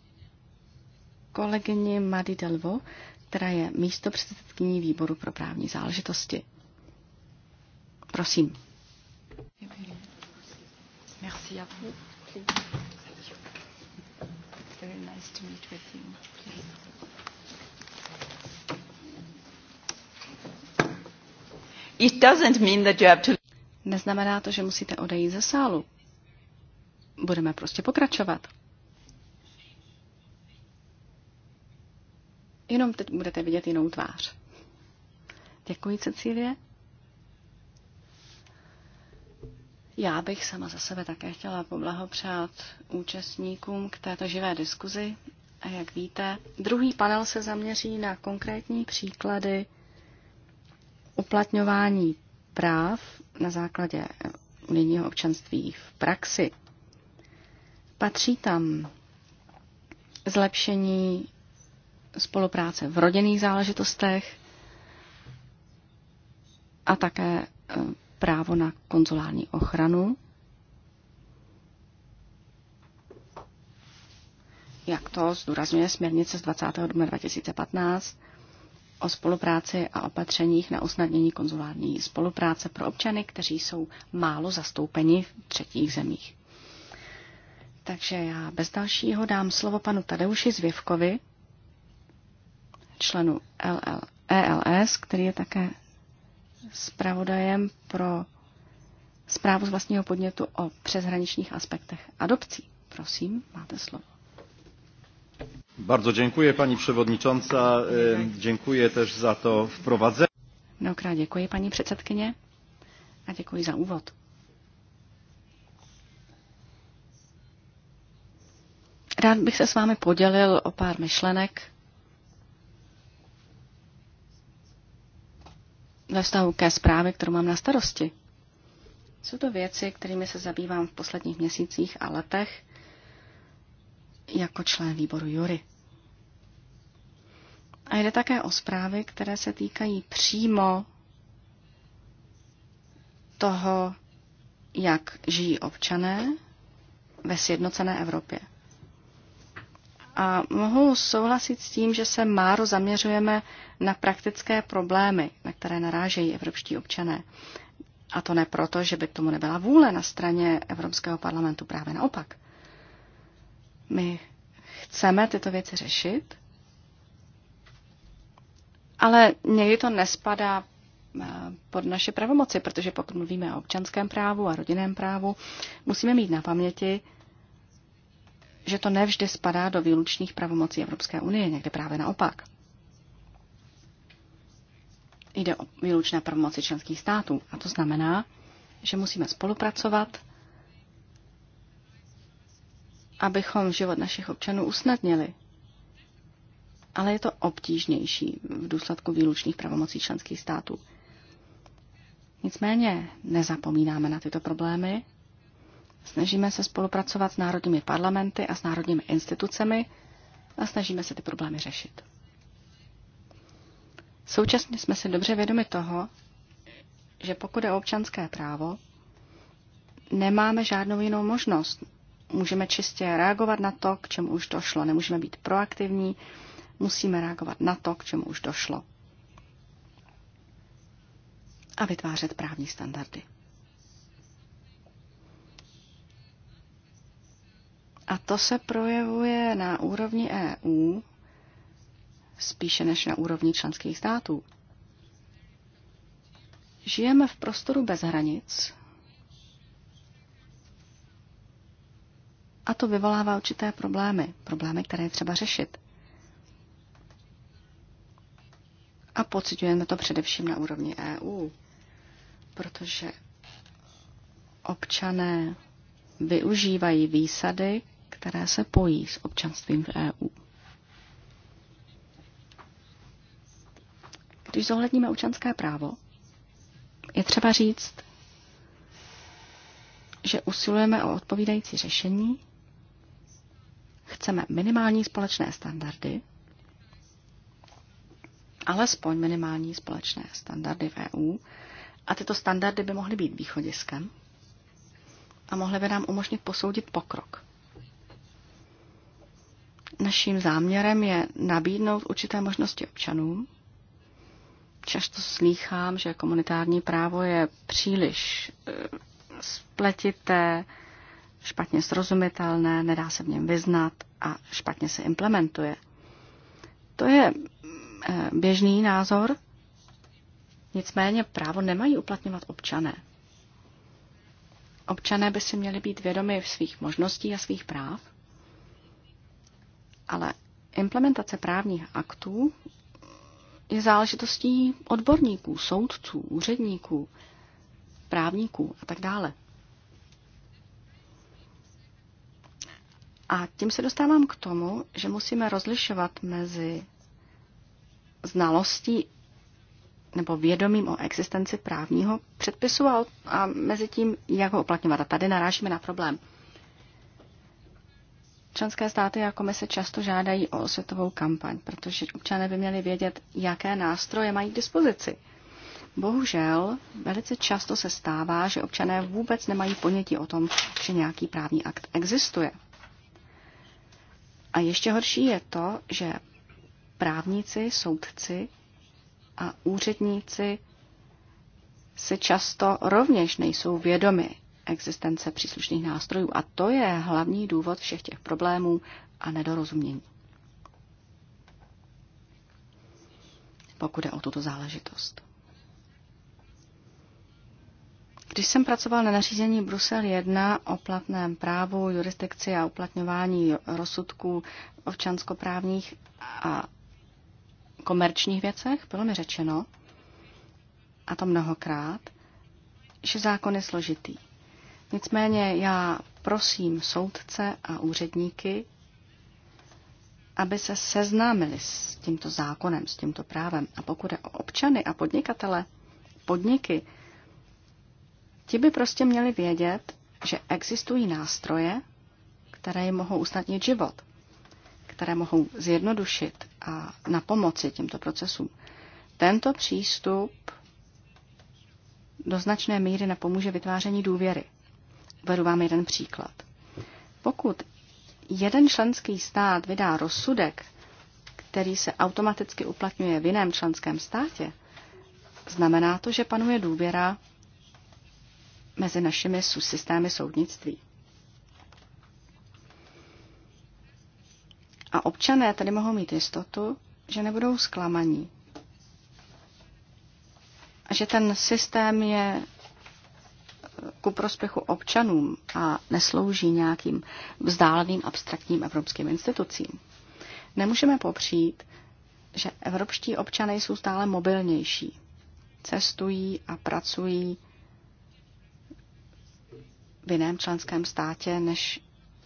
kolegyni Madi Delvo, která je místo výboru pro právní záležitosti. Prosím. It doesn't mean that you have to... Neznamená to, že musíte odejít ze sálu. Budeme prostě pokračovat. Jenom teď budete vidět jinou tvář. Děkuji, Cecílie. Já bych sama za sebe také chtěla poblahopřát účastníkům k této živé diskuzi. A jak víte, druhý panel se zaměří na konkrétní příklady uplatňování práv na základě unijního občanství v praxi. Patří tam zlepšení spolupráce v rodinných záležitostech a také eh, právo na konzulární ochranu, jak to zdůrazňuje směrnice z 20. dubna 2015 o spolupráci a opatřeních na usnadnění konzulární spolupráce pro občany, kteří jsou málo zastoupeni v třetích zemích. Takže já bez dalšího dám slovo panu Tadeuši Zvěvkovi, členu LL, ELS, který je také zpravodajem pro zprávu z vlastního podnětu o přeshraničních aspektech adopcí. Prosím, máte slovo. Bardzo dziękuję pani przewodnicząca. Dziękuję też za to wprowadzenie. Mnohokrát děkuji paní předsedkyně a děkuji za úvod. Rád bych se s vámi podělil o pár myšlenek, ve vztahu ke zprávě, kterou mám na starosti. Jsou to věci, kterými se zabývám v posledních měsících a letech jako člen výboru Jury. A jde také o zprávy, které se týkají přímo toho, jak žijí občané ve sjednocené Evropě. A mohu souhlasit s tím, že se máro zaměřujeme na praktické problémy, na které narážejí evropští občané. A to ne proto, že by k tomu nebyla vůle na straně Evropského parlamentu, právě naopak. My chceme tyto věci řešit, ale někdy to nespadá eh, pod naše pravomoci, protože pokud mluvíme o občanském právu a rodinném právu, musíme mít na paměti, že to nevždy spadá do výlučných pravomocí Evropské unie, někdy právě naopak jde o výlučné pravomoci členských států. A to znamená, že musíme spolupracovat, abychom život našich občanů usnadnili. Ale je to obtížnější v důsledku výlučných pravomocí členských států. Nicméně nezapomínáme na tyto problémy, snažíme se spolupracovat s národními parlamenty a s národními institucemi a snažíme se ty problémy řešit. Současně jsme si dobře vědomi toho, že pokud je občanské právo, nemáme žádnou jinou možnost. Můžeme čistě reagovat na to, k čemu už došlo. Nemůžeme být proaktivní, musíme reagovat na to, k čemu už došlo. A vytvářet právní standardy. A to se projevuje na úrovni EU spíše než na úrovni členských států. Žijeme v prostoru bez hranic a to vyvolává určité problémy, problémy, které je třeba řešit. A pocitujeme to především na úrovni EU, protože občané využívají výsady, které se pojí s občanstvím v EU. Když zohledníme občanské právo, je třeba říct, že usilujeme o odpovídající řešení, chceme minimální společné standardy, alespoň minimální společné standardy v EU, a tyto standardy by mohly být východiskem a mohly by nám umožnit posoudit pokrok. Naším záměrem je nabídnout určité možnosti občanům, Často slýchám, že komunitární právo je příliš eh, spletité, špatně srozumitelné, nedá se v něm vyznat a špatně se implementuje. To je eh, běžný názor, nicméně právo nemají uplatňovat občané. Občané by si měli být vědomi v svých možností a svých práv, ale implementace právních aktů je záležitostí odborníků, soudců, úředníků, právníků a tak dále. A tím se dostávám k tomu, že musíme rozlišovat mezi znalostí nebo vědomím o existenci právního předpisu a, a mezi tím, jak ho uplatňovat. A tady narážíme na problém. Členské státy a komise často žádají o osvětovou kampaň, protože občané by měli vědět, jaké nástroje mají k dispozici. Bohužel velice často se stává, že občané vůbec nemají ponětí o tom, že nějaký právní akt existuje. A ještě horší je to, že právníci, soudci a úředníci si často rovněž nejsou vědomi existence příslušných nástrojů. A to je hlavní důvod všech těch problémů a nedorozumění. Pokud je o tuto záležitost. Když jsem pracoval na nařízení Brusel 1 o platném právu, jurisdikci a uplatňování rozsudků občanskoprávních a komerčních věcech, bylo mi řečeno, a to mnohokrát, že zákon je složitý. Nicméně já prosím soudce a úředníky, aby se seznámili s tímto zákonem, s tímto právem. A pokud je o občany a podnikatele, podniky, ti by prostě měli vědět, že existují nástroje, které jim mohou usnadnit život, které mohou zjednodušit a na pomoci těmto procesům. Tento přístup do značné míry napomůže vytváření důvěry. Uvedu vám jeden příklad. Pokud jeden členský stát vydá rozsudek, který se automaticky uplatňuje v jiném členském státě, znamená to, že panuje důvěra mezi našimi systémy soudnictví. A občané tedy mohou mít jistotu, že nebudou zklamaní. A že ten systém je ku prospěchu občanům a neslouží nějakým vzdáleným abstraktním evropským institucím. Nemůžeme popřít, že evropští občané jsou stále mobilnější. Cestují a pracují v jiném členském státě, než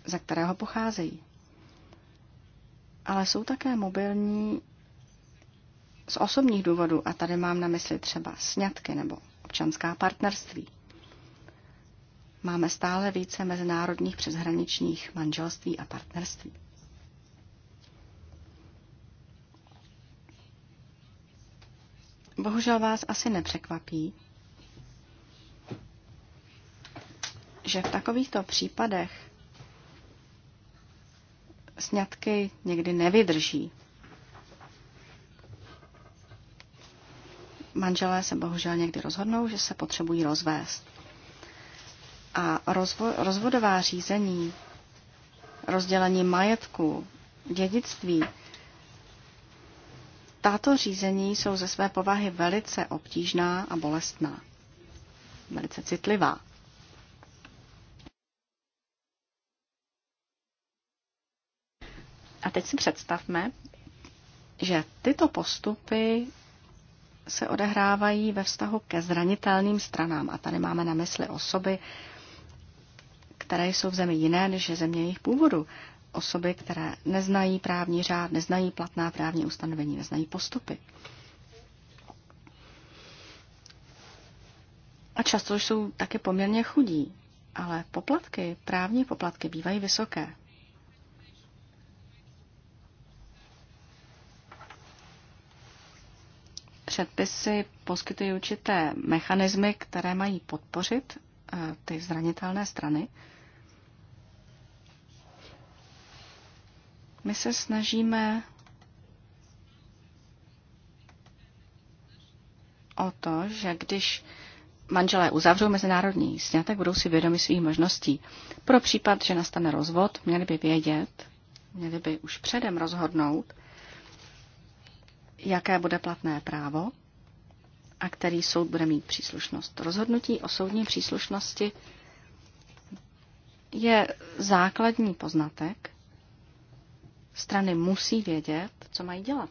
ze kterého pocházejí. Ale jsou také mobilní z osobních důvodů, a tady mám na mysli třeba sňatky nebo občanská partnerství máme stále více mezinárodních přeshraničních manželství a partnerství. Bohužel vás asi nepřekvapí, že v takovýchto případech sňatky někdy nevydrží. Manželé se bohužel někdy rozhodnou, že se potřebují rozvést. A rozvo- rozvodová řízení, rozdělení majetku, dědictví, tato řízení jsou ze své povahy velice obtížná a bolestná, velice citlivá. A teď si představme, že tyto postupy se odehrávají ve vztahu ke zranitelným stranám. A tady máme na mysli osoby, které jsou v zemi jiné než je země jejich původu. Osoby, které neznají právní řád, neznají platná právní ustanovení, neznají postupy. A často jsou také poměrně chudí, ale poplatky, právní poplatky bývají vysoké. Předpisy poskytují určité mechanismy, které mají podpořit eh, ty zranitelné strany, My se snažíme o to, že když manželé uzavřou mezinárodní sňatek, budou si vědomi svých možností. Pro případ, že nastane rozvod, měli by vědět, měli by už předem rozhodnout, jaké bude platné právo a který soud bude mít příslušnost. Rozhodnutí o soudní příslušnosti je základní poznatek, Strany musí vědět, co mají dělat.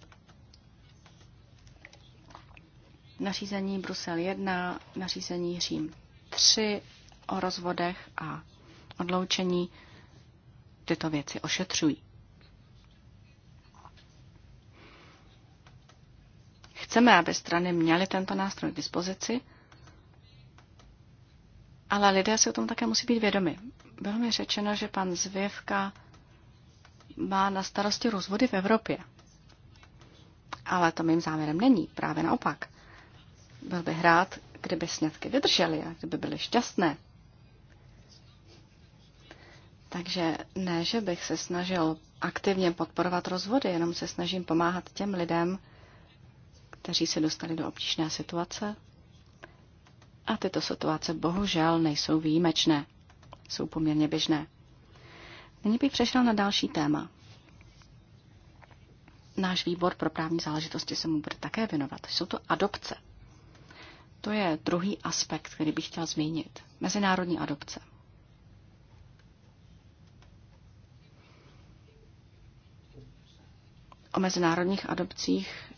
Nařízení Brusel 1, nařízení Řím 3 o rozvodech a odloučení tyto věci ošetřují. Chceme, aby strany měly tento nástroj k dispozici, ale lidé si o tom také musí být vědomi. Bylo mi řečeno, že pan Zvěvka má na starosti rozvody v Evropě. Ale to mým záměrem není, právě naopak. Byl bych rád, kdyby sňatky vydržely a kdyby byly šťastné. Takže ne, že bych se snažil aktivně podporovat rozvody, jenom se snažím pomáhat těm lidem, kteří se dostali do obtížné situace. A tyto situace bohužel nejsou výjimečné, jsou poměrně běžné. Nyní bych přešel na další téma. Náš výbor pro právní záležitosti se mu bude také věnovat. Jsou to adopce. To je druhý aspekt, který bych chtěl zmínit. Mezinárodní adopce. O mezinárodních adopcích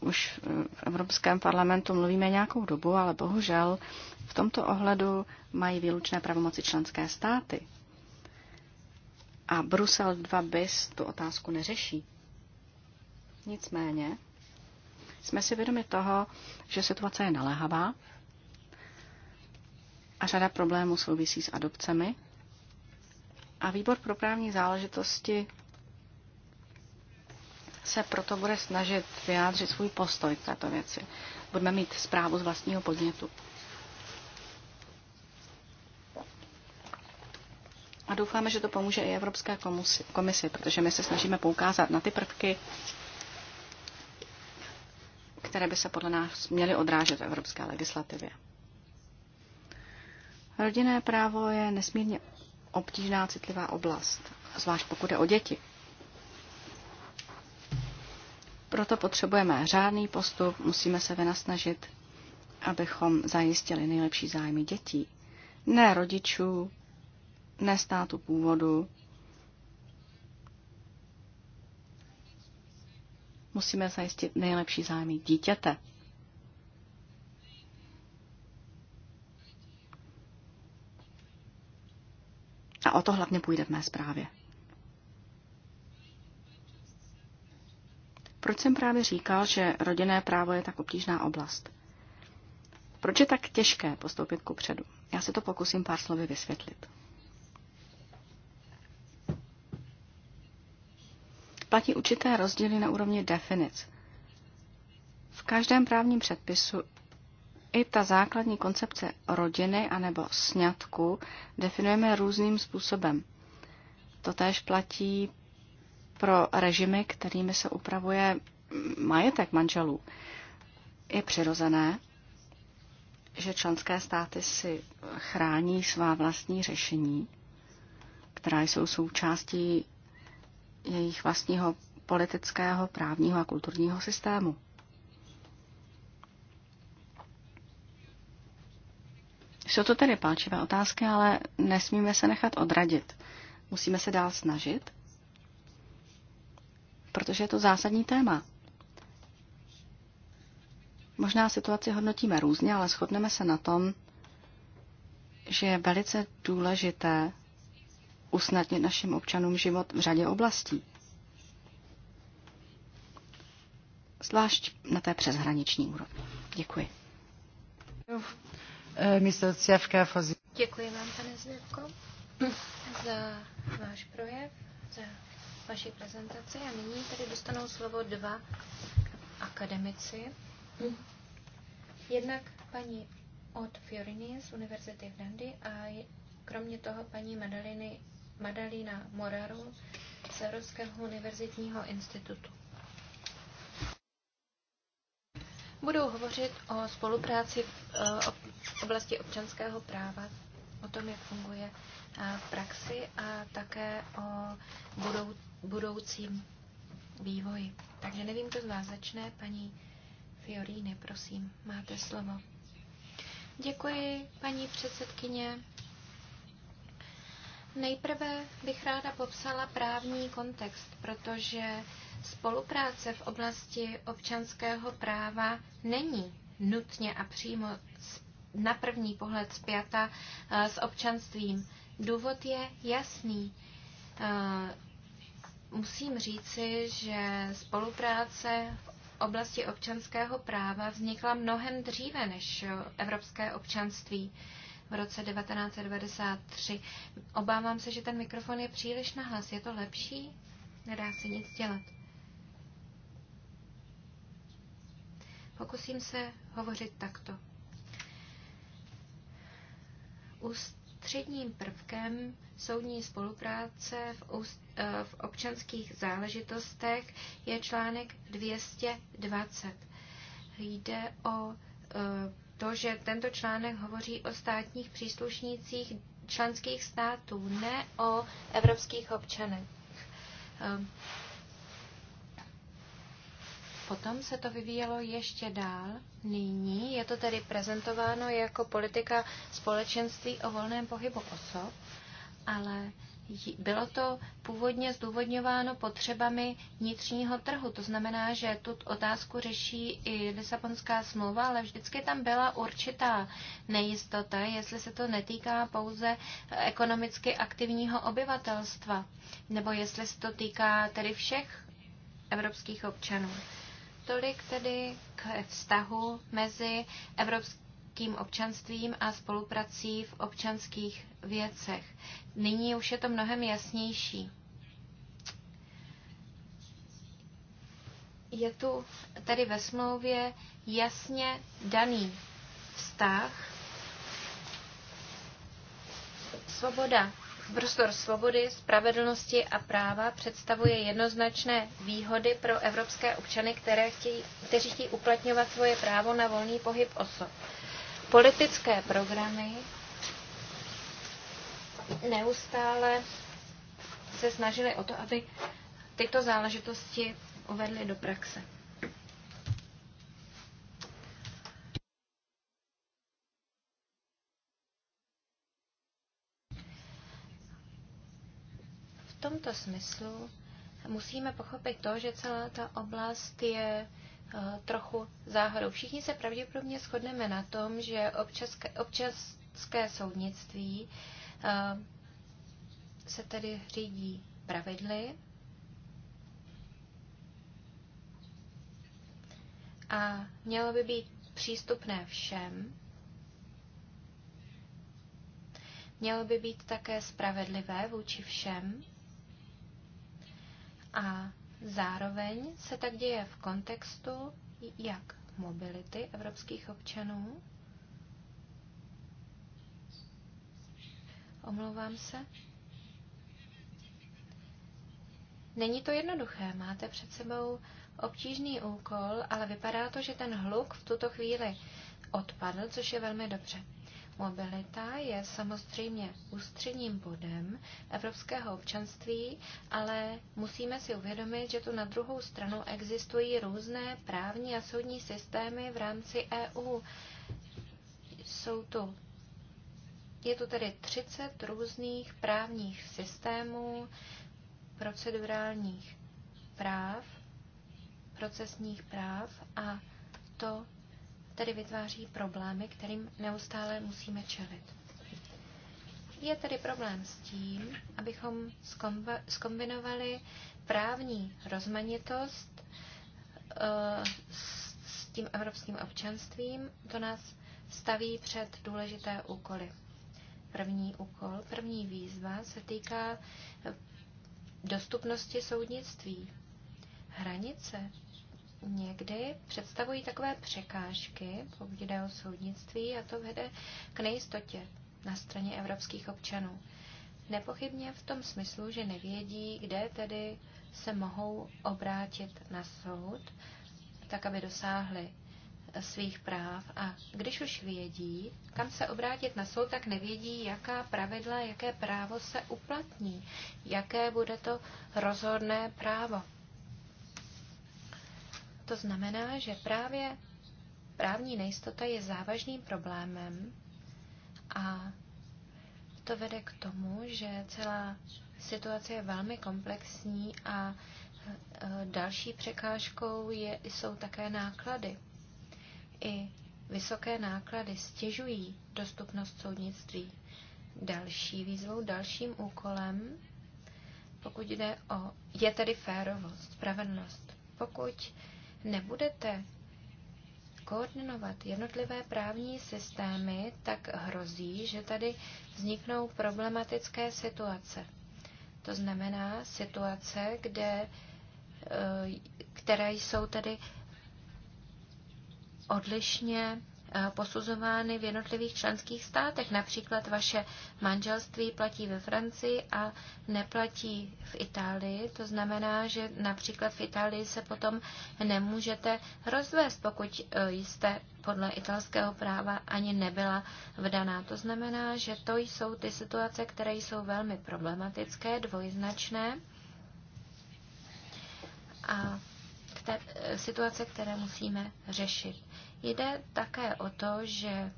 už v Evropském parlamentu mluvíme nějakou dobu, ale bohužel v tomto ohledu mají výlučné pravomoci členské státy. A Brusel 2 bis tu otázku neřeší. Nicméně jsme si vědomi toho, že situace je naléhavá a řada problémů souvisí s adopcemi. A výbor pro právní záležitosti se proto bude snažit vyjádřit svůj postoj k této věci. Budeme mít zprávu z vlastního podnětu. A doufáme, že to pomůže i Evropské komisi, komisi, protože my se snažíme poukázat na ty prvky, které by se podle nás měly odrážet v evropské legislativě. Rodinné právo je nesmírně obtížná citlivá oblast, zvlášť pokud je o děti. Proto potřebujeme řádný postup, musíme se vynasnažit, abychom zajistili nejlepší zájmy dětí, ne rodičů, ne státu původu. Musíme zajistit nejlepší zájmy dítěte. A o to hlavně půjde v mé zprávě. Proč jsem právě říkal, že rodinné právo je tak obtížná oblast? Proč je tak těžké postoupit ku předu? Já se to pokusím pár slovy vysvětlit. platí určité rozdíly na úrovni definic. V každém právním předpisu i ta základní koncepce rodiny anebo sňatku definujeme různým způsobem. Totéž platí pro režimy, kterými se upravuje majetek manželů. Je přirozené, že členské státy si chrání svá vlastní řešení, která jsou součástí jejich vlastního politického, právního a kulturního systému. Jsou to tedy palčivé otázky, ale nesmíme se nechat odradit. Musíme se dál snažit, protože je to zásadní téma. Možná situaci hodnotíme různě, ale shodneme se na tom, že je velice důležité usnadnit našim občanům život v řadě oblastí. Zvlášť na té přeshraniční úrovni. Děkuji. Děkuji vám, pane Zvěvko, za váš projev, za vaši prezentaci. A nyní tady dostanou slovo dva akademici. Jednak paní od Fiorini z Univerzity v Dandy a kromě toho paní Madaliny Madalína Moraru z Evropského univerzitního institutu. Budou hovořit o spolupráci eh, v oblasti občanského práva, o tom, jak funguje eh, v praxi a také o budou, budoucím vývoji. Takže nevím, kdo z vás začne. Paní Fioríny, prosím, máte slovo. Děkuji, paní předsedkyně. Nejprve bych ráda popsala právní kontext, protože spolupráce v oblasti občanského práva není nutně a přímo na první pohled spjata eh, s občanstvím. Důvod je jasný. Eh, musím říci, že spolupráce v oblasti občanského práva vznikla mnohem dříve než eh, evropské občanství roce 1993. Obávám se, že ten mikrofon je příliš nahlas. Je to lepší? Nedá se nic dělat. Pokusím se hovořit takto. Ústředním prvkem soudní spolupráce v, úst, eh, v občanských záležitostech je článek 220. Jde o eh, to, že tento článek hovoří o státních příslušnících členských států, ne o evropských občanech. Ehm, potom se to vyvíjelo ještě dál. Nyní je to tedy prezentováno jako politika společenství o volném pohybu osob, ale bylo to původně zdůvodňováno potřebami vnitřního trhu, to znamená, že tu otázku řeší i Lisabonská smlouva, ale vždycky tam byla určitá nejistota, jestli se to netýká pouze ekonomicky aktivního obyvatelstva, nebo jestli se to týká tedy všech evropských občanů. Tolik tedy k vztahu mezi Evropským občanským občanstvím a spoluprací v občanských věcech. Nyní už je to mnohem jasnější. Je tu tady ve smlouvě jasně daný vztah, svoboda Prostor svobody, spravedlnosti a práva představuje jednoznačné výhody pro evropské občany, které chtějí, kteří chtějí uplatňovat svoje právo na volný pohyb osob politické programy neustále se snažili o to, aby tyto záležitosti uvedly do praxe. V tomto smyslu musíme pochopit to, že celá ta oblast je Eh, trochu záhodou. Všichni se pravděpodobně shodneme na tom, že občanské, občanské soudnictví eh, se tedy řídí pravidly a mělo by být přístupné všem. Mělo by být také spravedlivé vůči všem a Zároveň se tak děje v kontextu jak mobility evropských občanů, omlouvám se, Není to jednoduché, máte před sebou obtížný úkol, ale vypadá to, že ten hluk v tuto chvíli odpadl, což je velmi dobře. Mobilita je samozřejmě ústředním bodem evropského občanství, ale musíme si uvědomit, že tu na druhou stranu existují různé právní a soudní systémy v rámci EU. Jsou tu je tu tedy 30 různých právních systémů, procedurálních práv, procesních práv a to tedy vytváří problémy, kterým neustále musíme čelit. Je tedy problém s tím, abychom skombinovali právní rozmanitost eh, s tím evropským občanstvím. To nás staví před důležité úkoly. První úkol, první výzva se týká dostupnosti soudnictví. Hranice někdy představují takové překážky, pokud jde o soudnictví, a to vede k nejistotě na straně evropských občanů. Nepochybně v tom smyslu, že nevědí, kde tedy se mohou obrátit na soud, tak aby dosáhli svých práv a když už vědí, kam se obrátit na soud, tak nevědí, jaká pravidla, jaké právo se uplatní, jaké bude to rozhodné právo. To znamená, že právě právní nejistota je závažným problémem a to vede k tomu, že celá situace je velmi komplexní a e, další překážkou je, jsou také náklady. I vysoké náklady stěžují dostupnost soudnictví. Další výzvou, dalším úkolem, pokud jde o, je tedy férovost, spravedlnost. Pokud nebudete koordinovat jednotlivé právní systémy, tak hrozí, že tady vzniknou problematické situace. To znamená situace, kde, eh, které jsou tedy odlišně Eh, posuzovány v jednotlivých členských státech. Například vaše manželství platí ve Francii a neplatí v Itálii. To znamená, že například v Itálii se potom nemůžete rozvést, pokud eh, jste podle italského práva ani nebyla vdaná. To znamená, že to jsou ty situace, které jsou velmi problematické, dvojznačné. A Eh, situace, které musíme řešit. Jde také o to, že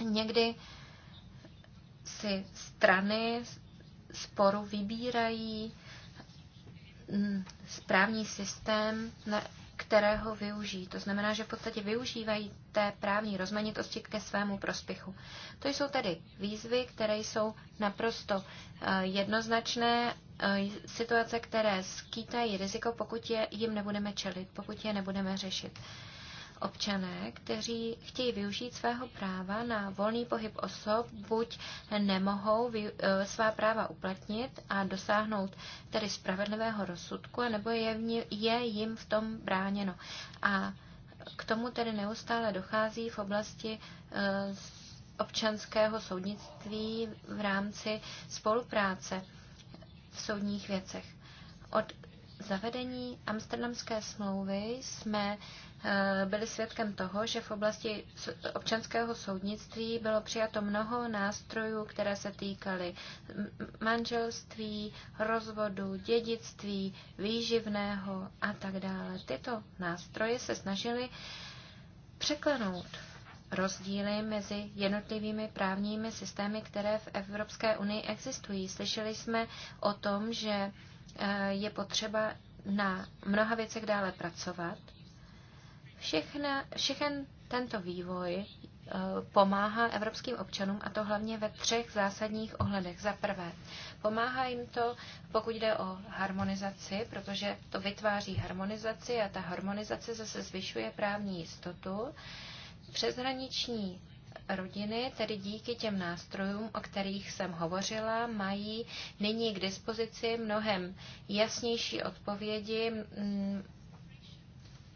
někdy si strany sporu vybírají mm, správní systém, kterého využijí. To znamená, že v podstatě využívají té právní rozmanitosti ke svému prospěchu. To jsou tedy výzvy, které jsou naprosto eh, jednoznačné Eh, situace, které skýtají riziko, pokud je, jim nebudeme čelit, pokud je nebudeme řešit. Občané, kteří chtějí využít svého práva na volný pohyb osob, buď nemohou eh, svá práva uplatnit a dosáhnout tedy spravedlivého rozsudku, nebo je, je jim v tom bráněno. A k tomu tedy neustále dochází v oblasti eh, občanského soudnictví v rámci spolupráce v soudních věcech. Od zavedení Amsterdamské smlouvy jsme eh, byli svědkem toho, že v oblasti občanského soudnictví bylo přijato mnoho nástrojů, které se týkaly manželství, rozvodu, dědictví, výživného a tak dále. Tyto nástroje se snažily překlenout rozdíly mezi jednotlivými právními systémy, které v Evropské unii existují. Slyšeli jsme o tom, že eh, je potřeba na mnoha věcech dále pracovat. Všechna, všechen tento vývoj eh, pomáhá evropským občanům, a to hlavně ve třech zásadních ohledech. Za prvé, pomáhá jim to, pokud jde o harmonizaci, protože to vytváří harmonizaci a ta harmonizace zase zvyšuje právní jistotu. Přeshraniční rodiny, tedy díky těm nástrojům, o kterých jsem hovořila, mají nyní k dispozici mnohem jasnější odpovědi, mm,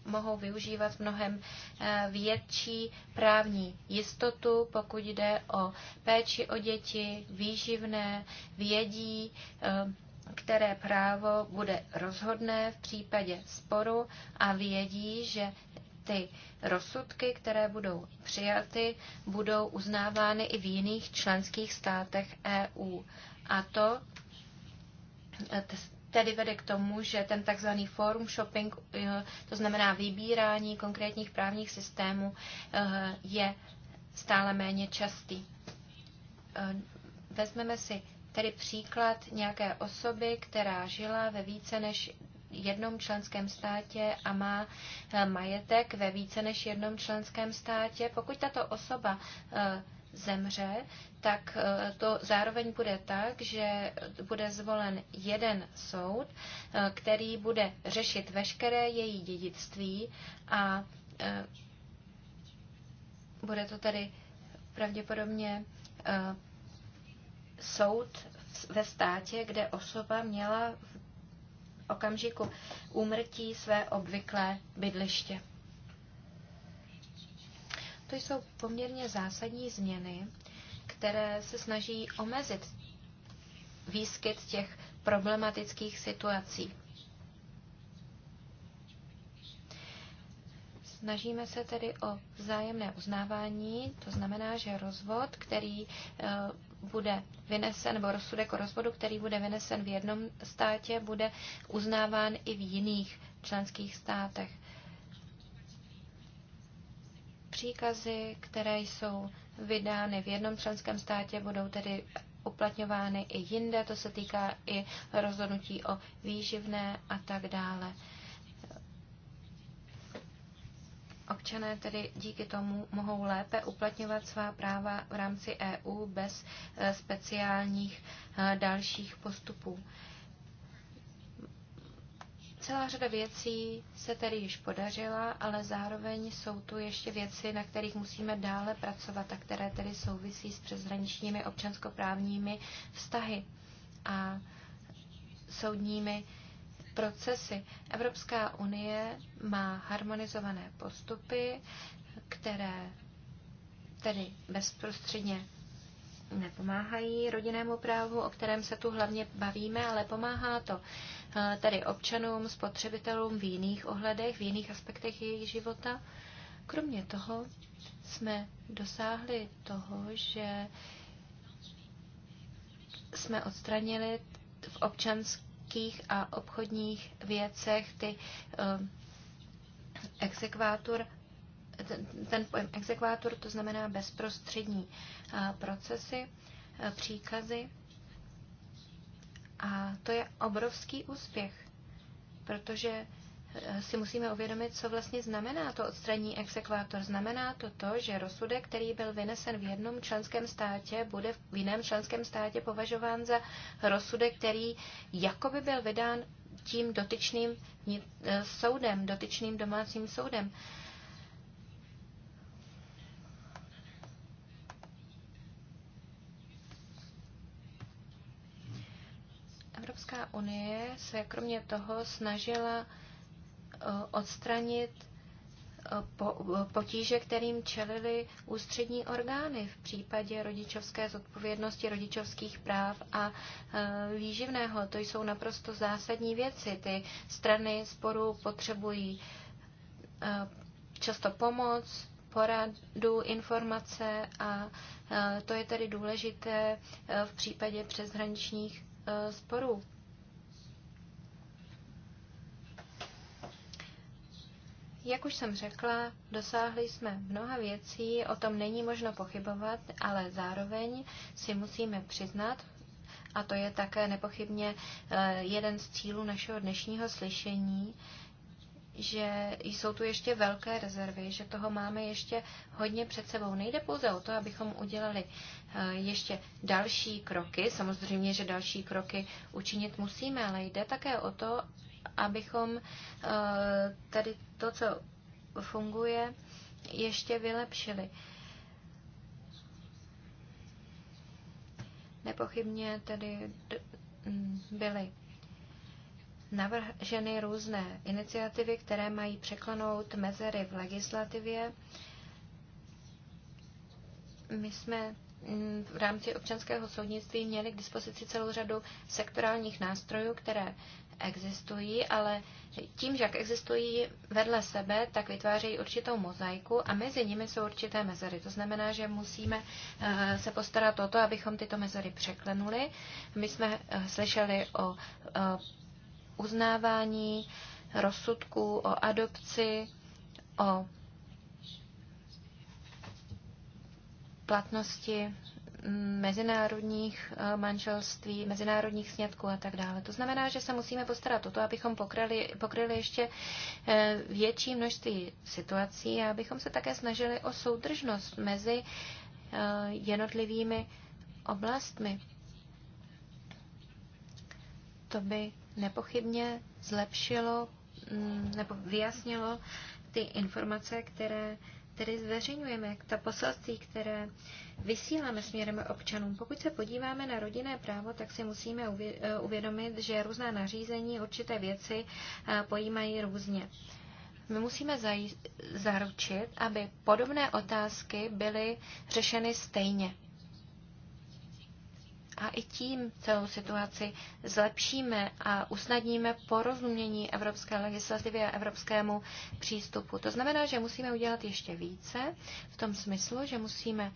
mohou využívat mnohem eh, větší právní jistotu, pokud jde o péči o děti, výživné, vědí, eh, které právo bude rozhodné v případě sporu a vědí, že ty rozsudky, které budou přijaty, budou uznávány i v jiných členských státech EU. A to eh, tedy vede k tomu, že ten tzv. forum shopping, eh, to znamená vybírání konkrétních právních systémů, eh, je stále méně častý. Vezmeme si tedy příklad nějaké osoby, která žila ve více než jednom členském státě a má eh, majetek ve více než jednom členském státě, pokud tato osoba eh, zemře, tak eh, to zároveň bude tak, že bude zvolen jeden soud, který bude řešit veškeré její dědictví a bude to tedy pravděpodobně soud ve státě, kde osoba měla okamžiku úmrtí své obvyklé bydliště. To jsou poměrně zásadní změny, které se snaží omezit výskyt těch problematických situací. Snažíme se tedy o vzájemné uznávání, to znamená, že rozvod, který eh, bude vynesen, nebo rozsudek o rozvodu, který bude vynesen v jednom státě, bude uznáván i v jiných členských státech. Příkazy, které jsou vydány v jednom členském státě, budou tedy uplatňovány i jinde, to se týká i rozhodnutí o výživné a tak dále. Občané tedy díky tomu mohou lépe uplatňovat svá práva v rámci EU bez eh, speciálních eh, dalších postupů. Celá řada věcí se tedy již podařila, ale zároveň jsou tu ještě věci, na kterých musíme dále pracovat a které tedy souvisí s přeshraničními občanskoprávními vztahy a soudními procesy. Evropská unie má harmonizované postupy, které tedy bezprostředně nepomáhají rodinnému právu, o kterém se tu hlavně bavíme, ale pomáhá to eh, tedy občanům, spotřebitelům v jiných ohledech, v jiných aspektech jejich života. Kromě toho jsme dosáhli toho, že jsme odstranili v občanské měkkých a obchodních věcech ty eh, exekvátor ten pojem exekvátor, to znamená bezprostřední eh, procesy, eh, příkazy. A to je obrovský úspěch, protože si musíme uvědomit, co vlastně znamená to odstranění exekvátor. Znamená to to, že rozsudek, který byl vynesen v jednom členském státě, bude v jiném členském státě považován za rozsudek, který jakoby byl vydán tím dotyčným eh, soudem, dotyčným domácím soudem. Evropská unie se kromě toho snažila Eh, odstranit eh, eh, potíže, kterým čelili ústřední orgány v případě rodičovské zodpovědnosti, rodičovských práv a výživného. To jsou naprosto zásadní věci. Ty strany sporu potřebují často pomoc, poradu, informace a to je tedy důležité v případě přeshraničních sporů. Jak už jsem řekla, dosáhli jsme mnoha věcí, o tom není možno pochybovat, ale zároveň si musíme přiznat, a to je také nepochybně eh, jeden z cílů našeho dnešního slyšení, že jsou tu ještě velké rezervy, že toho máme ještě hodně před sebou. Nejde pouze o to, abychom udělali eh, ještě další kroky. Samozřejmě, že další kroky učinit musíme, ale jde také o to, abychom eh, tady to, co funguje, ještě vylepšili. Nepochybně tedy mm, byly navrženy různé iniciativy, které mají překlenout mezery v legislativě. My jsme mm, v rámci občanského soudnictví měli k dispozici celou řadu sektorálních nástrojů, které existují, ale tím, že jak existují vedle sebe, tak vytvářejí určitou mozaiku a mezi nimi jsou určité mezery. To znamená, že musíme eh, se postarat o to, abychom tyto mezery překlenuli. My jsme eh, slyšeli o eh, uznávání rozsudků, o adopci, o platnosti mezinárodních eh, manželství, mezinárodních snědků a tak dále. To znamená, že se musíme postarat o to, abychom pokryli, pokryli ještě eh, větší množství situací a abychom se také snažili o soudržnost mezi eh, jednotlivými oblastmi. To by nepochybně zlepšilo mm, nebo vyjasnilo ty informace, které tedy zveřejňujeme, jak ta poselství, které vysíláme směrem občanům. Pokud se podíváme na rodinné právo, tak si musíme eh, uvědomit, že různá nařízení určité věci eh, pojímají různě. My musíme zaručit, aby podobné otázky byly řešeny stejně a i tím celou situaci zlepšíme a usnadníme porozumění evropské legislativě a evropskému přístupu. To znamená, že musíme udělat ještě více v tom smyslu, že musíme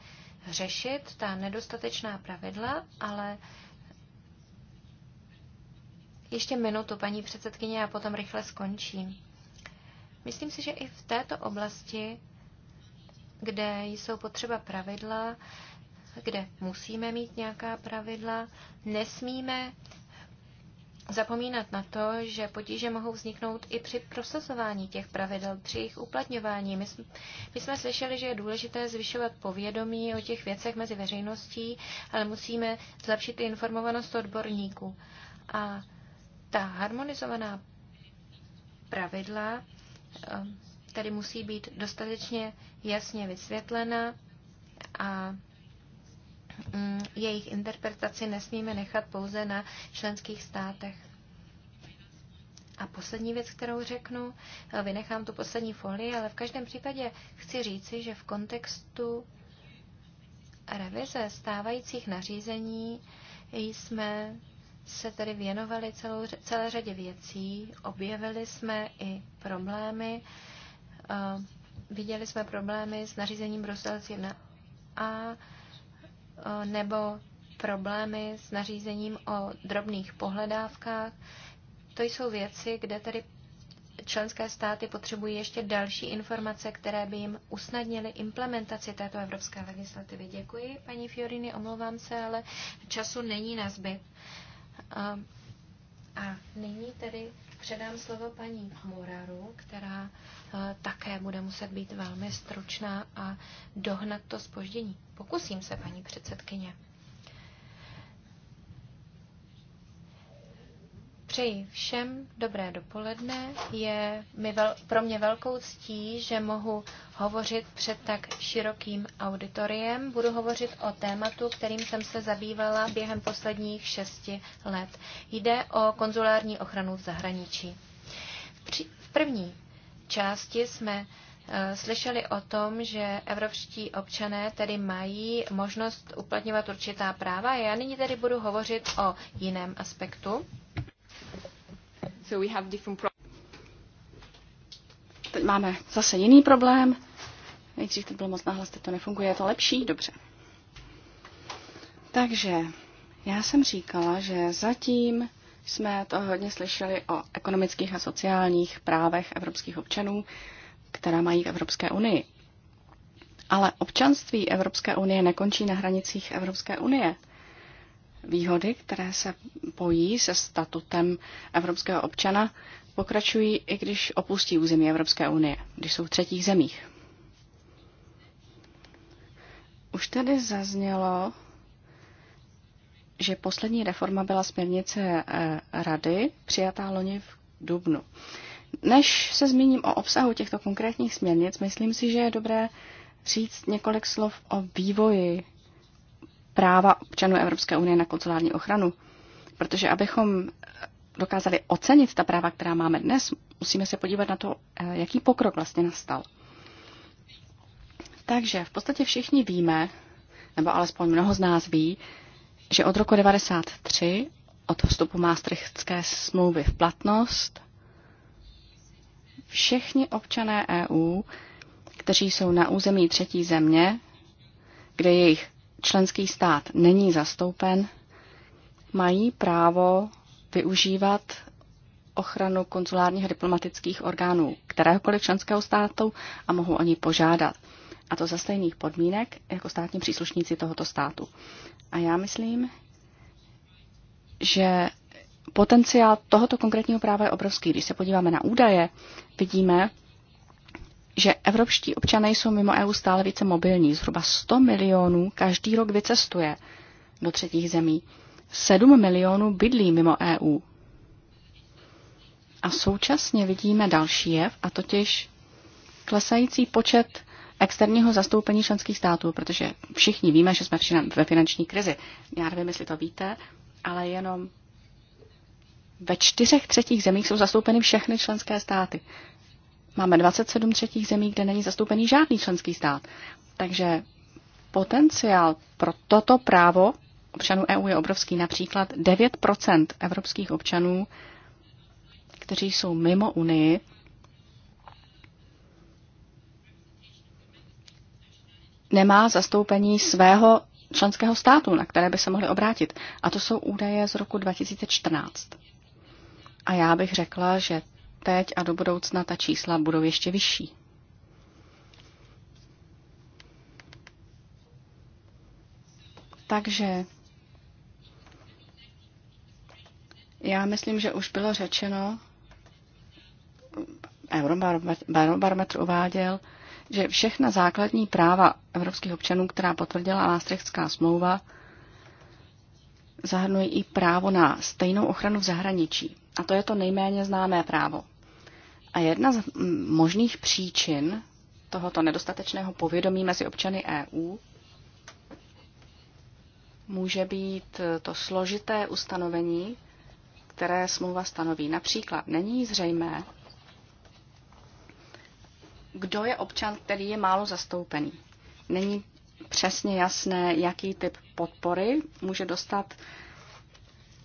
řešit ta nedostatečná pravidla, ale ještě minutu, paní předsedkyně, a potom rychle skončím. Myslím si, že i v této oblasti, kde jsou potřeba pravidla, kde musíme mít nějaká pravidla, nesmíme zapomínat na to, že potíže mohou vzniknout i při prosazování těch pravidel, při jejich uplatňování. My jsme, my jsme slyšeli, že je důležité zvyšovat povědomí o těch věcech mezi veřejností, ale musíme zlepšit i informovanost odborníků. A ta harmonizovaná pravidla eh, tady musí být dostatečně jasně vysvětlena a Mm, jejich interpretaci nesmíme nechat pouze na členských státech. A poslední věc, kterou řeknu, eh, vynechám tu poslední folii, ale v každém případě chci říci, že v kontextu revize stávajících nařízení jsme se tedy věnovali celou, celé řadě věcí, objevili jsme i problémy, eh, viděli jsme problémy s nařízením Brusel 1a, Eh, nebo problémy s nařízením o drobných pohledávkách. To jsou věci, kde tedy členské státy potřebují ještě další informace, které by jim usnadnily implementaci této evropské legislativy. Děkuji, paní Fiorini, omlouvám se, ale času není na zbyt. Eh, a nyní tedy předám slovo paní Moraru, která eh, také bude muset být velmi stručná a dohnat to spoždění. Pokusím se, paní předsedkyně. Přeji všem dobré dopoledne. Je mi vel, pro mě velkou ctí, že mohu hovořit před tak širokým auditoriem. Budu hovořit o tématu, kterým jsem se zabývala během posledních šesti let. Jde o konzulární ochranu v zahraničí. V první části jsme eh, slyšeli o tom, že evropští občané tedy mají možnost uplatňovat určitá práva. Já nyní tedy budu hovořit o jiném aspektu So we have different pro- Teď máme zase jiný problém. Nejdřív to bylo moc nahlas, teď to nefunguje. Je to lepší? Dobře. Takže já jsem říkala, že zatím jsme to hodně slyšeli o ekonomických a sociálních právech evropských občanů, která mají v Evropské unii. Ale občanství Evropské unie nekončí na hranicích Evropské unie výhody, které se pojí se statutem evropského občana, pokračují, i když opustí území Evropské unie, když jsou v třetích zemích. Už tady zaznělo, že poslední reforma byla směrnice eh, Rady, přijatá loni v Dubnu. Než se zmíním o obsahu těchto konkrétních směrnic, myslím si, že je dobré říct několik slov o vývoji práva občanů Evropské unie na konzulární ochranu. Protože abychom dokázali ocenit ta práva, která máme dnes, musíme se podívat na to, eh, jaký pokrok vlastně nastal. Takže v podstatě všichni víme, nebo alespoň mnoho z nás ví, že od roku 1993, od vstupu Maastrichtské smlouvy v platnost, všichni občané EU, kteří jsou na území třetí země, kde jejich členský stát není zastoupen, mají právo využívat ochranu konzulárních a diplomatických orgánů kteréhokoliv členského státu a mohou o ní požádat. A to za stejných podmínek jako státní příslušníci tohoto státu. A já myslím, že potenciál tohoto konkrétního práva je obrovský. Když se podíváme na údaje, vidíme, že evropští občané jsou mimo EU stále více mobilní. Zhruba 100 milionů každý rok vycestuje do třetích zemí. 7 milionů bydlí mimo EU. A současně vidíme další jev, a totiž klesající počet externího zastoupení členských států, protože všichni víme, že jsme ve finanční krizi. Já nevím, jestli to víte, ale jenom ve čtyřech třetích zemích jsou zastoupeny všechny členské státy. Máme 27 třetích zemí, kde není zastoupený žádný členský stát. Takže potenciál pro toto právo občanů EU je obrovský. Například 9 evropských občanů, kteří jsou mimo Unii, nemá zastoupení svého členského státu, na které by se mohli obrátit. A to jsou údaje z roku 2014. A já bych řekla, že teď a do budoucna ta čísla budou ještě vyšší. Takže já myslím, že už bylo řečeno, Eurobarometr uváděl, že všechna základní práva evropských občanů, která potvrdila Maastrichtská smlouva, zahrnují i právo na stejnou ochranu v zahraničí. A to je to nejméně známé právo. A jedna z možných příčin tohoto nedostatečného povědomí mezi občany EU může být to složité ustanovení, které smlouva stanoví. Například není zřejmé, kdo je občan, který je málo zastoupený. Není přesně jasné, jaký typ podpory může dostat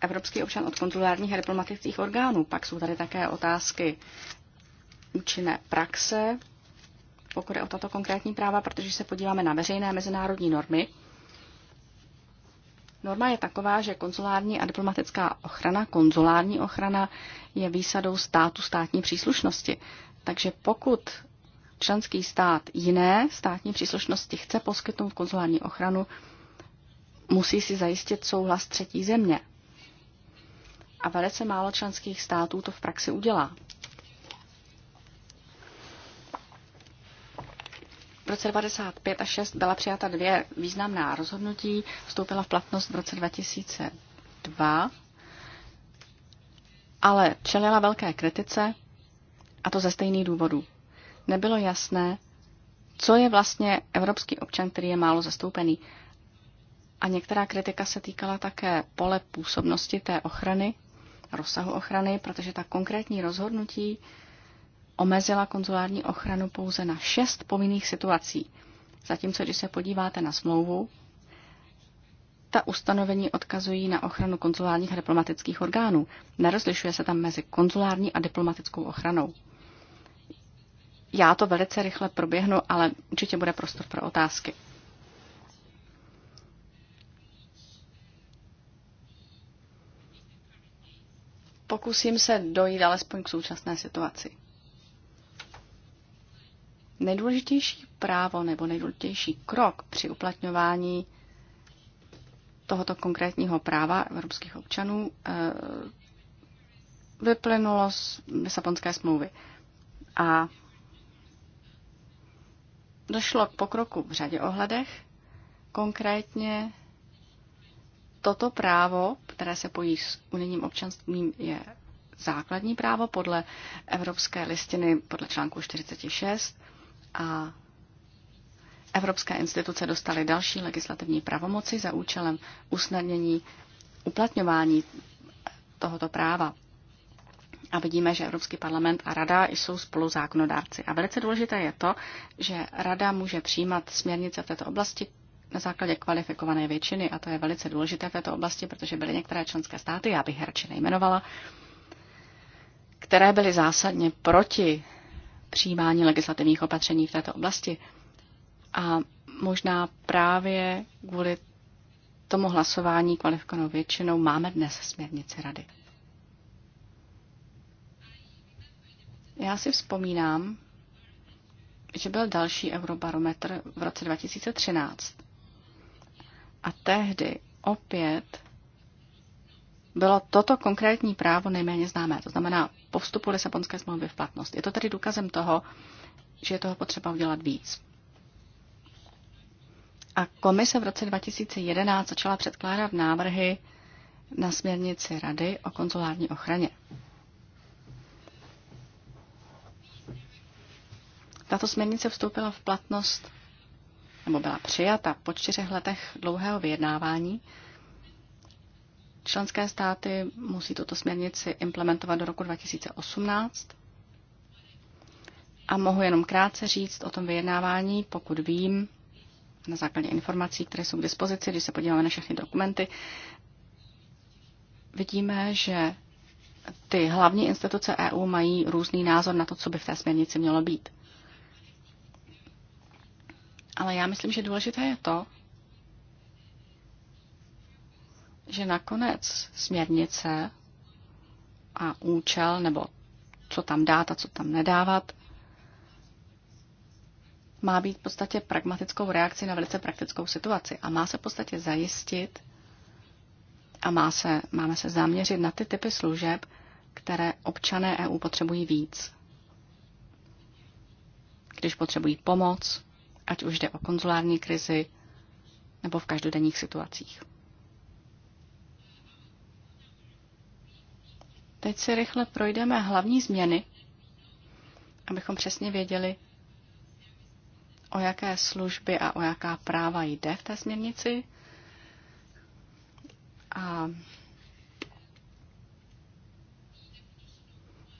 evropský občan od konzulárních a diplomatických orgánů. Pak jsou tady také otázky účinné praxe, pokud je o tato konkrétní práva, protože se podíváme na veřejné mezinárodní normy. Norma je taková, že konzulární a diplomatická ochrana, konzulární ochrana je výsadou státu státní příslušnosti. Takže pokud členský stát jiné státní příslušnosti chce poskytnout konzulární ochranu, musí si zajistit souhlas třetí země. A velice málo členských států to v praxi udělá. V roce 1995 a 6 byla přijata dvě významná rozhodnutí, vstoupila v platnost v roce 2002, ale čelila velké kritice, a to ze stejných důvodů. Nebylo jasné, co je vlastně evropský občan, který je málo zastoupený. A některá kritika se týkala také pole působnosti té ochrany, rozsahu ochrany, protože ta konkrétní rozhodnutí omezila konzulární ochranu pouze na šest povinných situací. Zatímco, když se podíváte na smlouvu, ta ustanovení odkazují na ochranu konzulárních a diplomatických orgánů. Nerozlišuje se tam mezi konzulární a diplomatickou ochranou. Já to velice rychle proběhnu, ale určitě bude prostor pro otázky. Pokusím se dojít alespoň k současné situaci. Nejdůležitější právo nebo nejdůležitější krok při uplatňování tohoto konkrétního práva evropských občanů eh, vyplynulo z Lisabonské smlouvy. A došlo k pokroku v řadě ohledech. Konkrétně toto právo, které se pojí s unijním občanstvím, je základní právo podle Evropské listiny, podle článku 46 a evropské instituce dostaly další legislativní pravomoci za účelem usnadnění uplatňování tohoto práva. A vidíme, že Evropský parlament a Rada jsou spolu zákonodárci. A velice důležité je to, že Rada může přijímat směrnice v této oblasti na základě kvalifikované většiny, a to je velice důležité v této oblasti, protože byly některé členské státy, já bych herči nejmenovala, které byly zásadně proti přijímání legislativních opatření v této oblasti. A možná právě kvůli tomu hlasování kvalifikovanou většinou máme dnes směrnici rady. Já si vzpomínám, že byl další eurobarometr v roce 2013. A tehdy opět bylo toto konkrétní právo nejméně známé, to znamená po vstupu Lisabonské smlouvy v platnost. Je to tedy důkazem toho, že je toho potřeba udělat víc. A komise v roce 2011 začala předkládat návrhy na směrnici Rady o konzulární ochraně. Tato směrnice vstoupila v platnost nebo byla přijata po čtyřech letech dlouhého vyjednávání Členské státy musí tuto směrnici implementovat do roku 2018. A mohu jenom krátce říct o tom vyjednávání, pokud vím, na základě informací, které jsou k dispozici, když se podíváme na všechny dokumenty, vidíme, že ty hlavní instituce EU mají různý názor na to, co by v té směrnici mělo být. Ale já myslím, že důležité je to, že nakonec směrnice a účel, nebo co tam dát a co tam nedávat, má být v podstatě pragmatickou reakci na velice praktickou situaci a má se v podstatě zajistit a má se, máme se zaměřit na ty typy služeb, které občané EU potřebují víc. Když potřebují pomoc, ať už jde o konzulární krizi nebo v každodenních situacích. Teď si rychle projdeme hlavní změny, abychom přesně věděli, o jaké služby a o jaká práva jde v té směrnici. A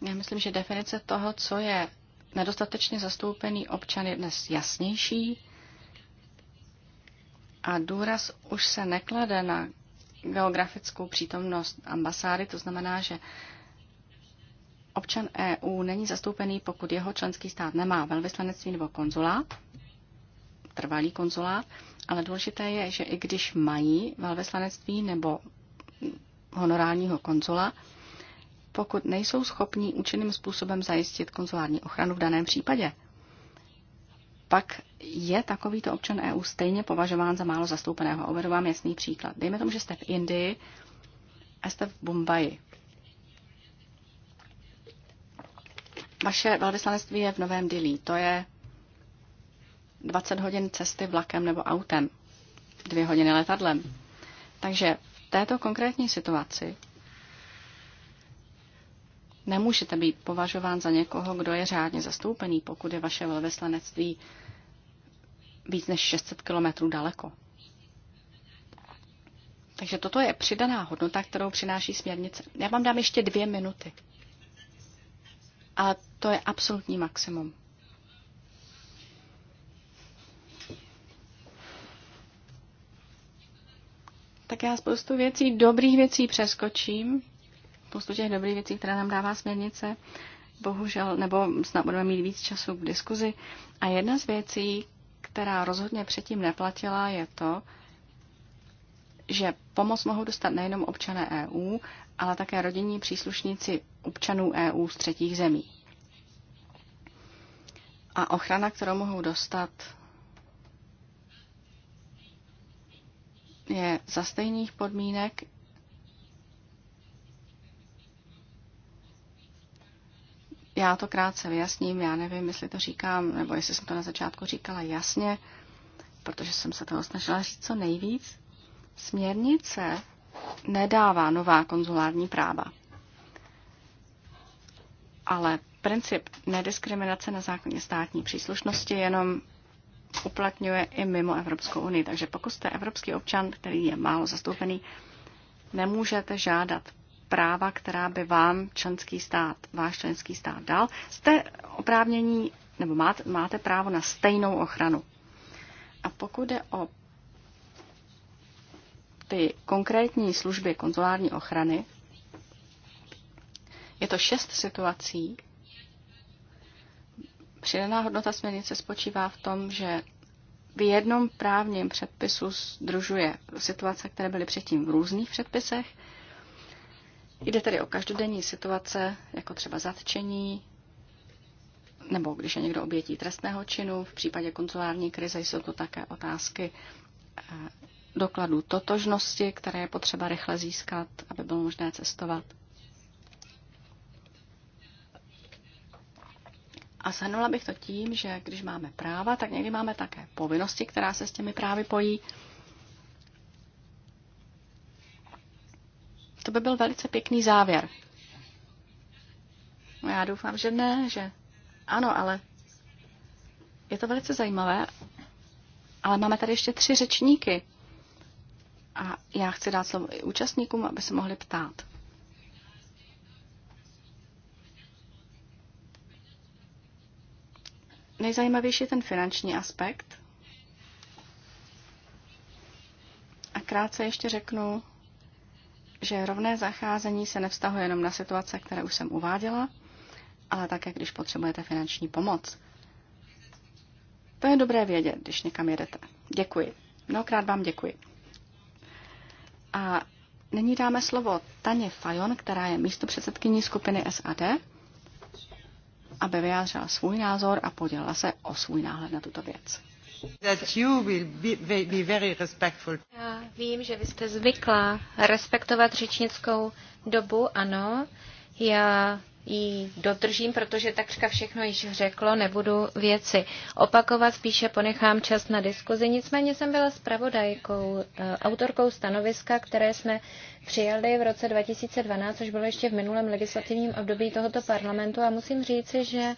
já myslím, že definice toho, co je nedostatečně zastoupený občan, je dnes jasnější a důraz už se neklade na geografickou přítomnost ambasády, to znamená, že občan EU není zastoupený, pokud jeho členský stát nemá velvyslanectví nebo konzulát, trvalý konzulát, ale důležité je, že i když mají velvyslanectví nebo honorálního konzula, pokud nejsou schopní účinným způsobem zajistit konzulární ochranu v daném případě pak je takovýto občan EU stejně považován za málo zastoupeného. uvedu vám jasný příklad. Dejme tomu, že jste v Indii a jste v Bombaji. Vaše velvyslanectví je v Novém Dilí. To je 20 hodin cesty vlakem nebo autem, dvě hodiny letadlem. Takže v této konkrétní situaci Nemůžete být považován za někoho, kdo je řádně zastoupený, pokud je vaše velvyslanectví víc než 600 kilometrů daleko. Takže toto je přidaná hodnota, kterou přináší směrnice. Já vám dám ještě dvě minuty. A to je absolutní maximum. Tak já spoustu věcí, dobrých věcí přeskočím, spoustu těch dobrých věcí, které nám dává směrnice, bohužel, nebo snad budeme mít víc času k diskuzi. A jedna z věcí, která rozhodně předtím neplatila, je to, že pomoc mohou dostat nejenom občané EU, ale také rodinní příslušníci občanů EU z třetích zemí. A ochrana, kterou mohou dostat, je za stejných podmínek Já to krátce vyjasním, já nevím, jestli to říkám, nebo jestli jsem to na začátku říkala jasně, protože jsem se toho snažila říct co nejvíc. Směrnice nedává nová konzulární práva. Ale princip nediskriminace na základě státní příslušnosti jenom uplatňuje i mimo Evropskou unii. Takže pokud jste evropský občan, který je málo zastoupený, nemůžete žádat práva, která by vám členský stát, váš členský stát dal, jste oprávnění nebo máte, máte právo na stejnou ochranu. A pokud jde o ty konkrétní služby konzulární ochrany, je to šest situací. Přidaná hodnota směrnice spočívá v tom, že v jednom právním předpisu združuje situace, které byly předtím v různých předpisech Jde tedy o každodenní situace, jako třeba zatčení, nebo když je někdo obětí trestného činu, v případě konzulární krize jsou to také otázky eh, dokladů totožnosti, které je potřeba rychle získat, aby bylo možné cestovat. A shrnula bych to tím, že když máme práva, tak někdy máme také povinnosti, která se s těmi právy pojí. To by byl velice pěkný závěr. No já doufám, že ne, že ano, ale je to velice zajímavé. Ale máme tady ještě tři řečníky. A já chci dát slovo i účastníkům, aby se mohli ptát. Nejzajímavější je ten finanční aspekt. A krátce ještě řeknu, že rovné zacházení se nevztahuje jenom na situace, které už jsem uváděla, ale také když potřebujete finanční pomoc. To je dobré vědět, když někam jedete. Děkuji. Mnohokrát vám děkuji. A nyní dáme slovo Taně Fajon, která je místopředsedkyní skupiny SAD, aby vyjádřila svůj názor a podělila se o svůj náhled na tuto věc. Já vím, že vy jste zvyklá respektovat řečnickou dobu, ano. Já ji dodržím, protože takřka všechno již řeklo, nebudu věci opakovat, spíše ponechám čas na diskuzi. Nicméně jsem byla spravodajkou, eh, autorkou stanoviska, které jsme přijali v roce 2012, což bylo ještě v minulém legislativním období tohoto parlamentu a musím říci, že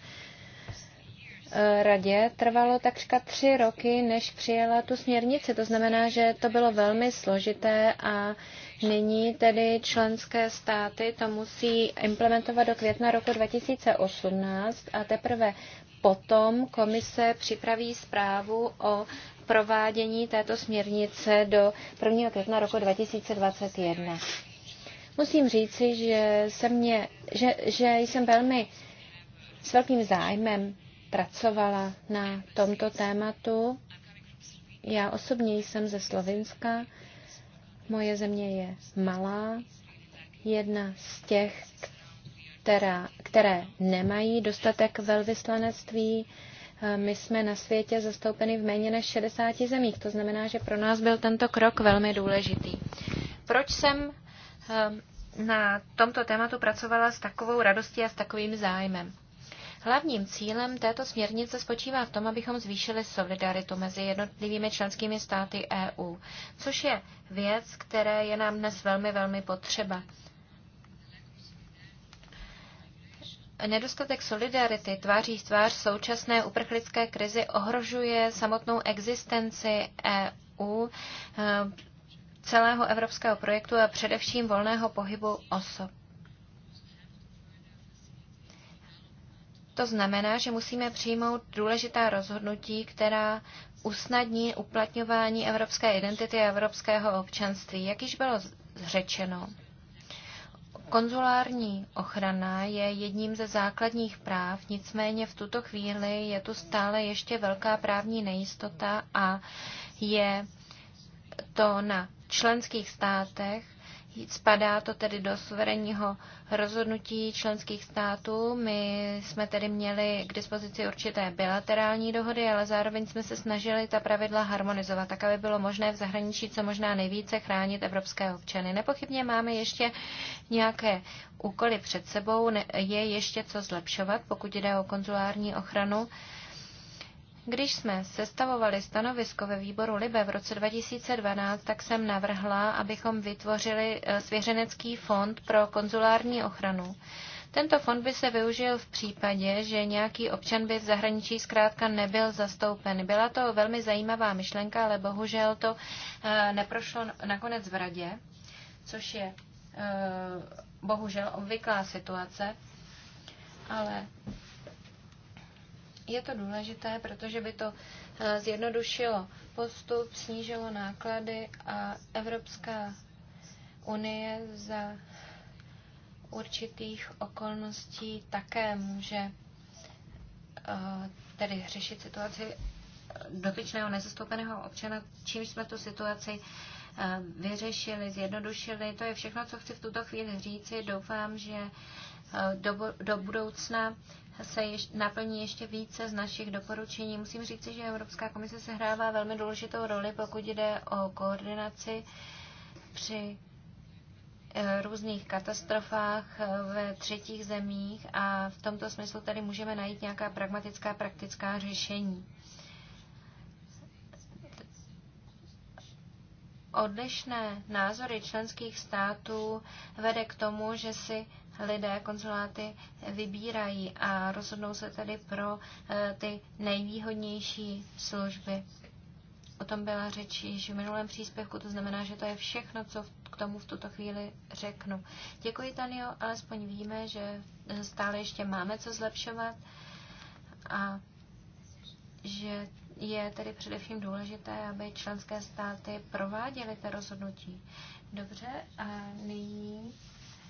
radě trvalo takřka tři roky, než přijela tu směrnici. To znamená, že to bylo velmi složité a nyní tedy členské státy to musí implementovat do května roku 2018 a teprve potom komise připraví zprávu o provádění této směrnice do 1. května roku 2021. Musím říci, že, se mě, že, že jsem velmi s velkým zájmem pracovala na tomto tématu. Já osobně jsem ze Slovinska. Moje země je malá, jedna z těch, která, které nemají dostatek velvyslanectví. Eh, my jsme na světě zastoupeni v méně než 60 zemích, to znamená, že pro nás byl tento krok velmi důležitý. Proč jsem eh, na tomto tématu pracovala s takovou radostí a s takovým zájmem? Hlavním cílem této směrnice spočívá v tom, abychom zvýšili solidaritu mezi jednotlivými členskými státy EU, což je věc, které je nám dnes velmi, velmi potřeba. Nedostatek solidarity tváří v tvář současné uprchlické krizi ohrožuje samotnou existenci EU, eh, celého evropského projektu a především volného pohybu osob. To znamená, že musíme přijmout důležitá rozhodnutí, která usnadní uplatňování evropské identity a evropského občanství. Jak již bylo řečeno, konzulární ochrana je jedním ze základních práv, nicméně v tuto chvíli je tu stále ještě velká právní nejistota a je to na členských státech, Spadá to tedy do suverénního rozhodnutí členských států. My jsme tedy měli k dispozici určité bilaterální dohody, ale zároveň jsme se snažili ta pravidla harmonizovat, tak aby bylo možné v zahraničí co možná nejvíce chránit evropské občany. Nepochybně máme ještě nějaké úkoly před sebou, je ještě co zlepšovat, pokud jde o konzulární ochranu. Když jsme sestavovali stanovisko ve výboru Libe v roce 2012, tak jsem navrhla, abychom vytvořili eh, svěřenecký fond pro konzulární ochranu. Tento fond by se využil v případě, že nějaký občan by v zahraničí zkrátka nebyl zastoupen. Byla to velmi zajímavá myšlenka, ale bohužel to eh, neprošlo nakonec v radě, což je eh, bohužel obvyklá situace. Ale je to důležité, protože by to eh, zjednodušilo postup, snížilo náklady a Evropská unie za určitých okolností také může eh, tedy řešit situaci dotyčného nezastoupeného občana, čímž jsme tu situaci eh, vyřešili, zjednodušili. To je všechno, co chci v tuto chvíli říci. Doufám, že do, do budoucna se ješ, naplní ještě více z našich doporučení. Musím říct, že Evropská komise se hrává velmi důležitou roli, pokud jde o koordinaci při eh, různých katastrofách eh, ve třetích zemích a v tomto smyslu tady můžeme najít nějaká pragmatická, praktická řešení. Odlišné názory členských států vede k tomu, že si lidé konzuláty vybírají a rozhodnou se tedy pro eh, ty nejvýhodnější služby. O tom byla řeč již v minulém příspěvku, to znamená, že to je všechno, co k tomu v tuto chvíli řeknu. Děkuji, Tanio, alespoň víme, že eh, stále ještě máme co zlepšovat a že je tedy především důležité, aby členské státy prováděly ta rozhodnutí. Dobře, a nyní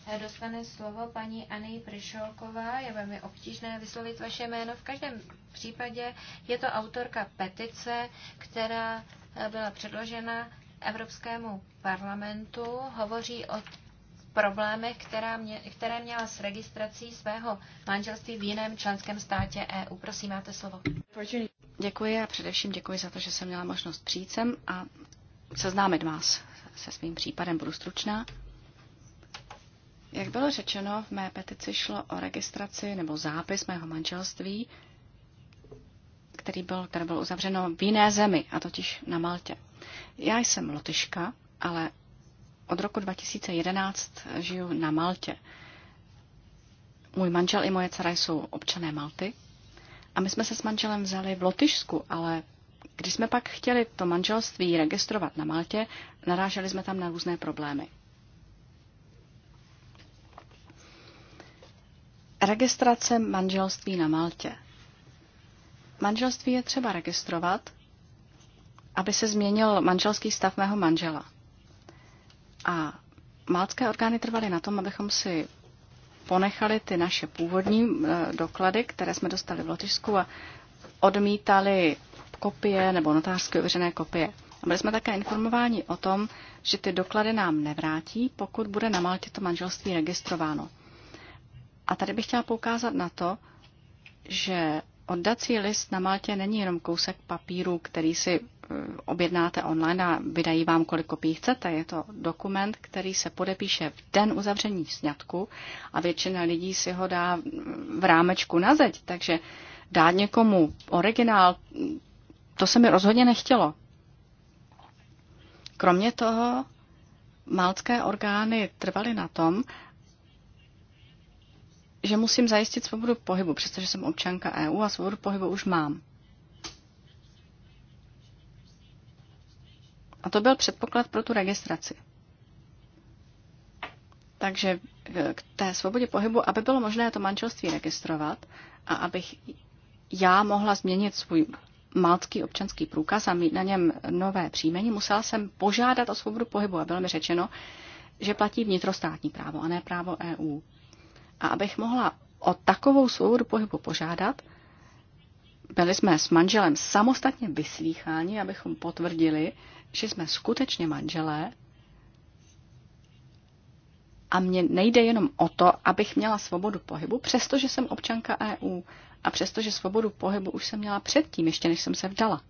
Eh, dostane slovo paní Anny Pršolková. Je velmi obtížné vyslovit vaše jméno. V každém případě je to autorka petice, která eh, byla předložena Evropskému parlamentu. Hovoří o problémech, která mě, které měla s registrací svého manželství v jiném členském státě EU. Prosím, máte slovo. Děkuji a především děkuji za to, že jsem měla možnost přijít sem a seznámit vás se svým případem. Budu stručná. Jak bylo řečeno, v mé petici šlo o registraci nebo zápis mého manželství, který byl, které bylo uzavřeno v jiné zemi, a totiž na Maltě. Já jsem lotyška, ale od roku 2011 žiju na Maltě. Můj manžel i moje dcera jsou občané Malty. A my jsme se s manželem vzali v Lotyšsku, ale když jsme pak chtěli to manželství registrovat na Maltě, naráželi jsme tam na různé problémy. Registrace manželství na Maltě. Manželství je třeba registrovat, aby se změnil manželský stav mého manžela. A maltské orgány trvaly na tom, abychom si ponechali ty naše původní eh, doklady, které jsme dostali v Lotyšsku a odmítali kopie nebo notářské ověřené kopie. A byli jsme také informováni o tom, že ty doklady nám nevrátí, pokud bude na Maltě to manželství registrováno. A tady bych chtěla poukázat na to, že oddací list na Maltě není jenom kousek papíru, který si eh, objednáte online a vydají vám, kolik kopií chcete. Je to dokument, který se podepíše v den uzavření sňatku a většina lidí si ho dá v rámečku na zeď. Takže dát někomu originál, to se mi rozhodně nechtělo. Kromě toho, maltské orgány trvaly na tom, že musím zajistit svobodu pohybu, přestože jsem občanka EU a svobodu pohybu už mám. A to byl předpoklad pro tu registraci. Takže e, k té svobodě pohybu, aby bylo možné to manželství registrovat a abych já mohla změnit svůj maltský občanský průkaz a mít na něm nové příjmení, musela jsem požádat o svobodu pohybu a bylo mi řečeno, že platí vnitrostátní právo a ne právo EU. A abych mohla o takovou svobodu pohybu požádat, byli jsme s manželem samostatně vyslýcháni, abychom potvrdili, že jsme skutečně manželé. A mně nejde jenom o to, abych měla svobodu pohybu, přestože jsem občanka EU a přestože svobodu pohybu už jsem měla předtím, ještě než jsem se vdala.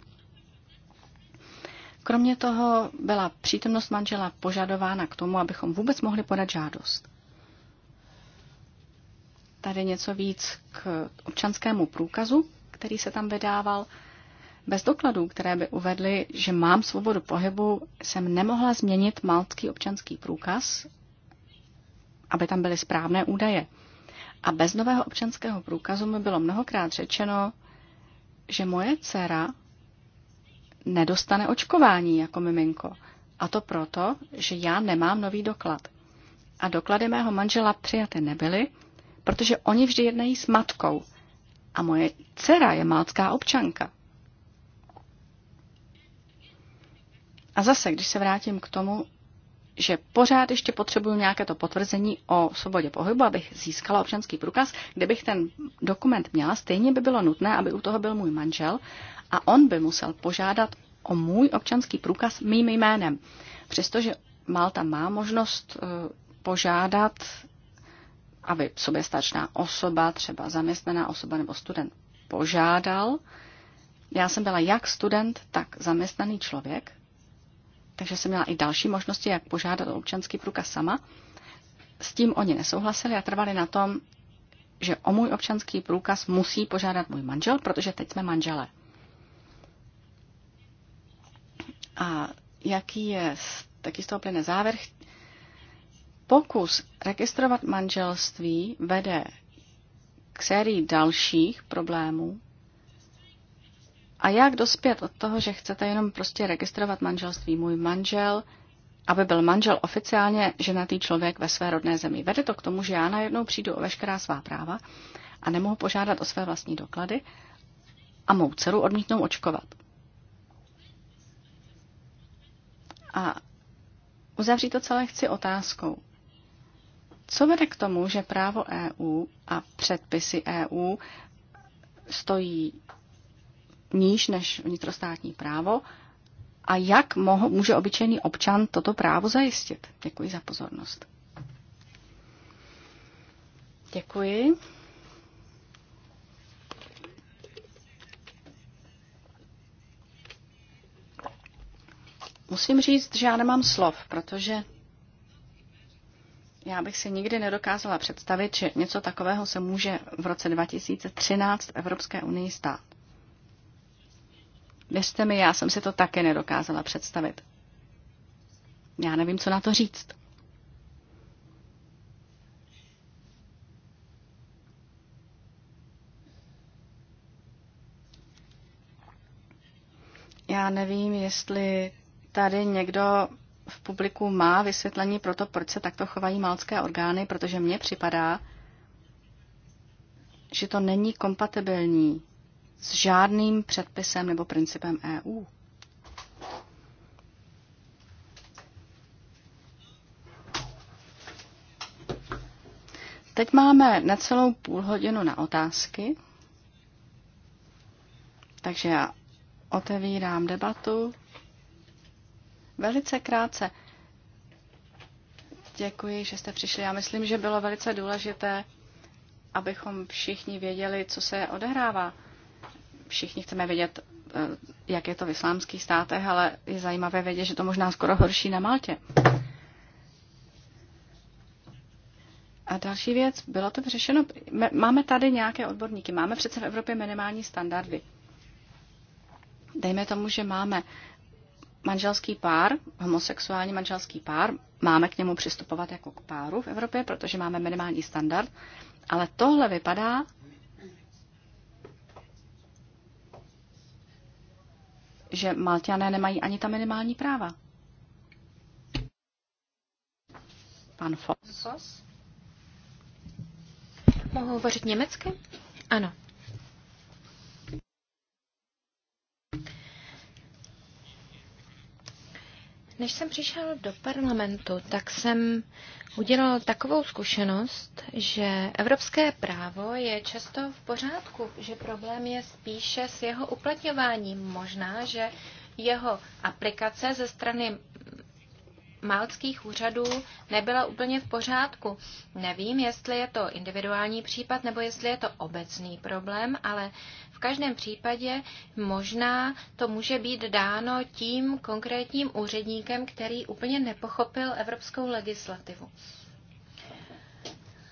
Kromě toho byla přítomnost manžela požadována k tomu, abychom vůbec mohli podat žádost tady něco víc k občanskému průkazu, který se tam vydával. Bez dokladů, které by uvedly, že mám svobodu pohybu, jsem nemohla změnit maltský občanský průkaz, aby tam byly správné údaje. A bez nového občanského průkazu mi bylo mnohokrát řečeno, že moje dcera nedostane očkování jako miminko. A to proto, že já nemám nový doklad. A doklady mého manžela přijaty nebyly protože oni vždy jednají s matkou. A moje dcera je malcká občanka. A zase, když se vrátím k tomu, že pořád ještě potřebuju nějaké to potvrzení o svobodě pohybu, abych získala občanský průkaz, kdybych ten dokument měla, stejně by bylo nutné, aby u toho byl můj manžel a on by musel požádat o můj občanský průkaz mým jménem. Přestože Malta má možnost eh, požádat aby soběstačná osoba, třeba zaměstnaná osoba nebo student, požádal. Já jsem byla jak student, tak zaměstnaný člověk, takže jsem měla i další možnosti, jak požádat o občanský průkaz sama. S tím oni nesouhlasili a trvali na tom, že o můj občanský průkaz musí požádat můj manžel, protože teď jsme manželé. A jaký je, taky z toho plyne závěr, Pokus registrovat manželství vede k sérii dalších problémů. A jak dospět od toho, že chcete jenom prostě registrovat manželství můj manžel, aby byl manžel oficiálně ženatý člověk ve své rodné zemi. Vede to k tomu, že já najednou přijdu o veškerá svá práva a nemohu požádat o své vlastní doklady a mou dceru odmítnou očkovat. A uzavřít to celé chci otázkou. Co vede k tomu, že právo EU a předpisy EU stojí níž než vnitrostátní právo a jak moho, může obyčejný občan toto právo zajistit? Děkuji za pozornost. Děkuji. Musím říct, že já nemám slov, protože já bych si nikdy nedokázala představit, že něco takového se může v roce 2013 v Evropské unii stát. Věřte mi, já jsem si to také nedokázala představit. Já nevím, co na to říct. Já nevím, jestli tady někdo v publiku má vysvětlení pro to, proč se takto chovají malcké orgány, protože mně připadá, že to není kompatibilní s žádným předpisem nebo principem EU. Teď máme necelou půl hodinu na otázky, takže já otevírám debatu. Velice krátce. Děkuji, že jste přišli. Já myslím, že bylo velice důležité, abychom všichni věděli, co se odehrává. Všichni chceme vědět, eh, jak je to v islámských státech, ale je zajímavé vědět, že to možná skoro horší na Maltě. A další věc, bylo to vyřešeno, máme tady nějaké odborníky, máme přece v Evropě minimální standardy. Dejme tomu, že máme manželský pár, homosexuální manželský pár, máme k němu přistupovat jako k páru v Evropě, protože máme minimální standard, ale tohle vypadá, že Maltiané nemají ani ta minimální práva. Pan Foss. Mohu hovořit německy? Ano. Než jsem přišel do parlamentu, tak jsem udělal takovou zkušenost, že evropské právo je často v pořádku, že problém je spíše s jeho uplatňováním. Možná, že jeho aplikace ze strany maltských úřadů nebyla úplně v pořádku. Nevím, jestli je to individuální případ nebo jestli je to obecný problém, ale v každém případě možná to může být dáno tím konkrétním úředníkem, který úplně nepochopil evropskou legislativu.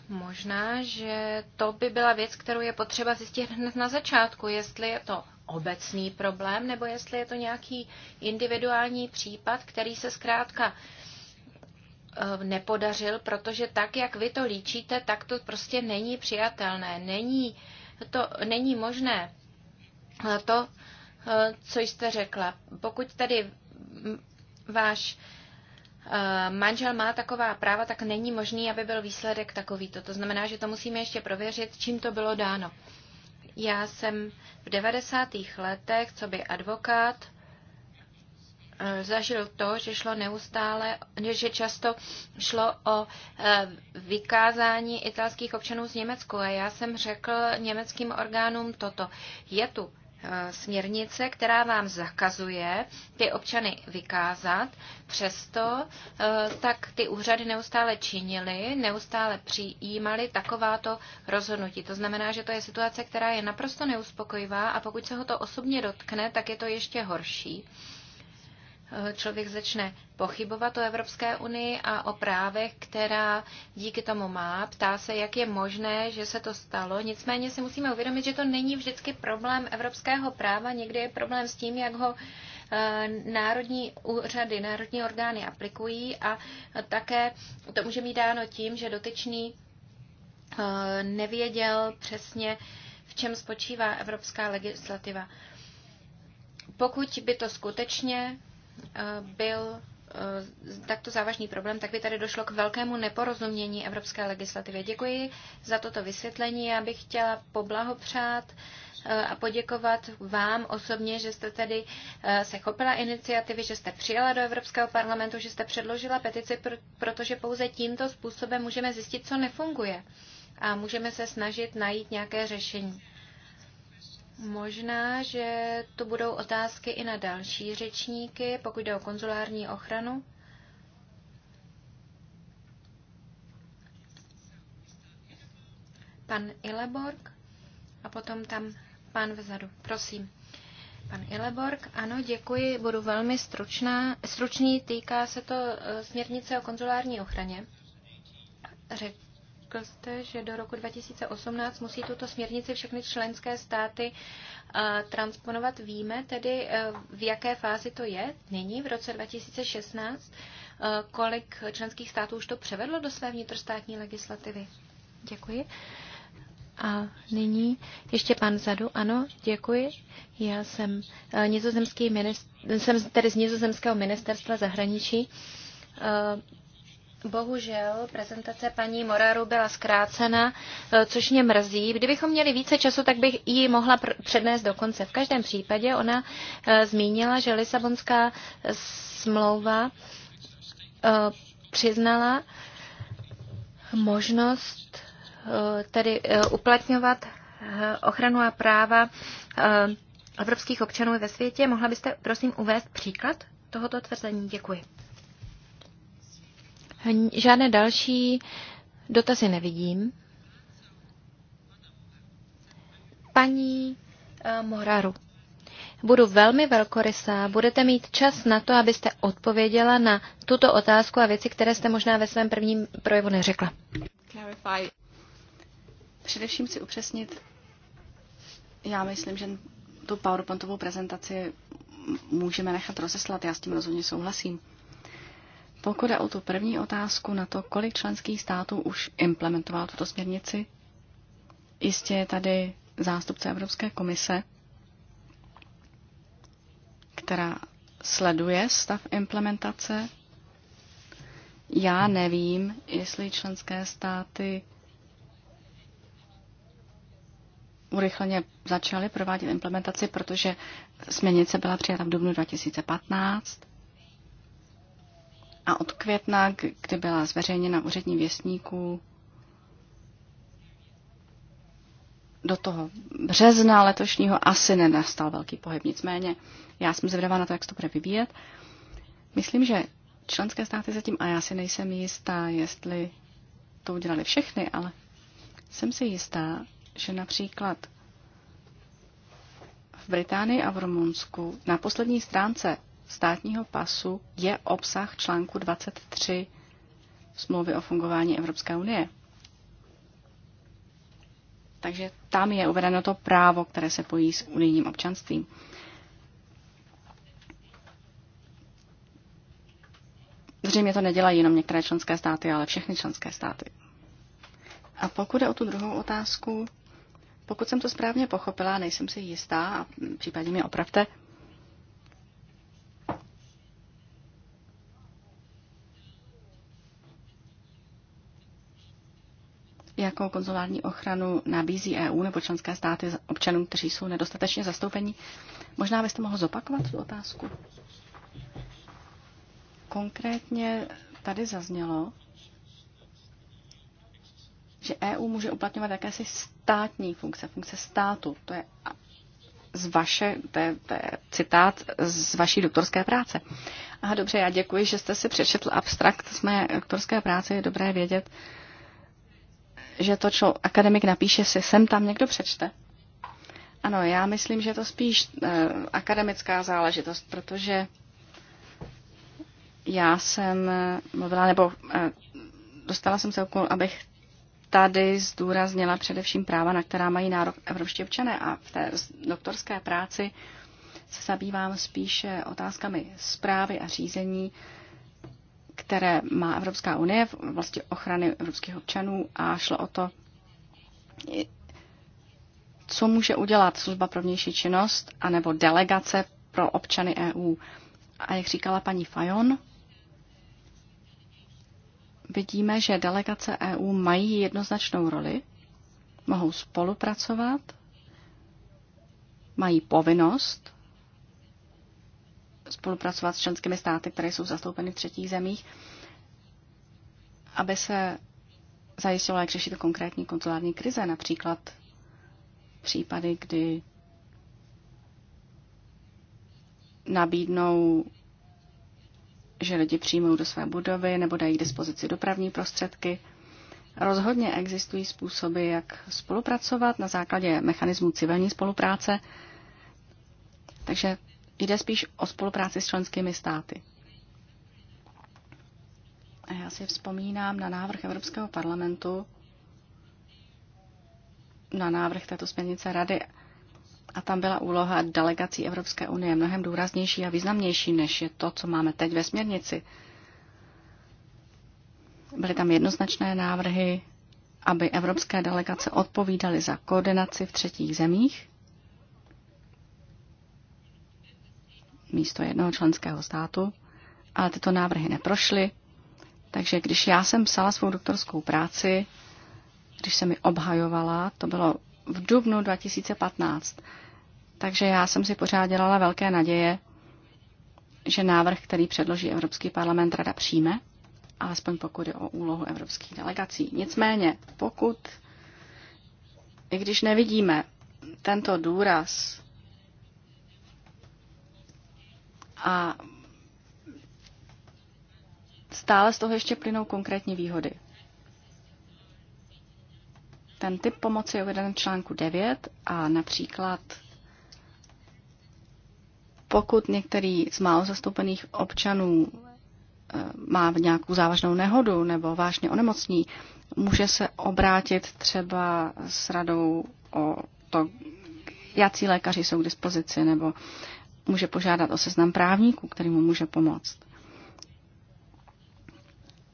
Možná, že to by byla věc, kterou je potřeba zjistit hned na začátku, jestli je to obecný problém, nebo jestli je to nějaký individuální případ, který se zkrátka eh, nepodařil, protože tak, jak vy to líčíte, tak to prostě není přijatelné. Není, to, není možné eh, to, eh, co jste řekla. Pokud tady váš manžel má taková práva, tak není možný, aby byl výsledek takovýto. To znamená, že to musíme ještě prověřit, čím to bylo dáno. Já jsem v 90. letech, co by advokát, eh, zažil to, že šlo neustále, že často šlo o eh, vykázání italských občanů z Německu. A já jsem řekl německým orgánům toto. Je tu Eh, směrnice, která vám zakazuje ty občany vykázat. Přesto eh, tak ty úřady neustále činily, neustále přijímaly takováto rozhodnutí. To znamená, že to je situace, která je naprosto neuspokojivá a pokud se ho to osobně dotkne, tak je to ještě horší. Eh, člověk začne pochybovat o Evropské unii a o právech, která díky tomu má. Ptá se, jak je možné, že se to stalo. Nicméně si musíme uvědomit, že to není vždycky problém evropského práva, někdy je problém s tím, jak ho eh, národní úřady, národní orgány aplikují a eh, také to může být dáno tím, že dotyčný nevěděl přesně, v čem spočívá evropská legislativa. Pokud by to skutečně Eh, byl eh, takto závažný problém, tak by tady došlo k velkému neporozumění evropské legislativy. Děkuji za toto vysvětlení. Já bych chtěla poblahopřát eh, a poděkovat vám osobně, že jste tedy se chopila iniciativy, že jste přijela do Evropského parlamentu, že jste předložila petici, protože pouze tímto způsobem můžeme zjistit, co nefunguje a můžeme se snažit najít nějaké řešení. Možná, že to budou otázky i na další řečníky, pokud jde o konzulární ochranu. Pan Ileborg a potom tam pan vzadu. Prosím. Pan Ileborg, ano, děkuji, budu velmi stručná. Stručný týká se to e, směrnice o konzulární ochraně. Řek, Řekl jste, že do roku 2018 musí tuto směrnici všechny členské státy transponovat. Víme tedy, e, v jaké fázi to je nyní, v roce 2016, e, kolik členských států už to převedlo do své vnitrostátní legislativy. Děkuji. A nyní ještě pan Zadu. Ano, děkuji. Já jsem, e, nizozemský minister, jsem tedy z nizozemského ministerstva zahraničí. Bohužel prezentace paní Moraru byla zkrácena, e, což mě mrzí. Kdybychom měli více času, tak bych ji mohla přednést dokonce V každém případě ona e, zmínila, že Lisabonská smlouva e, přiznala možnost tedy uplatňovat ochranu a práva evropských občanů ve světě. Mohla byste prosím uvést příklad tohoto tvrzení? Děkuji. Žádné další dotazy nevidím. Paní eh, Moraru, budu velmi velkorysá. Budete mít čas na to, abyste odpověděla na tuto otázku a věci, které jste možná ve svém prvním projevu neřekla. Clarify. Především chci upřesnit, já myslím, že tu PowerPointovou prezentaci můžeme nechat rozeslat, já s tím rozhodně souhlasím. Pokud jde o tu první otázku na to, kolik členských států už implementoval tuto směrnici, jistě je tady zástupce Evropské komise, která sleduje stav implementace. Já nevím, jestli členské státy urychleně začaly provádět implementaci, protože směrnice byla přijata v dubnu 2015 a od května, kdy byla zveřejněna úřední věstníků, do toho března letošního asi nenastal velký pohyb. Nicméně já jsem zvědavá na to, jak se to bude vyvíjet. Myslím, že členské státy zatím, a já si nejsem jistá, jestli to udělali všechny, ale jsem si jistá, že například v Británii a v Rumunsku na poslední stránce státního pasu je obsah článku 23 smlouvy o fungování Evropské unie. Takže tam je uvedeno to právo, které se pojí s unijním občanstvím. Zřejmě to nedělají jenom některé členské státy, ale všechny členské státy. A pokud je o tu druhou otázku, pokud jsem to správně pochopila, nejsem si jistá, a případně mi opravte, jakou konzulární ochranu nabízí EU nebo členské státy občanům, kteří jsou nedostatečně zastoupeni. Možná byste mohl zopakovat tu otázku. Konkrétně tady zaznělo, že EU může uplatňovat jakési státní funkce, funkce státu. To je z vaše, to je, to je citát z vaší doktorské práce. Aha, dobře, já děkuji, že jste si přečetl abstrakt z mé doktorské práce. Je dobré vědět, že to, co akademik napíše, si sem tam někdo přečte? Ano, já myslím, že je to spíš eh, akademická záležitost, protože já jsem eh, mluvila, nebo eh, dostala jsem se okolo, abych tady zdůraznila především práva, na která mají nárok evropští občané a v té doktorské práci se zabývám spíše otázkami zprávy a řízení, eh, které má Evropská unie v oblasti ochrany evropských občanů a šlo o to, co může udělat služba pro vnější činnost anebo delegace pro občany EU. A jak říkala paní Fajon, vidíme, že delegace EU mají jednoznačnou roli, mohou spolupracovat, mají povinnost spolupracovat s členskými státy, které jsou zastoupeny v třetích zemích, aby se zajistilo, jak řešit konkrétní konzulární krize, například případy, kdy nabídnou, že lidi přijmou do své budovy nebo dají k dispozici dopravní prostředky. Rozhodně existují způsoby, jak spolupracovat na základě mechanismů civilní spolupráce. Takže Jde spíš o spolupráci s členskými státy. A já si vzpomínám na návrh Evropského parlamentu, na návrh této směrnice Rady a tam byla úloha delegací Evropské unie mnohem důraznější a významnější, než je to, co máme teď ve směrnici. Byly tam jednoznačné návrhy, aby evropské delegace odpovídaly za koordinaci v třetích zemích místo jednoho členského státu, ale tyto návrhy neprošly. Takže když já jsem psala svou doktorskou práci, když se mi obhajovala, to bylo v dubnu 2015, takže já jsem si pořád dělala velké naděje, že návrh, který předloží Evropský parlament, rada přijme, alespoň pokud je o úlohu evropských delegací. Nicméně, pokud, i když nevidíme tento důraz A stále z toho ještě plynou konkrétní výhody. Ten typ pomoci je uveden v článku 9 a například pokud některý z málo zastoupených občanů eh, má nějakou závažnou nehodu nebo vážně onemocní, může se obrátit třeba s radou o to, jaký lékaři jsou k dispozici nebo může požádat o seznam právníků, který mu může pomoct.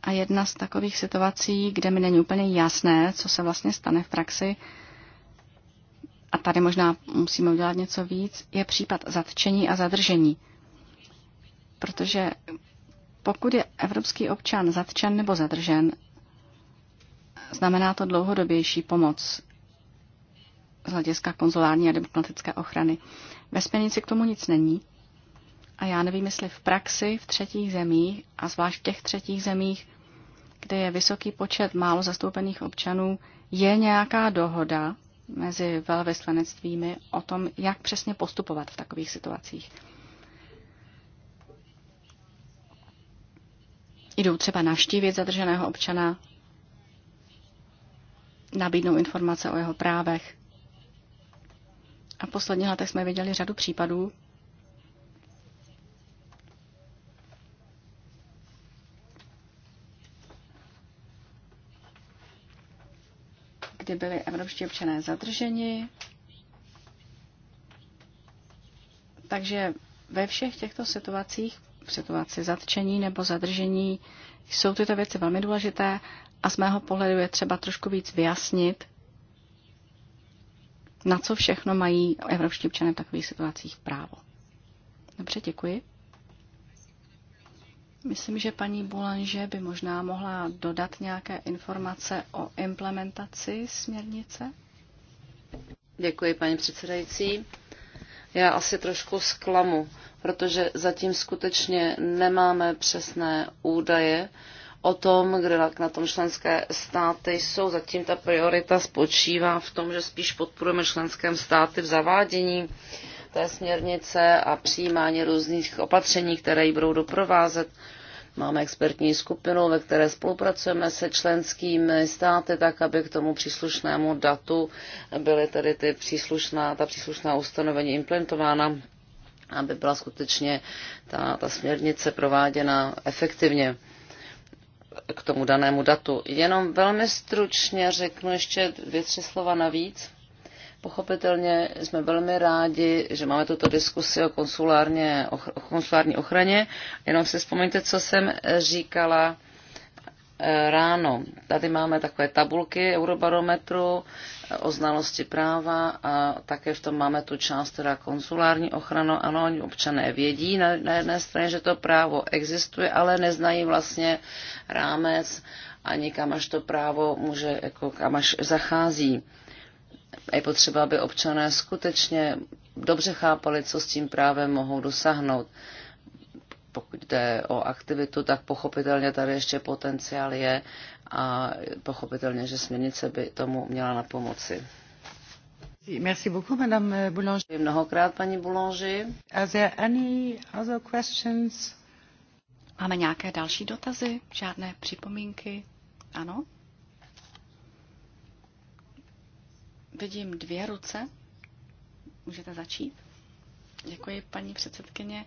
A jedna z takových situací, kde mi není úplně jasné, co se vlastně stane v praxi, a tady možná musíme udělat něco víc, je případ zatčení a zadržení. Protože pokud je evropský občan zatčen nebo zadržen, znamená to dlouhodobější pomoc z hlediska konzulární a diplomatické ochrany. Ve směrnici k tomu nic není. A já nevím, jestli v praxi v třetích zemích, a zvlášť v těch třetích zemích, kde je vysoký počet málo zastoupených občanů, je nějaká dohoda mezi velvyslanectvími o tom, jak přesně postupovat v takových situacích. Jdou třeba navštívit zadrženého občana, nabídnou informace o jeho právech. A v posledních letech jsme viděli řadu případů, kdy byli evropští občané zadrženi. Takže ve všech těchto situacích, v situaci zatčení nebo zadržení, jsou tyto věci velmi důležité a z mého pohledu je třeba trošku víc vyjasnit, na co všechno mají evropští občané v takových situacích právo. Dobře, děkuji. Myslím, že paní Boulanger by možná mohla dodat nějaké informace o implementaci směrnice. Děkuji, paní předsedající. Já asi trošku zklamu, protože zatím skutečně nemáme přesné údaje, o tom, kde na tom členské státy jsou. Zatím ta priorita spočívá v tom, že spíš podporujeme členském státy v zavádění té směrnice a přijímání různých opatření, které ji budou doprovázet. Máme expertní skupinu, ve které spolupracujeme se členskými státy, tak aby k tomu příslušnému datu byly tedy ty příslušná, ta příslušná ustanovení implementována, aby byla skutečně ta, ta směrnice prováděna efektivně k tomu danému datu. Jenom velmi stručně řeknu ještě dvě, tři slova navíc. Pochopitelně jsme velmi rádi, že máme tuto diskusi o konsulárně, o konsulární ochraně. Jenom si vzpomeňte, co jsem říkala Eh, ráno. Tady máme takové tabulky Eurobarometru eh, o znalosti práva a také v tom máme tu část, která konsulární ochrana. Ano, oni občané vědí na, na jedné straně, že to právo existuje, ale neznají vlastně rámec ani kam až to právo může, jako kam až zachází. Je potřeba, aby občané skutečně dobře chápali, co s tím právem mohou dosáhnout pokud jde o aktivitu, tak pochopitelně tady ještě potenciál je a pochopitelně, že směrnice by tomu měla na pomoci. Merci beaucoup, Madame Boulanger. Mnohokrát, paní Boulanger. Are there any other questions? Máme nějaké další dotazy? Žádné připomínky? Ano? Vidím dvě ruce. Můžete začít? Děkuji, paní předsedkyně.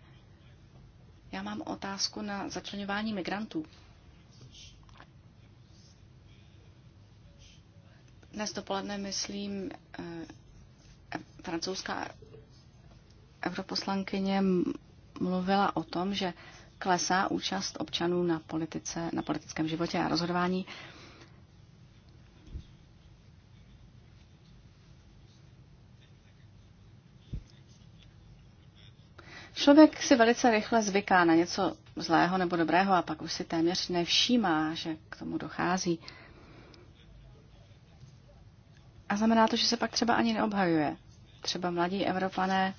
Já mám otázku na začlenování migrantů. Dnes dopoledne, myslím, eh, francouzská europoslankyně mluvila o tom, že klesá účast občanů na, politice, na politickém životě a rozhodování. Eh, Člověk si velice rychle zvyká na něco zlého nebo dobrého a pak už si téměř nevšímá, že k tomu dochází. A znamená to, že se pak třeba ani neobhajuje. Třeba mladí Evropané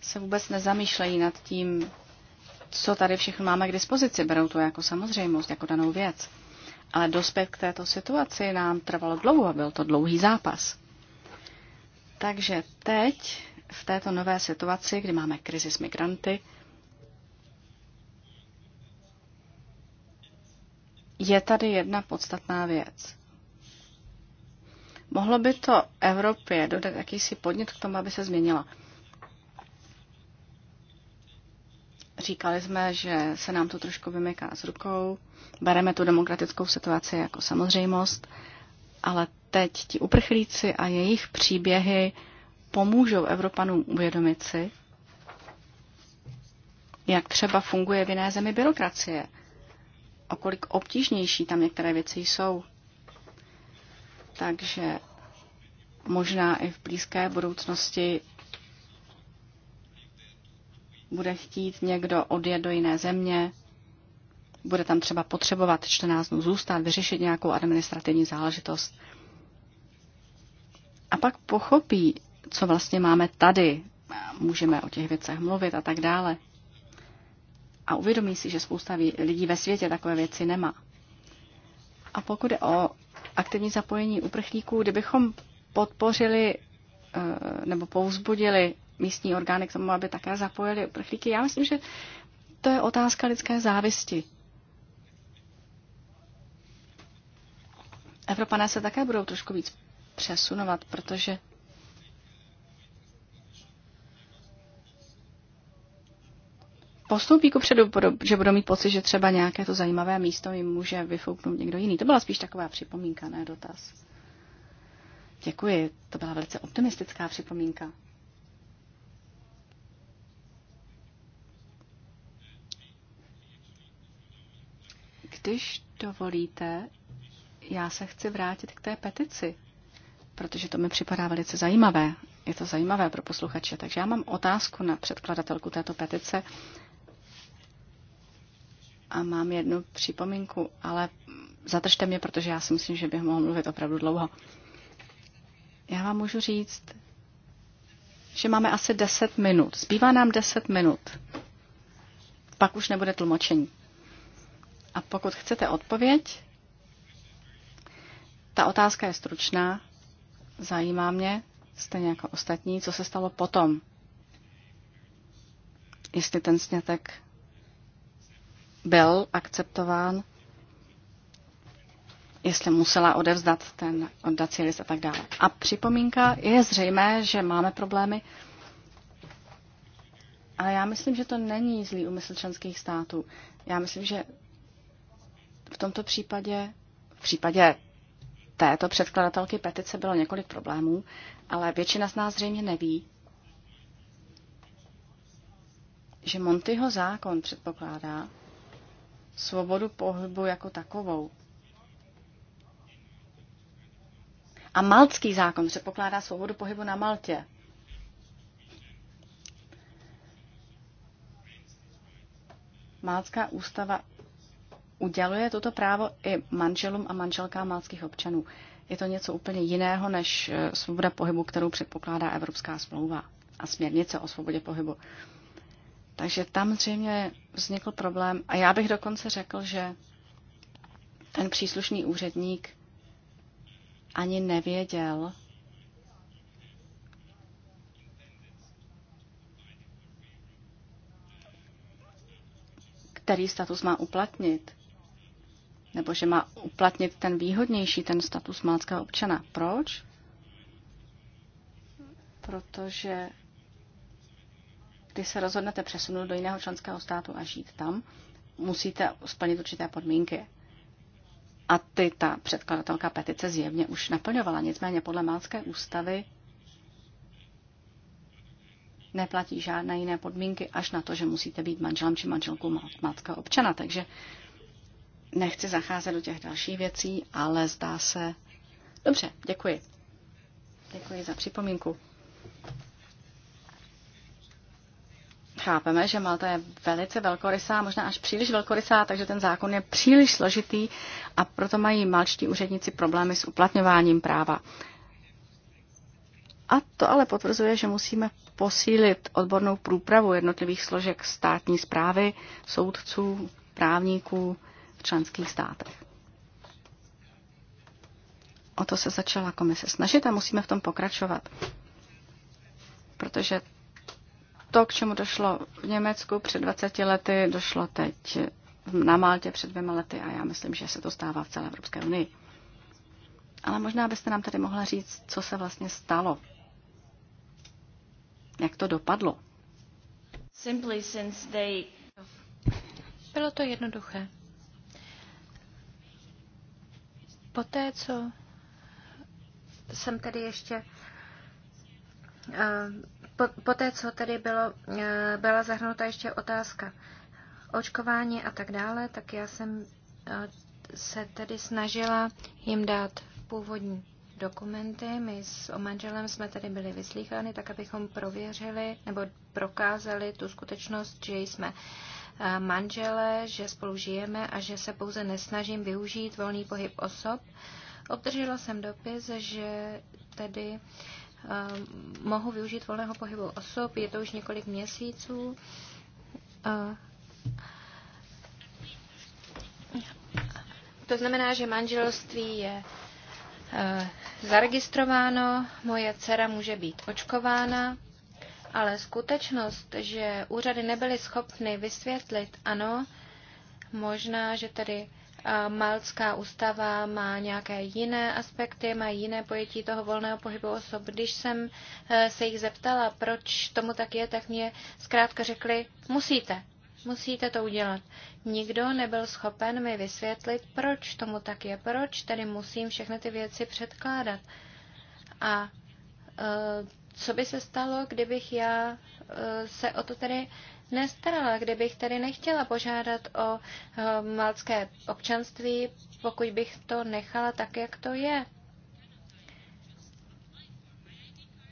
se vůbec nezamýšlejí nad tím, co tady všechno máme k dispozici. Berou to jako samozřejmost, jako danou věc. Ale dospět k této situaci nám trvalo dlouho a byl to dlouhý zápas. Takže teď v této nové situaci, kdy máme krizi s migranty, je tady jedna podstatná věc. Mohlo by to Evropě dodat jakýsi podnět k tomu, aby se změnila. Říkali jsme, že se nám to trošku vymyká z rukou, bereme tu demokratickou situaci jako samozřejmost, ale teď ti uprchlíci a jejich příběhy pomůžou Evropanům uvědomit si, jak třeba funguje v jiné zemi byrokracie, o kolik obtížnější tam některé věci jsou. Takže možná i v blízké budoucnosti bude chtít někdo odjet do jiné země, bude tam třeba potřebovat 14 dnů zůstat, vyřešit nějakou administrativní záležitost. A pak pochopí, co vlastně máme tady. Můžeme o těch věcech mluvit a tak dále. A uvědomí si, že spousta lidí ve světě takové věci nemá. A pokud je o aktivní zapojení uprchlíků, kdybychom podpořili eh, nebo pouzbudili místní orgány k tomu, aby také zapojili uprchlíky, já myslím, že to je otázka lidské závisti. Evropané se také budou trošku víc přesunovat, protože postoupí předu, že budou mít pocit, že třeba nějaké to zajímavé místo jim může vyfouknout někdo jiný. To byla spíš taková připomínka, ne dotaz. Děkuji, to byla velice optimistická připomínka. Když dovolíte, já se chci vrátit k té petici, protože to mi připadá velice zajímavé. Je to zajímavé pro posluchače. Takže já mám otázku na předkladatelku této petice a mám jednu připomínku, ale zatržte mě, protože já si myslím, že bych mohl mluvit opravdu dlouho. Já vám můžu říct, že máme asi 10 minut. Zbývá nám 10 minut. Pak už nebude tlumočení. A pokud chcete odpověď, ta otázka je stručná, zajímá mě, stejně jako ostatní, co se stalo potom. Jestli ten snětek byl akceptován, jestli musela odevzdat ten oddací list a tak dále. A připomínka je zřejmé, že máme problémy, ale já myslím, že to není zlý úmysl členských států. Já myslím, že v tomto případě, v případě této předkladatelky petice bylo několik problémů, ale většina z nás zřejmě neví, že Montyho zákon předpokládá, svobodu pohybu jako takovou. A maltský zákon předpokládá svobodu pohybu na Maltě. Maltská ústava uděluje toto právo i manželům a manželkám maltských občanů. Je to něco úplně jiného než eh, svoboda pohybu, kterou předpokládá Evropská smlouva a směrnice o svobodě pohybu. Takže tam zřejmě vznikl problém. A já bych dokonce řekl, že ten příslušný úředník ani nevěděl, který status má uplatnit. Nebo že má uplatnit ten výhodnější, ten status malckého občana. Proč? Protože když se rozhodnete přesunout do jiného členského státu a žít tam, musíte splnit určité podmínky. A ty ta předkladatelka petice zjevně už naplňovala. Nicméně podle Malské ústavy neplatí žádné jiné podmínky, až na to, že musíte být manželem či manželkou maltského občana. Takže nechci zacházet do těch dalších věcí, ale zdá se... Dobře, děkuji. Děkuji za připomínku. Chápeme, že Malta je velice velkorysá, možná až příliš velkorysá, takže ten zákon je příliš složitý a proto mají malčtí úředníci problémy s uplatňováním práva. A to ale potvrzuje, že musíme posílit odbornou průpravu jednotlivých složek státní zprávy, soudců, právníků v členských státech. O to se začala komise snažit a musíme v tom pokračovat. Protože to, k čemu došlo v Německu před 20 lety, došlo teď na Maltě před dvěma lety a já myslím, že se to stává v celé Evropské unii. Ale možná byste nám tady mohla říct, co se vlastně stalo. Jak to dopadlo? Bylo to jednoduché. Poté, co jsem tady ještě uh Poté, co tady bylo, eh, byla zahrnuta ještě otázka očkování a tak dále, tak já jsem eh, se tedy snažila jim dát původní dokumenty. My s manželem jsme tady byli vyslýchány, tak abychom prověřili nebo prokázali tu skutečnost, že jsme eh, manžele, že spolu žijeme a že se pouze nesnažím využít volný pohyb osob. Obdržela jsem dopis, že tedy uh, Eh, mohu využít volného pohybu osob. Je to už několik měsíců. Eh, to znamená, že manželství je eh, zaregistrováno, moje dcera může být očkována, ale skutečnost, že úřady nebyly schopny vysvětlit, ano, možná, že tedy Malcká ústava má nějaké jiné aspekty, má jiné pojetí toho volného pohybu osob. Když jsem eh, se jich zeptala, proč tomu tak je, tak mě zkrátka řekli, musíte, musíte to udělat. Nikdo nebyl schopen mi vysvětlit, proč tomu tak je, proč tedy musím všechny ty věci předkládat. A eh, co by se stalo, kdybych já eh, se o to tedy nestarala, kdybych tedy nechtěla požádat o malcké občanství, pokud bych to nechala tak, jak to je.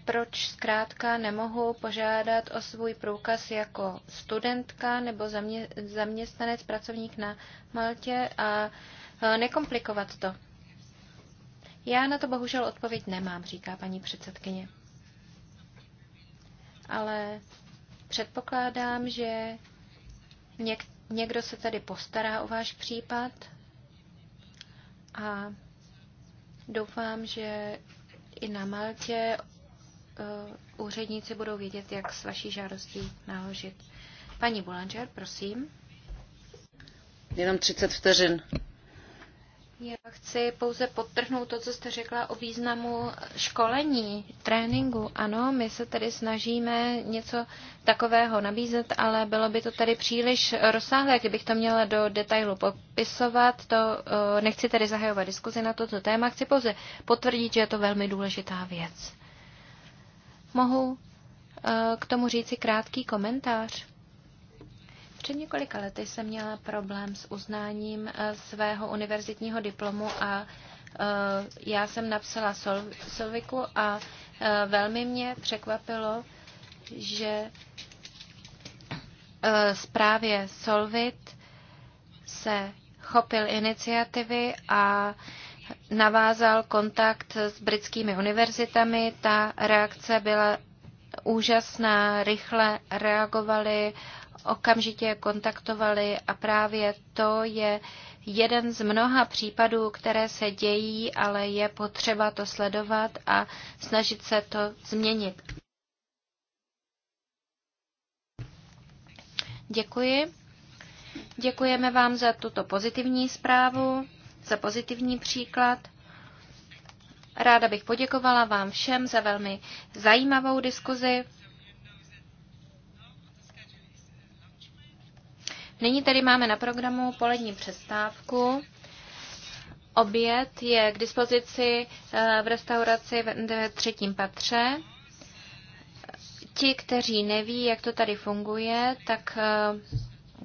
Proč zkrátka nemohu požádat o svůj průkaz jako studentka nebo zamě, zaměstnanec, pracovník na Maltě a nekomplikovat to? Já na to bohužel odpověď nemám, říká paní předsedkyně. Ale Předpokládám, že něk- někdo se tady postará o váš případ a doufám, že i na Maltě uh, úředníci budou vědět, jak s vaší žádostí naložit. Paní Boulanger, prosím. Jenom 30 vteřin. Já chci pouze podtrhnout to, co jste řekla o významu školení, tréninku. Ano, my se tedy snažíme něco takového nabízet, ale bylo by to tady příliš rozsáhlé, kdybych to měla do detailu popisovat. To eh, nechci tedy zahajovat diskuzi na toto téma, chci pouze potvrdit, že je to velmi důležitá věc. Mohu eh, k tomu říci krátký komentář? Před několika lety jsem měla problém s uznáním eh, svého univerzitního diplomu a eh, já jsem napsala Solviku a eh, velmi mě překvapilo, že zprávě Solvit se chopil iniciativy a navázal kontakt s britskými univerzitami. Ta reakce byla úžasná, rychle reagovali okamžitě kontaktovali a právě to je jeden z mnoha případů, které se dějí, ale je potřeba to sledovat a snažit se to změnit. Děkuji. Děkujeme vám za tuto pozitivní zprávu, za pozitivní příklad. Ráda bych poděkovala vám všem za velmi zajímavou diskuzi. Nyní tady máme na programu polední přestávku. Oběd je k dispozici eh, v restauraci ve třetím patře. Ti, kteří neví, jak to tady funguje, tak eh,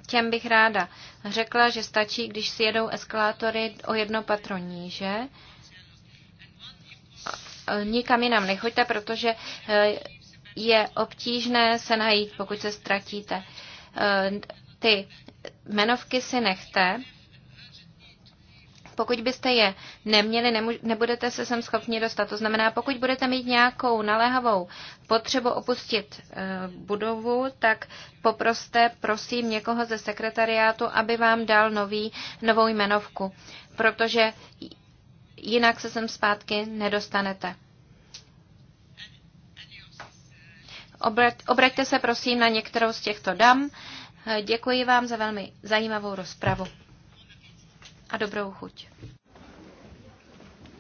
těm bych ráda řekla, že stačí, když si jedou eskalátory o jedno patro níže. Eh, nikam jinam nechoďte, protože je obtížné se najít, pokud se ztratíte. Ty jmenovky si nechte. Pokud byste je neměli, nebudete se sem schopni dostat. To znamená, pokud budete mít nějakou naléhavou potřebu opustit eh, budovu, tak poproste, prosím, někoho ze sekretariátu, aby vám dal nový, novou jmenovku, protože jinak se sem zpátky nedostanete. obraťte se prosím na některou z těchto dam Děkuji vám za velmi zajímavou rozpravu a dobrou chuť.